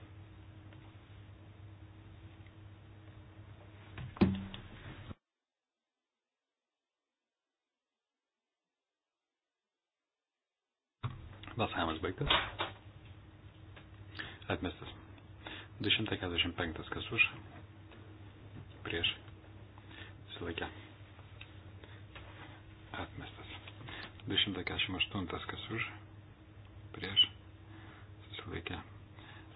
Balsavimas baigtas. Atmestas. 245 kas už. Prieš. Silaikę. Atmestas. 248 kas už prieš susilaikė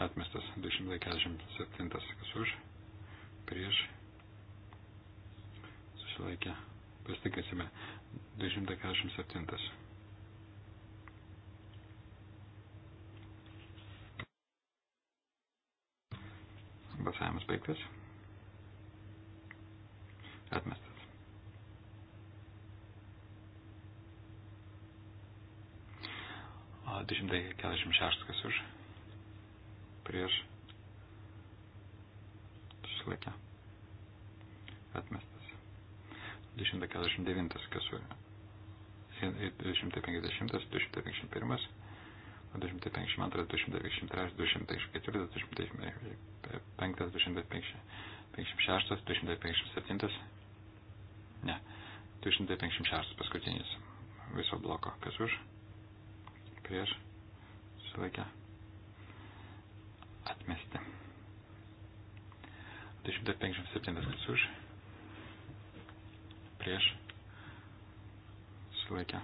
atmestas 247 kas už prieš susilaikė pasitikrinsime 247 balsavimas baigtas 246 kas už prieš išlaikę atmestas. 249 kas už 250, 251, 252, 253, 254, 255, 256, 257, ne, 256 paskutinis viso bloko, kas už, prieš, susilaikė atmesti. 257 kas už, prieš susilaikė.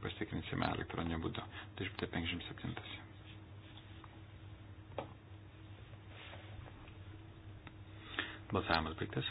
Pasitikrinsime elektroninį būdą. 257. Balsavimas baigtas.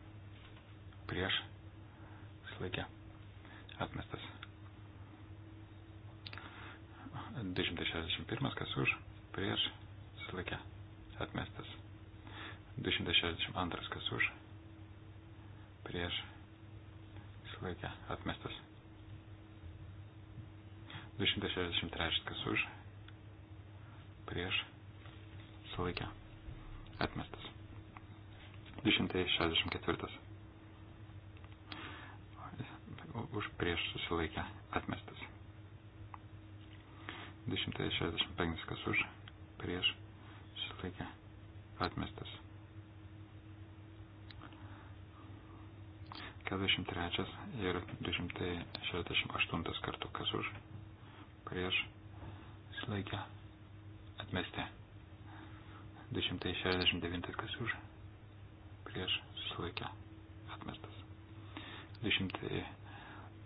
prieš laikė atmestas. 261 kas už prieš laikė atmestas. 262 kas už prieš laikė atmestas. 263 kas už prieš laikė atmestas. 264 už prieš susilaikę atmestas. 265 kas už prieš susilaikę atmestas. 43 ir 268 kartų kas už prieš susilaikę atmestę. 269 kas už prieš susilaikę atmestas. 200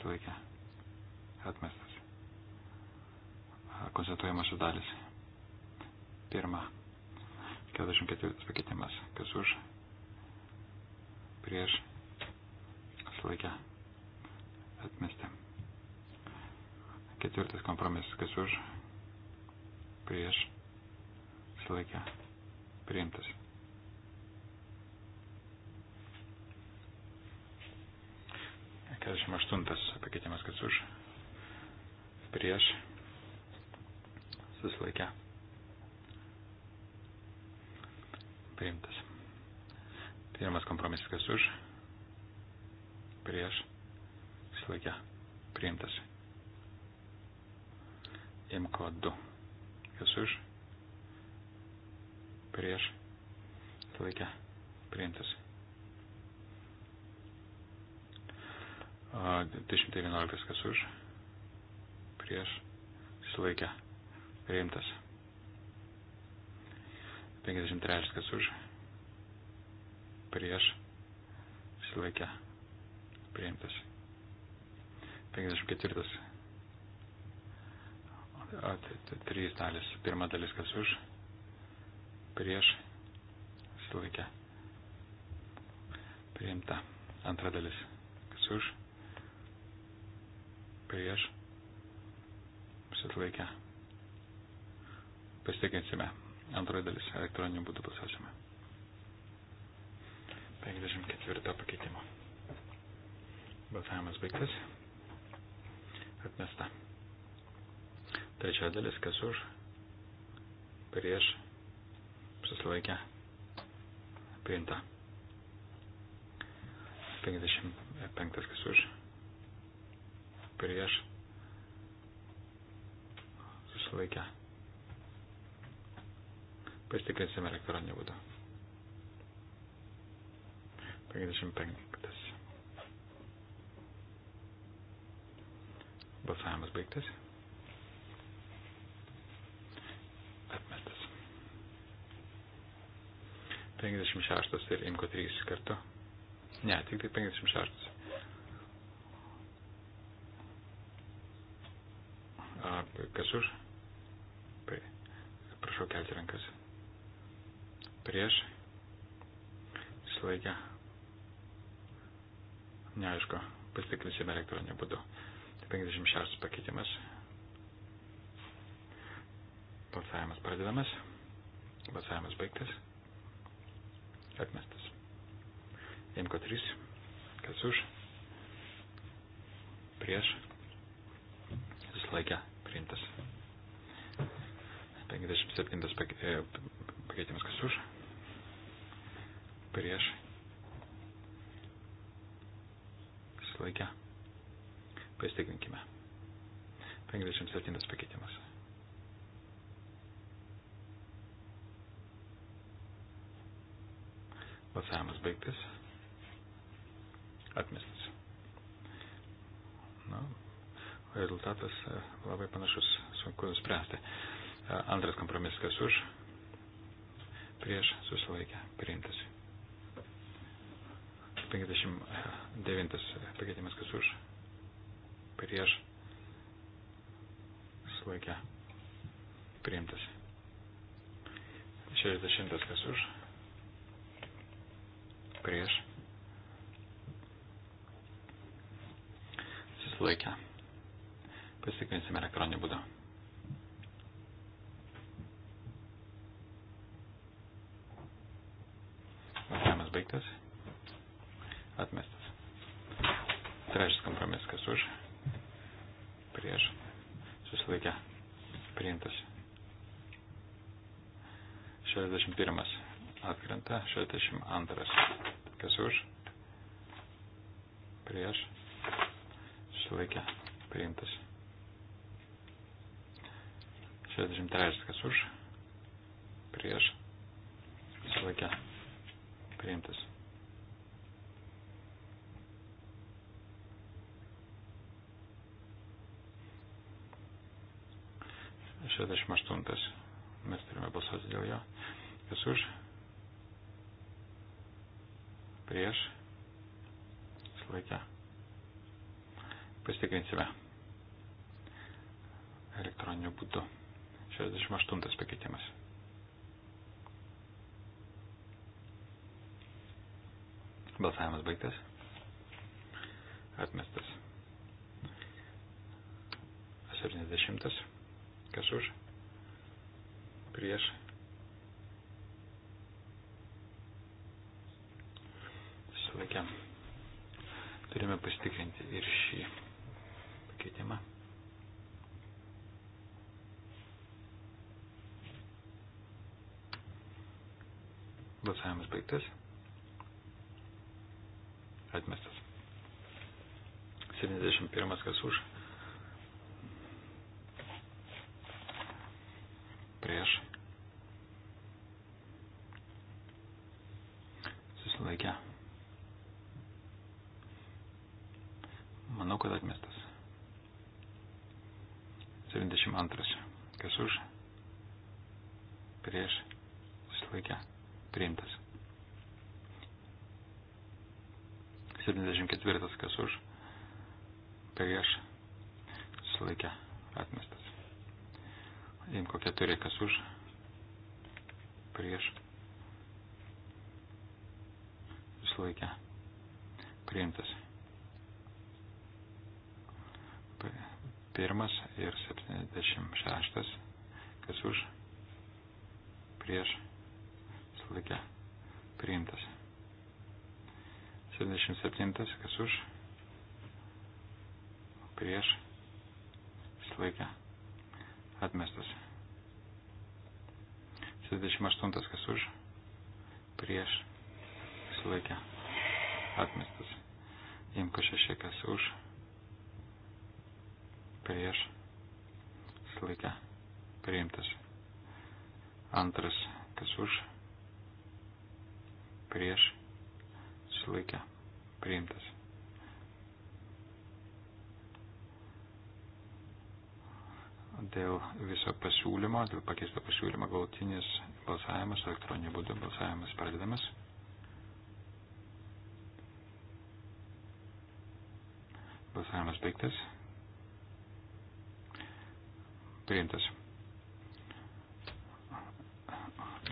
susilaikė atmestas. Koncentuojamosios dalis. Pirma. 44 pakeitimas. Kas už? Prieš. Susilaikė atmesti. Ketvirtas kompromisas. Kas už? Prieš. Susilaikė priimtas. 48 pakeitimas, kas už, prieš, susilaikę. Priimtas. Pirmas kompromisas, kas už, prieš, susilaikę. Priimtas. Imko 2, kas už, prieš, susilaikę. Priimtas. 211 kas už, prieš, susilaikė, priimtas. 53 kas už, prieš, susilaikė, priimtas. 54. At, tai, tai trys dalis. Pirma dalis kas už, prieš, susilaikė, priimta. Antra dalis kas už, prieš susilaikę. Pasitikinsime. Antroji dalis elektroniniu būdu balsuosime. 54 pakeitimo. Balsavimas baigtas. Atmesta. Trečia dalis, kas už, prieš, susilaikę, priimta. 55 kas už, prieš susilaikę. Pasitikrinsime elektroninį būdą. 55. Balsavimas baigtas. Atmestas. 56 ir imko 3 kartu. Ne, tik tai 56. A, kas už? Prašau kelti rankas. Prieš. Išlaikę. Neaišku, pasitikrinsime elektroninį būdu. 56 pakeitimas. Balsavimas pradedamas. Balsavimas baigtas. Atmestas. Imko 3. Kas už? Prieš. Susilaikę priimtas. 57 e, pakeitimas kas už, prieš, išsilaikę. Pasitikrinkime. 57 pakeitimas. Balsavimas baigtas. Atmestas. Nu, rezultatas e, labai panašus, sunku nuspręsti. E, antras kompromisas, kas už, prieš susilaikę, priimtas. 59 e, pakeitimas, kas už, prieš susilaikę, priimtas. 60 kas už, prieš susilaikę Pasitikrinsime elektroninį būdą. Balsavimas baigtas. Atmestas. Trečias kompromisas, kas už. Prieš. Susilaikę. Priimtas. 61. Atkrenta. 62. Kas už. Prieš. Susilaikę. Priimtas. 63 kas už, prieš, susilaikė, priimtas. Šešdešimt aštuntas. Mes turime balsuoti dėl jo. Kas už? Prieš? Slaikę. Pasitikrinsime elektroniniu būdu. 68 pakeitimas. Balsavimas baigtas. Atmestas. 70. Kas už? Prieš. Sulaikiam. Turime pasitikrinti ir šį pakeitimą. Balsavimas baigtas. Atmestas. 71 kas už. Prieš. Susilaikę. Manau, kad atmestas. 72. Kas už? Prieš. Susilaikę priimtas. 74 kas už prieš sulaikę atmestas. Imko 4 kas už prieš sulaikę priimtas. Pirmas ir 76 kas už prieš susilaikė priimtas. 77, kas už, prieš, susilaikė atmestas. 78, kas už, prieš, susilaikė atmestas. Imko šešiekas už, prieš, susilaikė priimtas. Antras, kas už, prieš susilaikę priimtas. Dėl viso pasiūlymo, dėl pakeisto pasiūlymo galutinis balsavimas, elektroniniu būdu balsavimas pradedamas. Balsavimas baigtas. Priimtas.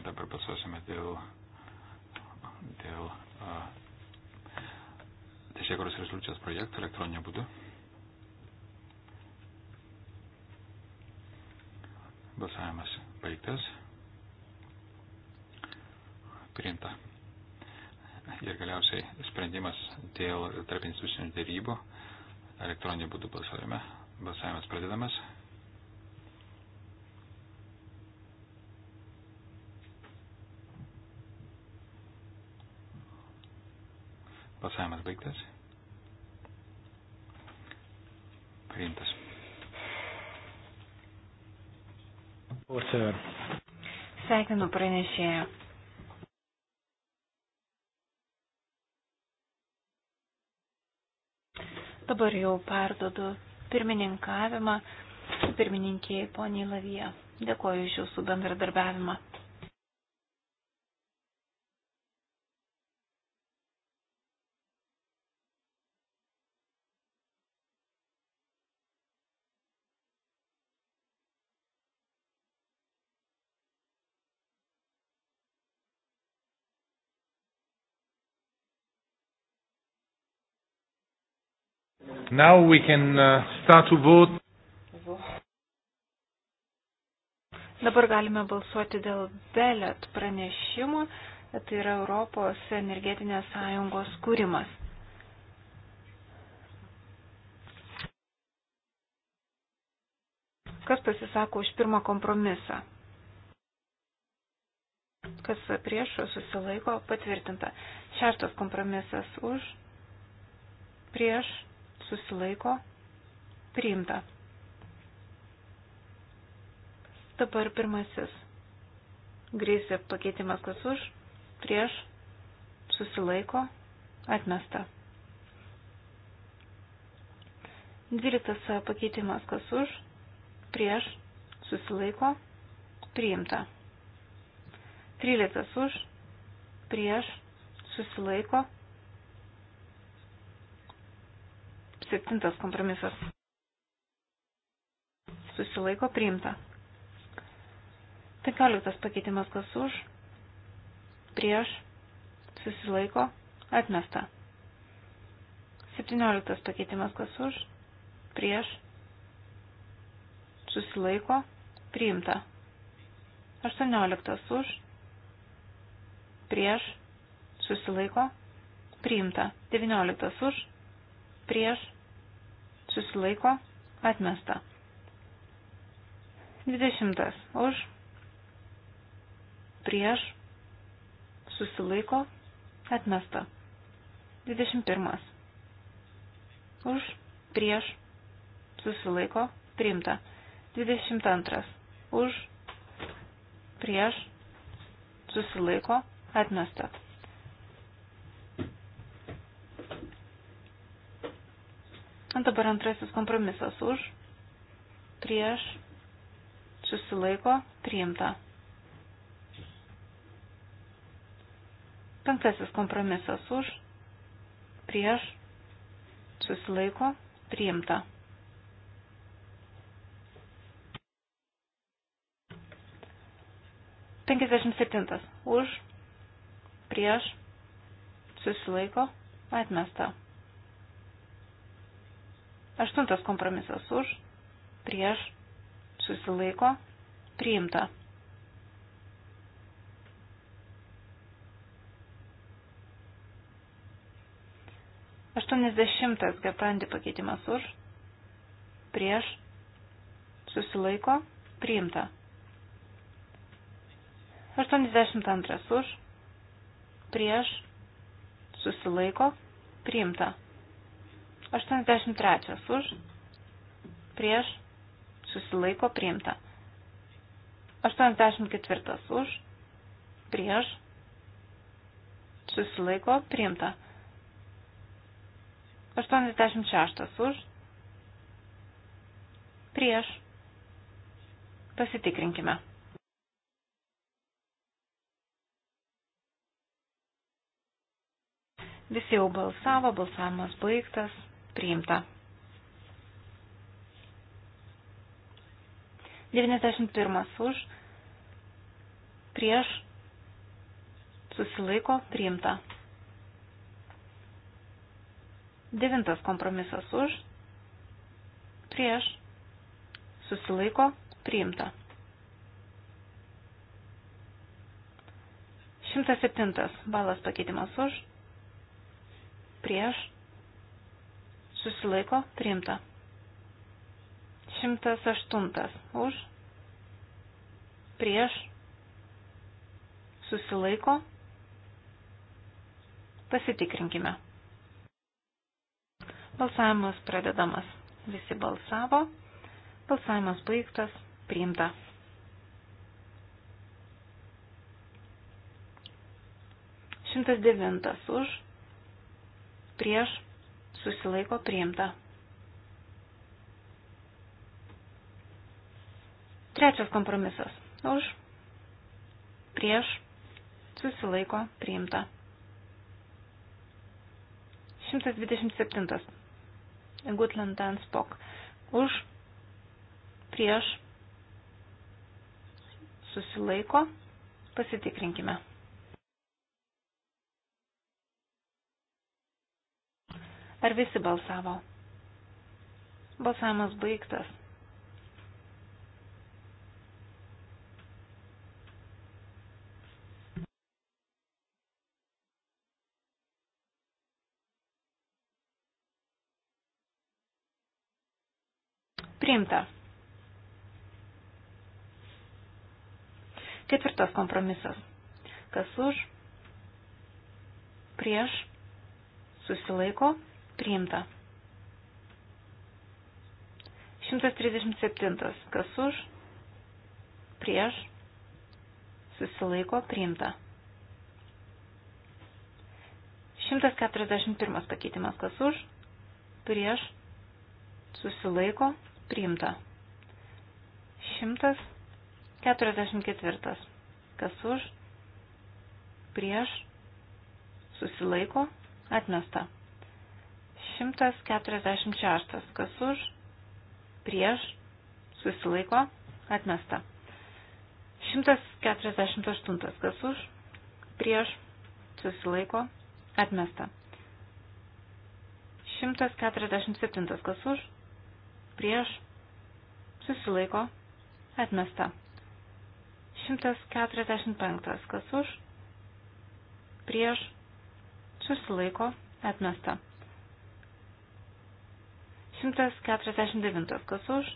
Dabar balsuosime dėl dėl teisėkuros rezoliucijos projektų elektroninio būdu. Balsavimas baigtas. Priimta. Ir galiausiai sprendimas dėl tarp institucinių dėrybų elektroninio būdu balsavime. Balsavimas pradedamas. Balsavimas baigtas. Priimtas. Sveikinu pranešėją. Dabar jau perdodu pirmininkavimą pirmininkiai poniai Lavija. Dėkoju iš jūsų bendradarbiavimą. Now we can uh, start to vote. Dabar galime balsuoti dėl belet pranešimų, tai yra Europos energetinės sąjungos kūrimas. Kas pasisako už pirmą kompromisą? Kas prieš susilaiko patvirtinta. Šeštas kompromisas už, prieš susilaiko, priimta. Dabar pirmasis. Grėsė pakeitimas kas už, prieš, susilaiko, atmesta. Dvyliktas pakeitimas kas už, prieš, susilaiko, priimta. Tryliktas už, prieš, susilaiko, atmesta. Septintas kompromisas. Susilaiko priimta. Penkioliktas pakeitimas kas už. Prieš. Susilaiko. Atmesta. Septynioliktas pakeitimas kas už. Prieš. Susilaiko. Priimta. Aštuonioliktas už. Prieš. Susilaiko. Priimta. Devynioliktas už prieš susilaiko, atmesta. 20. Už, prieš, susilaiko, atmesta. 21. Už, prieš, susilaiko, priimta. 22. Už, prieš, susilaiko, atmesta. Dabar antrasis kompromisas už, prieš, susilaiko, priimta. Penktasis kompromisas už, prieš, susilaiko, priimta. Penkiasdešimt septintas už, prieš, susilaiko, atmesta. Aštuntas kompromisas už, prieš, susilaiko, priimta. Aštuonisdešimtas geprandi pakeitimas už, prieš, susilaiko, priimta. 82 už, prieš, susilaiko, priimta. 83 už, prieš, susilaiko priimta. 84 už, prieš, susilaiko priimta. 86 už, prieš, pasitikrinkime. Visi jau balsavo, balsavimas baigtas. Priimta. 91 už. Prieš. Susilaiko. Priimta. 9 kompromisas už. Prieš. Susilaiko. Priimta. 107 balas pakeitimas už prieš susilaiko priimta. 108 už, prieš, susilaiko, pasitikrinkime. Balsavimas pradedamas. Visi balsavo. Balsavimas baigtas. Priimta. Šimtas devintas už, prieš, susilaiko priimta. Trečias kompromisas. Už, prieš, susilaiko, priimta. 127. Gutland and Spock. Už, prieš, susilaiko, pasitikrinkime. Ar visi balsavo? Balsavimas baigtas. Priimta. Ketvirtas kompromisas. Kas už? Prieš? Susilaiko? Priimta. 137. Kas už? Prieš? Susilaiko? Priimta. 141 pakeitimas. Kas už? Prieš? Susilaiko? Priimta. 144. Kas už? Prieš? Susilaiko? Atmesta. 146. Kas už, prieš, susilaiko, atmesta. 148. Kas už, prieš, susilaiko, atmesta. 147. Kas už, prieš, susilaiko, atmesta. 145. Kas už, prieš, susilaiko, atmesta. 149. Kas už?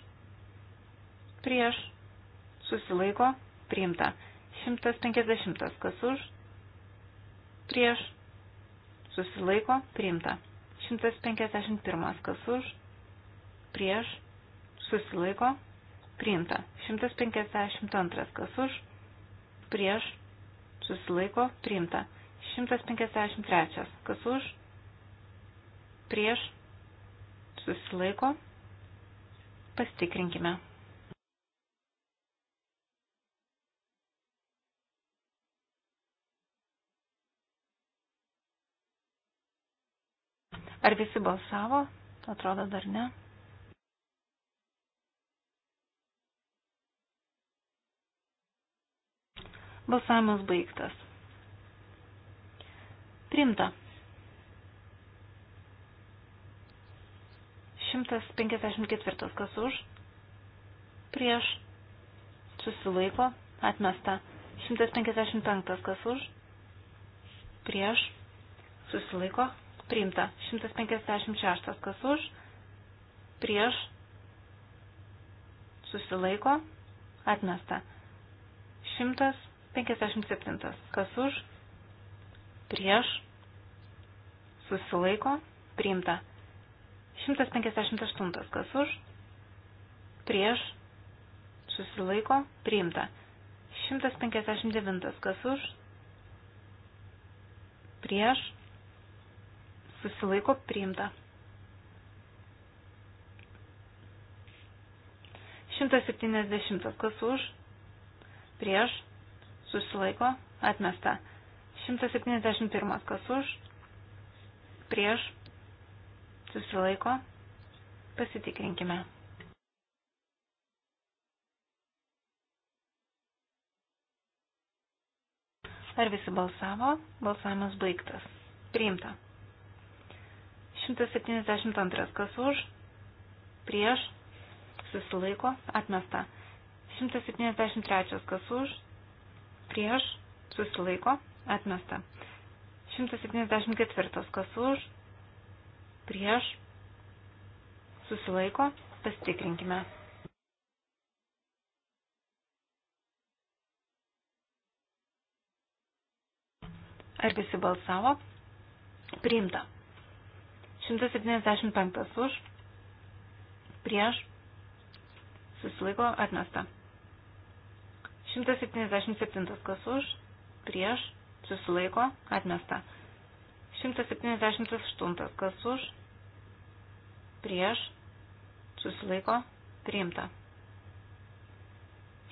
Prieš. Susilaiko. Priimta. 150. Kas už? Prieš. Susilaiko. Priimta. 151. Kas už? Prieš. Susilaiko. Priimta. 152. Kas už? Prieš. Susilaiko. Priimta. 153. Kas už? Prieš susilaiko, pastikrinkime. Ar visi balsavo? Atrodo, dar ne. Balsavimas baigtas. Primta. 154. Kas už? Prieš. Susilaiko. Atmesta. 155. Kas už? Prieš. Susilaiko. Priimta. 156. Kas už? Prieš. Susilaiko. Atmesta. 157. Kas už? Prieš. Susilaiko. Priimta. 158. Kas už? Prieš. Susilaiko. Priimta. 159. Kas už? Prieš. Susilaiko. Priimta. 170. Kas už? Prieš. Susilaiko. Atmesta. 171. Kas už? Prieš susilaiko, pasitikrinkime. Ar visi balsavo? Balsavimas baigtas. Priimta. 172. Kas už? Prieš? Susilaiko? Atmesta. 173. Kas už? Prieš? Susilaiko? Atmesta. 174. Kas už? prieš, susilaiko, pasitikrinkime. Ar visi balsavo? Priimta. 175 už, prieš, susilaiko, atmesta. 177 kas už, prieš, susilaiko, atmesta. 178. Kas už? Prieš. Susilaiko. Priimta.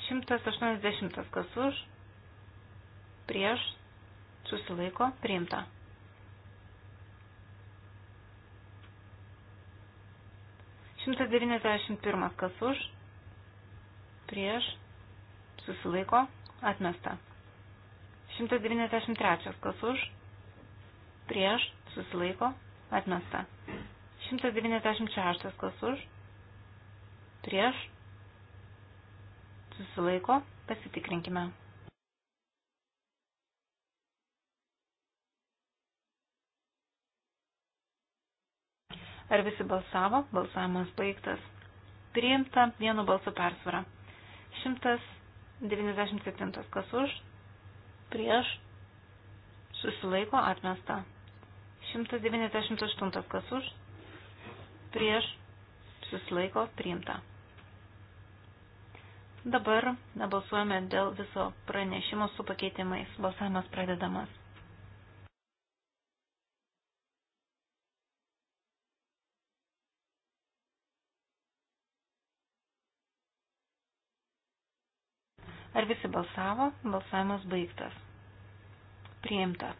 180. Kas už? Prieš. Susilaiko. Priimta. Šimtas devyniasdešimt pirmas kas už, prieš, susilaiko, atmesta. Šimtas devyniasdešimt trečias kas už, prieš, susilaiko, atmesta. 196 kas už, prieš, susilaiko, pasitikrinkime. Ar visi balsavo? Balsavimas baigtas. Priimta vienu balsu persvara. 197 kas už, prieš, susilaiko atmesta. 198 kas už, prieš, susilaiko, priimta. Dabar balsuojame dėl viso pranešimo su pakeitimais. Balsavimas pradedamas. Ar visi balsavo? Balsavimas baigtas. Priimta.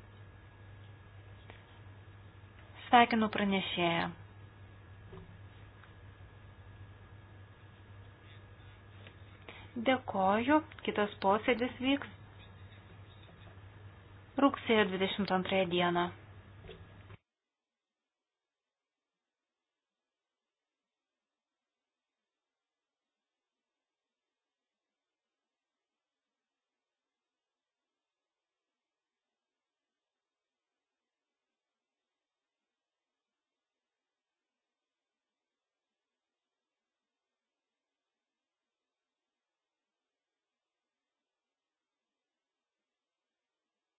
Sveikinu pranešėją. Dėkoju, kitas posėdis vyks rugsėjo 22 dieną.